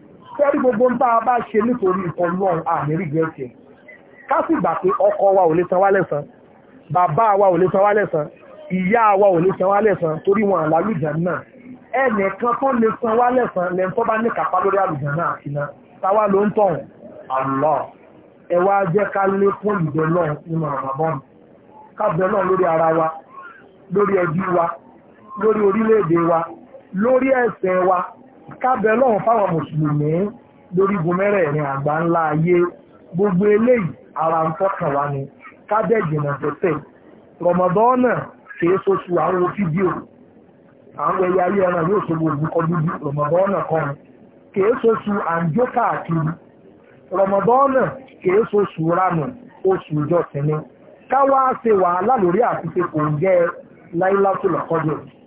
sẹ́rí gbogbo ń bá a bá ṣe nítorí ìkọlù ọ̀hún àmìrí gẹ̀ẹ́sì ká sì gbà pé ọkọ wa ò lè san wá lẹ́san bàbá wa ò lè san wá lẹ́san ìyá wa ò lè san wá lẹ́san torí wọn àlálùjàn náà ẹnìkan tó lè san wá lẹ́san lẹ́yìn tó bá ní kápá lórí àlùjàn náà àti náà táwa ló ń tọ̀hún àlọ́ ẹ wá jẹ́ ká lékún ìbẹ̀ náà nínú àbábọ́n ká bẹ̀ náà lórí ara wa lórí ẹbí wa lórí orílẹ̀-èdè wa lórí ẹ̀sẹ̀ wa kábẹ́ lọ́run fáwọn mùsùlùmí lórí gomẹ́rẹ̀ẹ̀rin àgbà ńlá ayé gbogbo eléyìí ara ń tọ́kàn wá ni kábẹ́ ìgbìmọ̀ tẹ̀tẹ̀ rọmọdọ́nà kìí soṣù àwọn fídíò àwọn ẹ̀yà ayé ẹran yóò ṣe gbogbo kọ dúdú rọmọdọ́nà kan kìí soṣù àǹjó káàkiri rọmọdọ́nà kìí soṣù ránù oṣù ìjọsìn ni káwá ṣe wàhálà lórí àti ṣe kò ń jẹ́ láíláṣù lọ́kọ́jọ́ yìí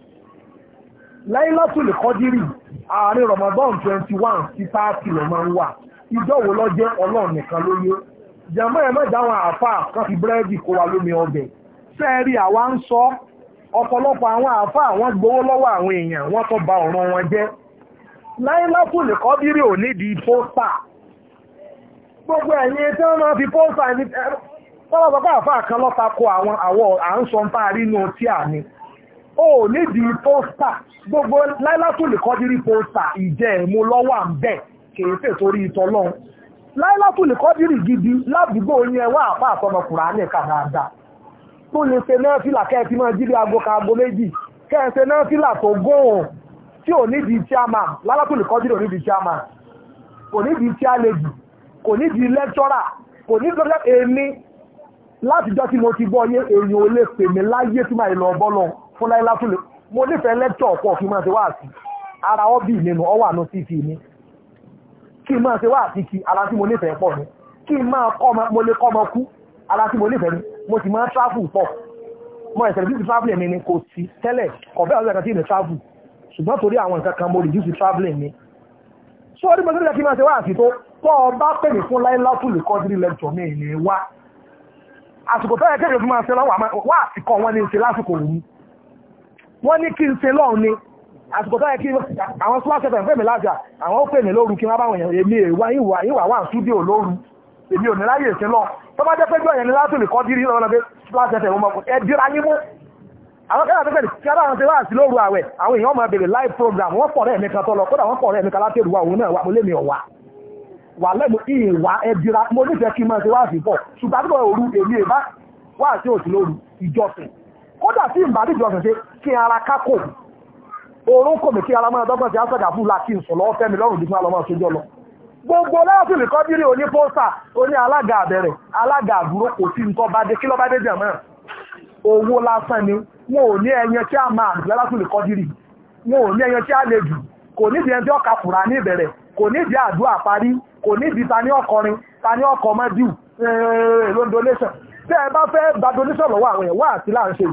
láìlátùlù kọ́dírì àárín Ramadan twenty one sí thirty ló máa ń wà ìjọ wo lọ jẹ́ ọlọ́run nìkan ló yé jẹ̀mọ́ ẹ̀ mẹ́ta àwọn àáfàá kan fi búrẹ́dì kó wa lómi ọbẹ̀ fẹ́ẹ́ àwa ń sọ ọ̀pọ̀lọpọ̀ àwọn àáfàá wọn gbowó lọ́wọ́ àwọn èèyàn wọn tó ba wọn jẹ́ láìlátùlù kọ́dírì ò nídìí pósà. gbogbo ẹ̀yin tí wọ́n máa fi ní àáfàá kan lọ́ta kó àwọn àwọ̀ à ń sọ ń tá a rí ó nídìí pósítà gbogbo láìlátòlè kọ́dírí pósítà ìjẹ́ ẹ̀mú lọ́wọ́ à ń bẹ̀ kèéfè torí ìtọ́lọ́run láìlátòlè kọ́dírí gidi ládùúgbò yín ẹwà àpá àtọmọkùnrin àlẹ́ kà dáadáa tó lè ṣe náà fìlà kẹ́ẹ̀tì máa jí bí aago ka aago méjì kẹ́ẹ̀ṣe náà fìlà tó gòhùn tí ò nídìí chairman láìlátòlè kọ́dírí ò nídìí chairman kò nídìí chairlady kò nídìí lecturer kò nídìí èmi látijọ́ tí mo ti gbọ́ yé èèyàn ò lè pè mí láyé tí màá lọ bọ́ lọ́hùn fún láyé látúlẹ̀ mo nífẹ̀ẹ́ lẹ́tọ̀ ọ̀pọ̀ kí n máa ṣe wá sí ara ọ́bì nínú ọwà nù sí ti mi kí n máa ṣe wá sí kí ara tí mo nífẹ̀ẹ́ pọ̀ ni kí n máa kọ́ mo lè kọ́ ọmọ kú ara tí mo nífẹ̀ẹ́ ni mo sì máa travel pọ̀ mo ẹ̀sẹ̀ bí ti traveling mi ni kò sí tẹ́lẹ̀ kọ̀fẹ́ ọ̀sẹ̀ kan tí ì travel ṣùgbọ́n torí àwọn nǹkan kan mo reduce traveling mi so ọdún mọ́sílẹ̀ kí máa ṣe wá sí tó tọ́ ọ bá pè mí fún láyé látúlẹ̀ kọ́dírì lecture mi ní wá àsìkò tẹ́lẹ̀ kéde fún máa ṣe lọ́wọ́ wá àsìkò wọn ní ṣe lásìkò òun wọ́n ní kí n ṣe lọ́hùn ni àsìkò tó yẹ kí àwọn smash fm fẹ́mi lájà àwọn ó pè mí lóru kí wọ́n bá wọ̀nyàn èmi ìwà ìwà ìwà wà ń súdíò lóru èmi ò ní láyè sí lọ tó bá jẹ́ pé bí ọ̀yàn ni látò lè kọ́ dírí lọ́nà pé smash fm mọ́ ẹ dira yín mú àwọn kẹ́lá pẹ́pẹ́ kí a bá wọn ṣe wá sí lóru àwẹ̀ àwọn èèyàn máa bèrè live program wọ́n pọ̀ rẹ̀ mi kan tọ́ lọ kódà wọ́n pọ̀ rẹ̀ mi kan látẹ̀rù wa òun náà wà mo lé mi ọ̀wà wà lẹ́nu ìwà ẹ̀dìra mo nífẹ̀ẹ́ kí n máa ṣe wá sí pọ̀ ṣùgbọ́n àdúgbò òru èmi ìbá wá sí òsì lóru ìjọsìn kódà tí ìbá dìjọ ṣe kí ara kákò oorun kò mí kí ara máa dọ́gbọ́n ti aṣọ́jà fún la kí n sùn lọ́wọ́ fẹ́mi lọ́rùn dídún alọ́mọ ṣojú ọlọ gbogbo láti lè kọ́bírí oní pósà oní alága àbẹ̀rẹ̀ alága àdúró kò sí nǹkan bá dé kí ló bá dé jẹ̀mọ́ ni wọn ò ní ẹyẹ tí a máa àdúrà láti lè kọ́bírí wọn ò ní ẹyẹ tí a lè jù kò nídìí ẹni tí ọkà kùrà ní ìbẹ̀rẹ̀ ta ní ọkọrin ta ní ọkọ mọ́díù ẹ̀ẹ́rẹ́ ló tẹ́ ẹ bá fẹ́ gba donation lọ́wọ́ àwọn èèyàn wá àti láǹṣe yìí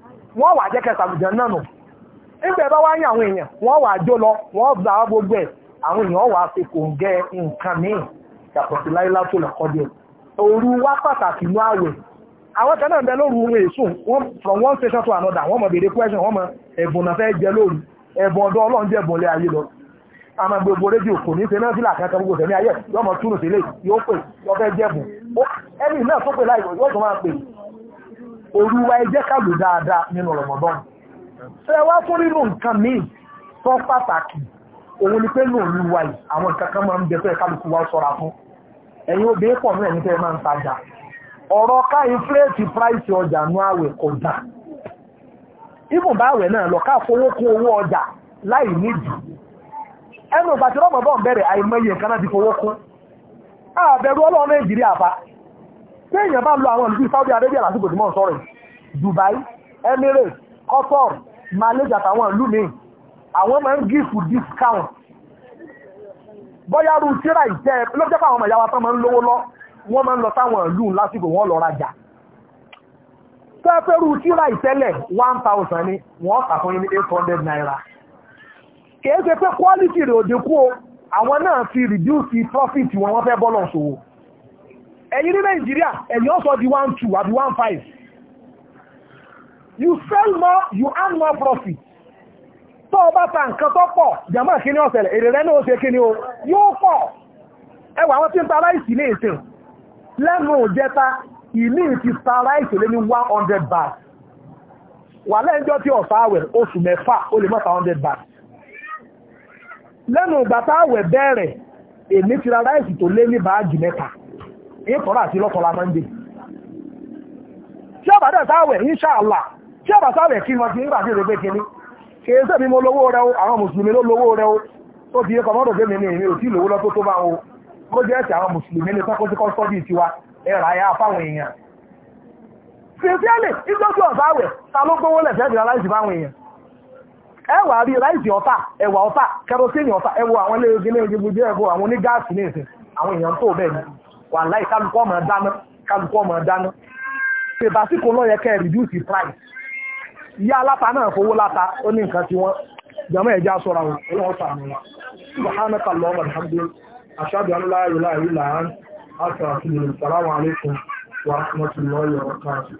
wọ́n wà jẹ́ kẹta àlùjẹ́ náà nù nígbà bá wáyé àwọn èèyàn wọ́n wà jó lọ wọ́n gbà gbogbo ẹ̀ àwọn èèyàn wà fi kò ń gẹ nǹkan míì yàtọ̀ sí lọ́kọ́ díẹ̀ òru wá pàtàkì inú àwẹ̀ àwọn kan náà ń bẹ lóru ohun èso from one station to another wọ́n mọ̀ question wọ́n mọ̀ ẹ̀bùn náà fẹ́ jẹ lóru ẹ̀bùn ọ̀dọ́ ọlọ́run jẹ́ ẹ̀bùn ilé ayé lọ àmọ́ gbogbo rédíò kò òrùwa ẹjẹ́ kàlù dáadáa nínú Ramadan ṣe wá fún nínú nǹkan míì tó pàtàkì òun ni pé ikaka ma wáyé àwọn nǹkan kan máa ń bẹ tó ẹ̀ kálukú wá sọ́ra fún ẹ̀yin obìnrin pọ̀ náà ẹ̀yin tẹ́ máa ń tajà ọ̀rọ̀ ká inflate price ọjà nú àwẹ̀ kò dà ibùn bá àwẹ̀ náà ti fowó kún àbẹ̀rù ọlọ́run Nàìjíríà fa. téèyàn bá lọ àwọn ìlú Saudi Arabia lásìkò tí mò ń sọ̀rọ̀ Dubai Emirates Qatar Malaysia àtàwọn ìlú míì àwọn máa ń gífù discount bọ́yá rú tíra ìjẹ́ lọ́jọ́ pàwọn ọmọ ìyáwá tán máa ń lówó lọ wọ́n máa ń lọ sáwọn ìlú lásìkò wọ́n lọ rajà tẹ́fẹ́rú tíra ìtẹ́lẹ̀ 1000 ni wọ́n tàkún ní 800 naira kìí ṣe pé quality rẹ̀ òdekú àwọn náà fi reduce profit wọn wọ́n fẹ́ bọ́lọ̀ ṣòwò ẹ̀yin ní nàìjíríà ẹ̀yin ọ̀sọ̀ di one two àbí one five you sell more you earn more profit tó o bá ta nǹkan tó pọ̀ jàmbá kí ni ó ṣẹlẹ̀ èrè rẹ náà ṣe kí ni o yóò pọ̀ ẹwà àwọn tí ń ta ráìsì ní ìsìn lẹ́nu òjẹta ìní ti ta ráìsì lé ní one hundred baht wà lẹ́njọ́ tí ọ̀sá àwẹ̀ oṣù mẹ́fà ó lè mọ́ta hundred baht lẹ́nu ìgbà tá àwẹ̀ bẹ̀rẹ̀ èmi ti ra ráìsì tó lé ní báàgì mẹ́ta ìkọ̀rọ̀ àti lọ́tọ̀lá monday tí ọba dẹ̀ táwẹ̀ inṣàlá tí ọba táwẹ̀ kí wọn ti ń gbàdé rẹ̀ pékin ní kìí sẹ́mi mo lówó rẹ o àwọn mùsùlùmí ló lówó rẹ o ó ti ní tó bá wọn o ó ya fáwọn èèyàn sincerely ta ló gbówó lẹ̀ fẹ́ẹ́ bìrà fáwọn èèyàn ẹwà rí láìsí ọ̀tà ẹwà ọ̀tà kẹrosíìnì ọ̀tà wà láì kálukọ́ máa dáná kálukọ́ máa dáná pèbásíkò lọ́yẹ kẹ́ reduce price ìyá aláta náà fowó láta ó ní nǹkan tí wọ́n jàmọ́ ẹ̀já sọ́ra wọn ọlọ́wọ́ sàánú wa subhanaka allahumma alhamdulillahi ashhadu an la ilaha illa anta astaghfiruka wa atubu ilayk assalamu wa rahmatullahi wa barakatuh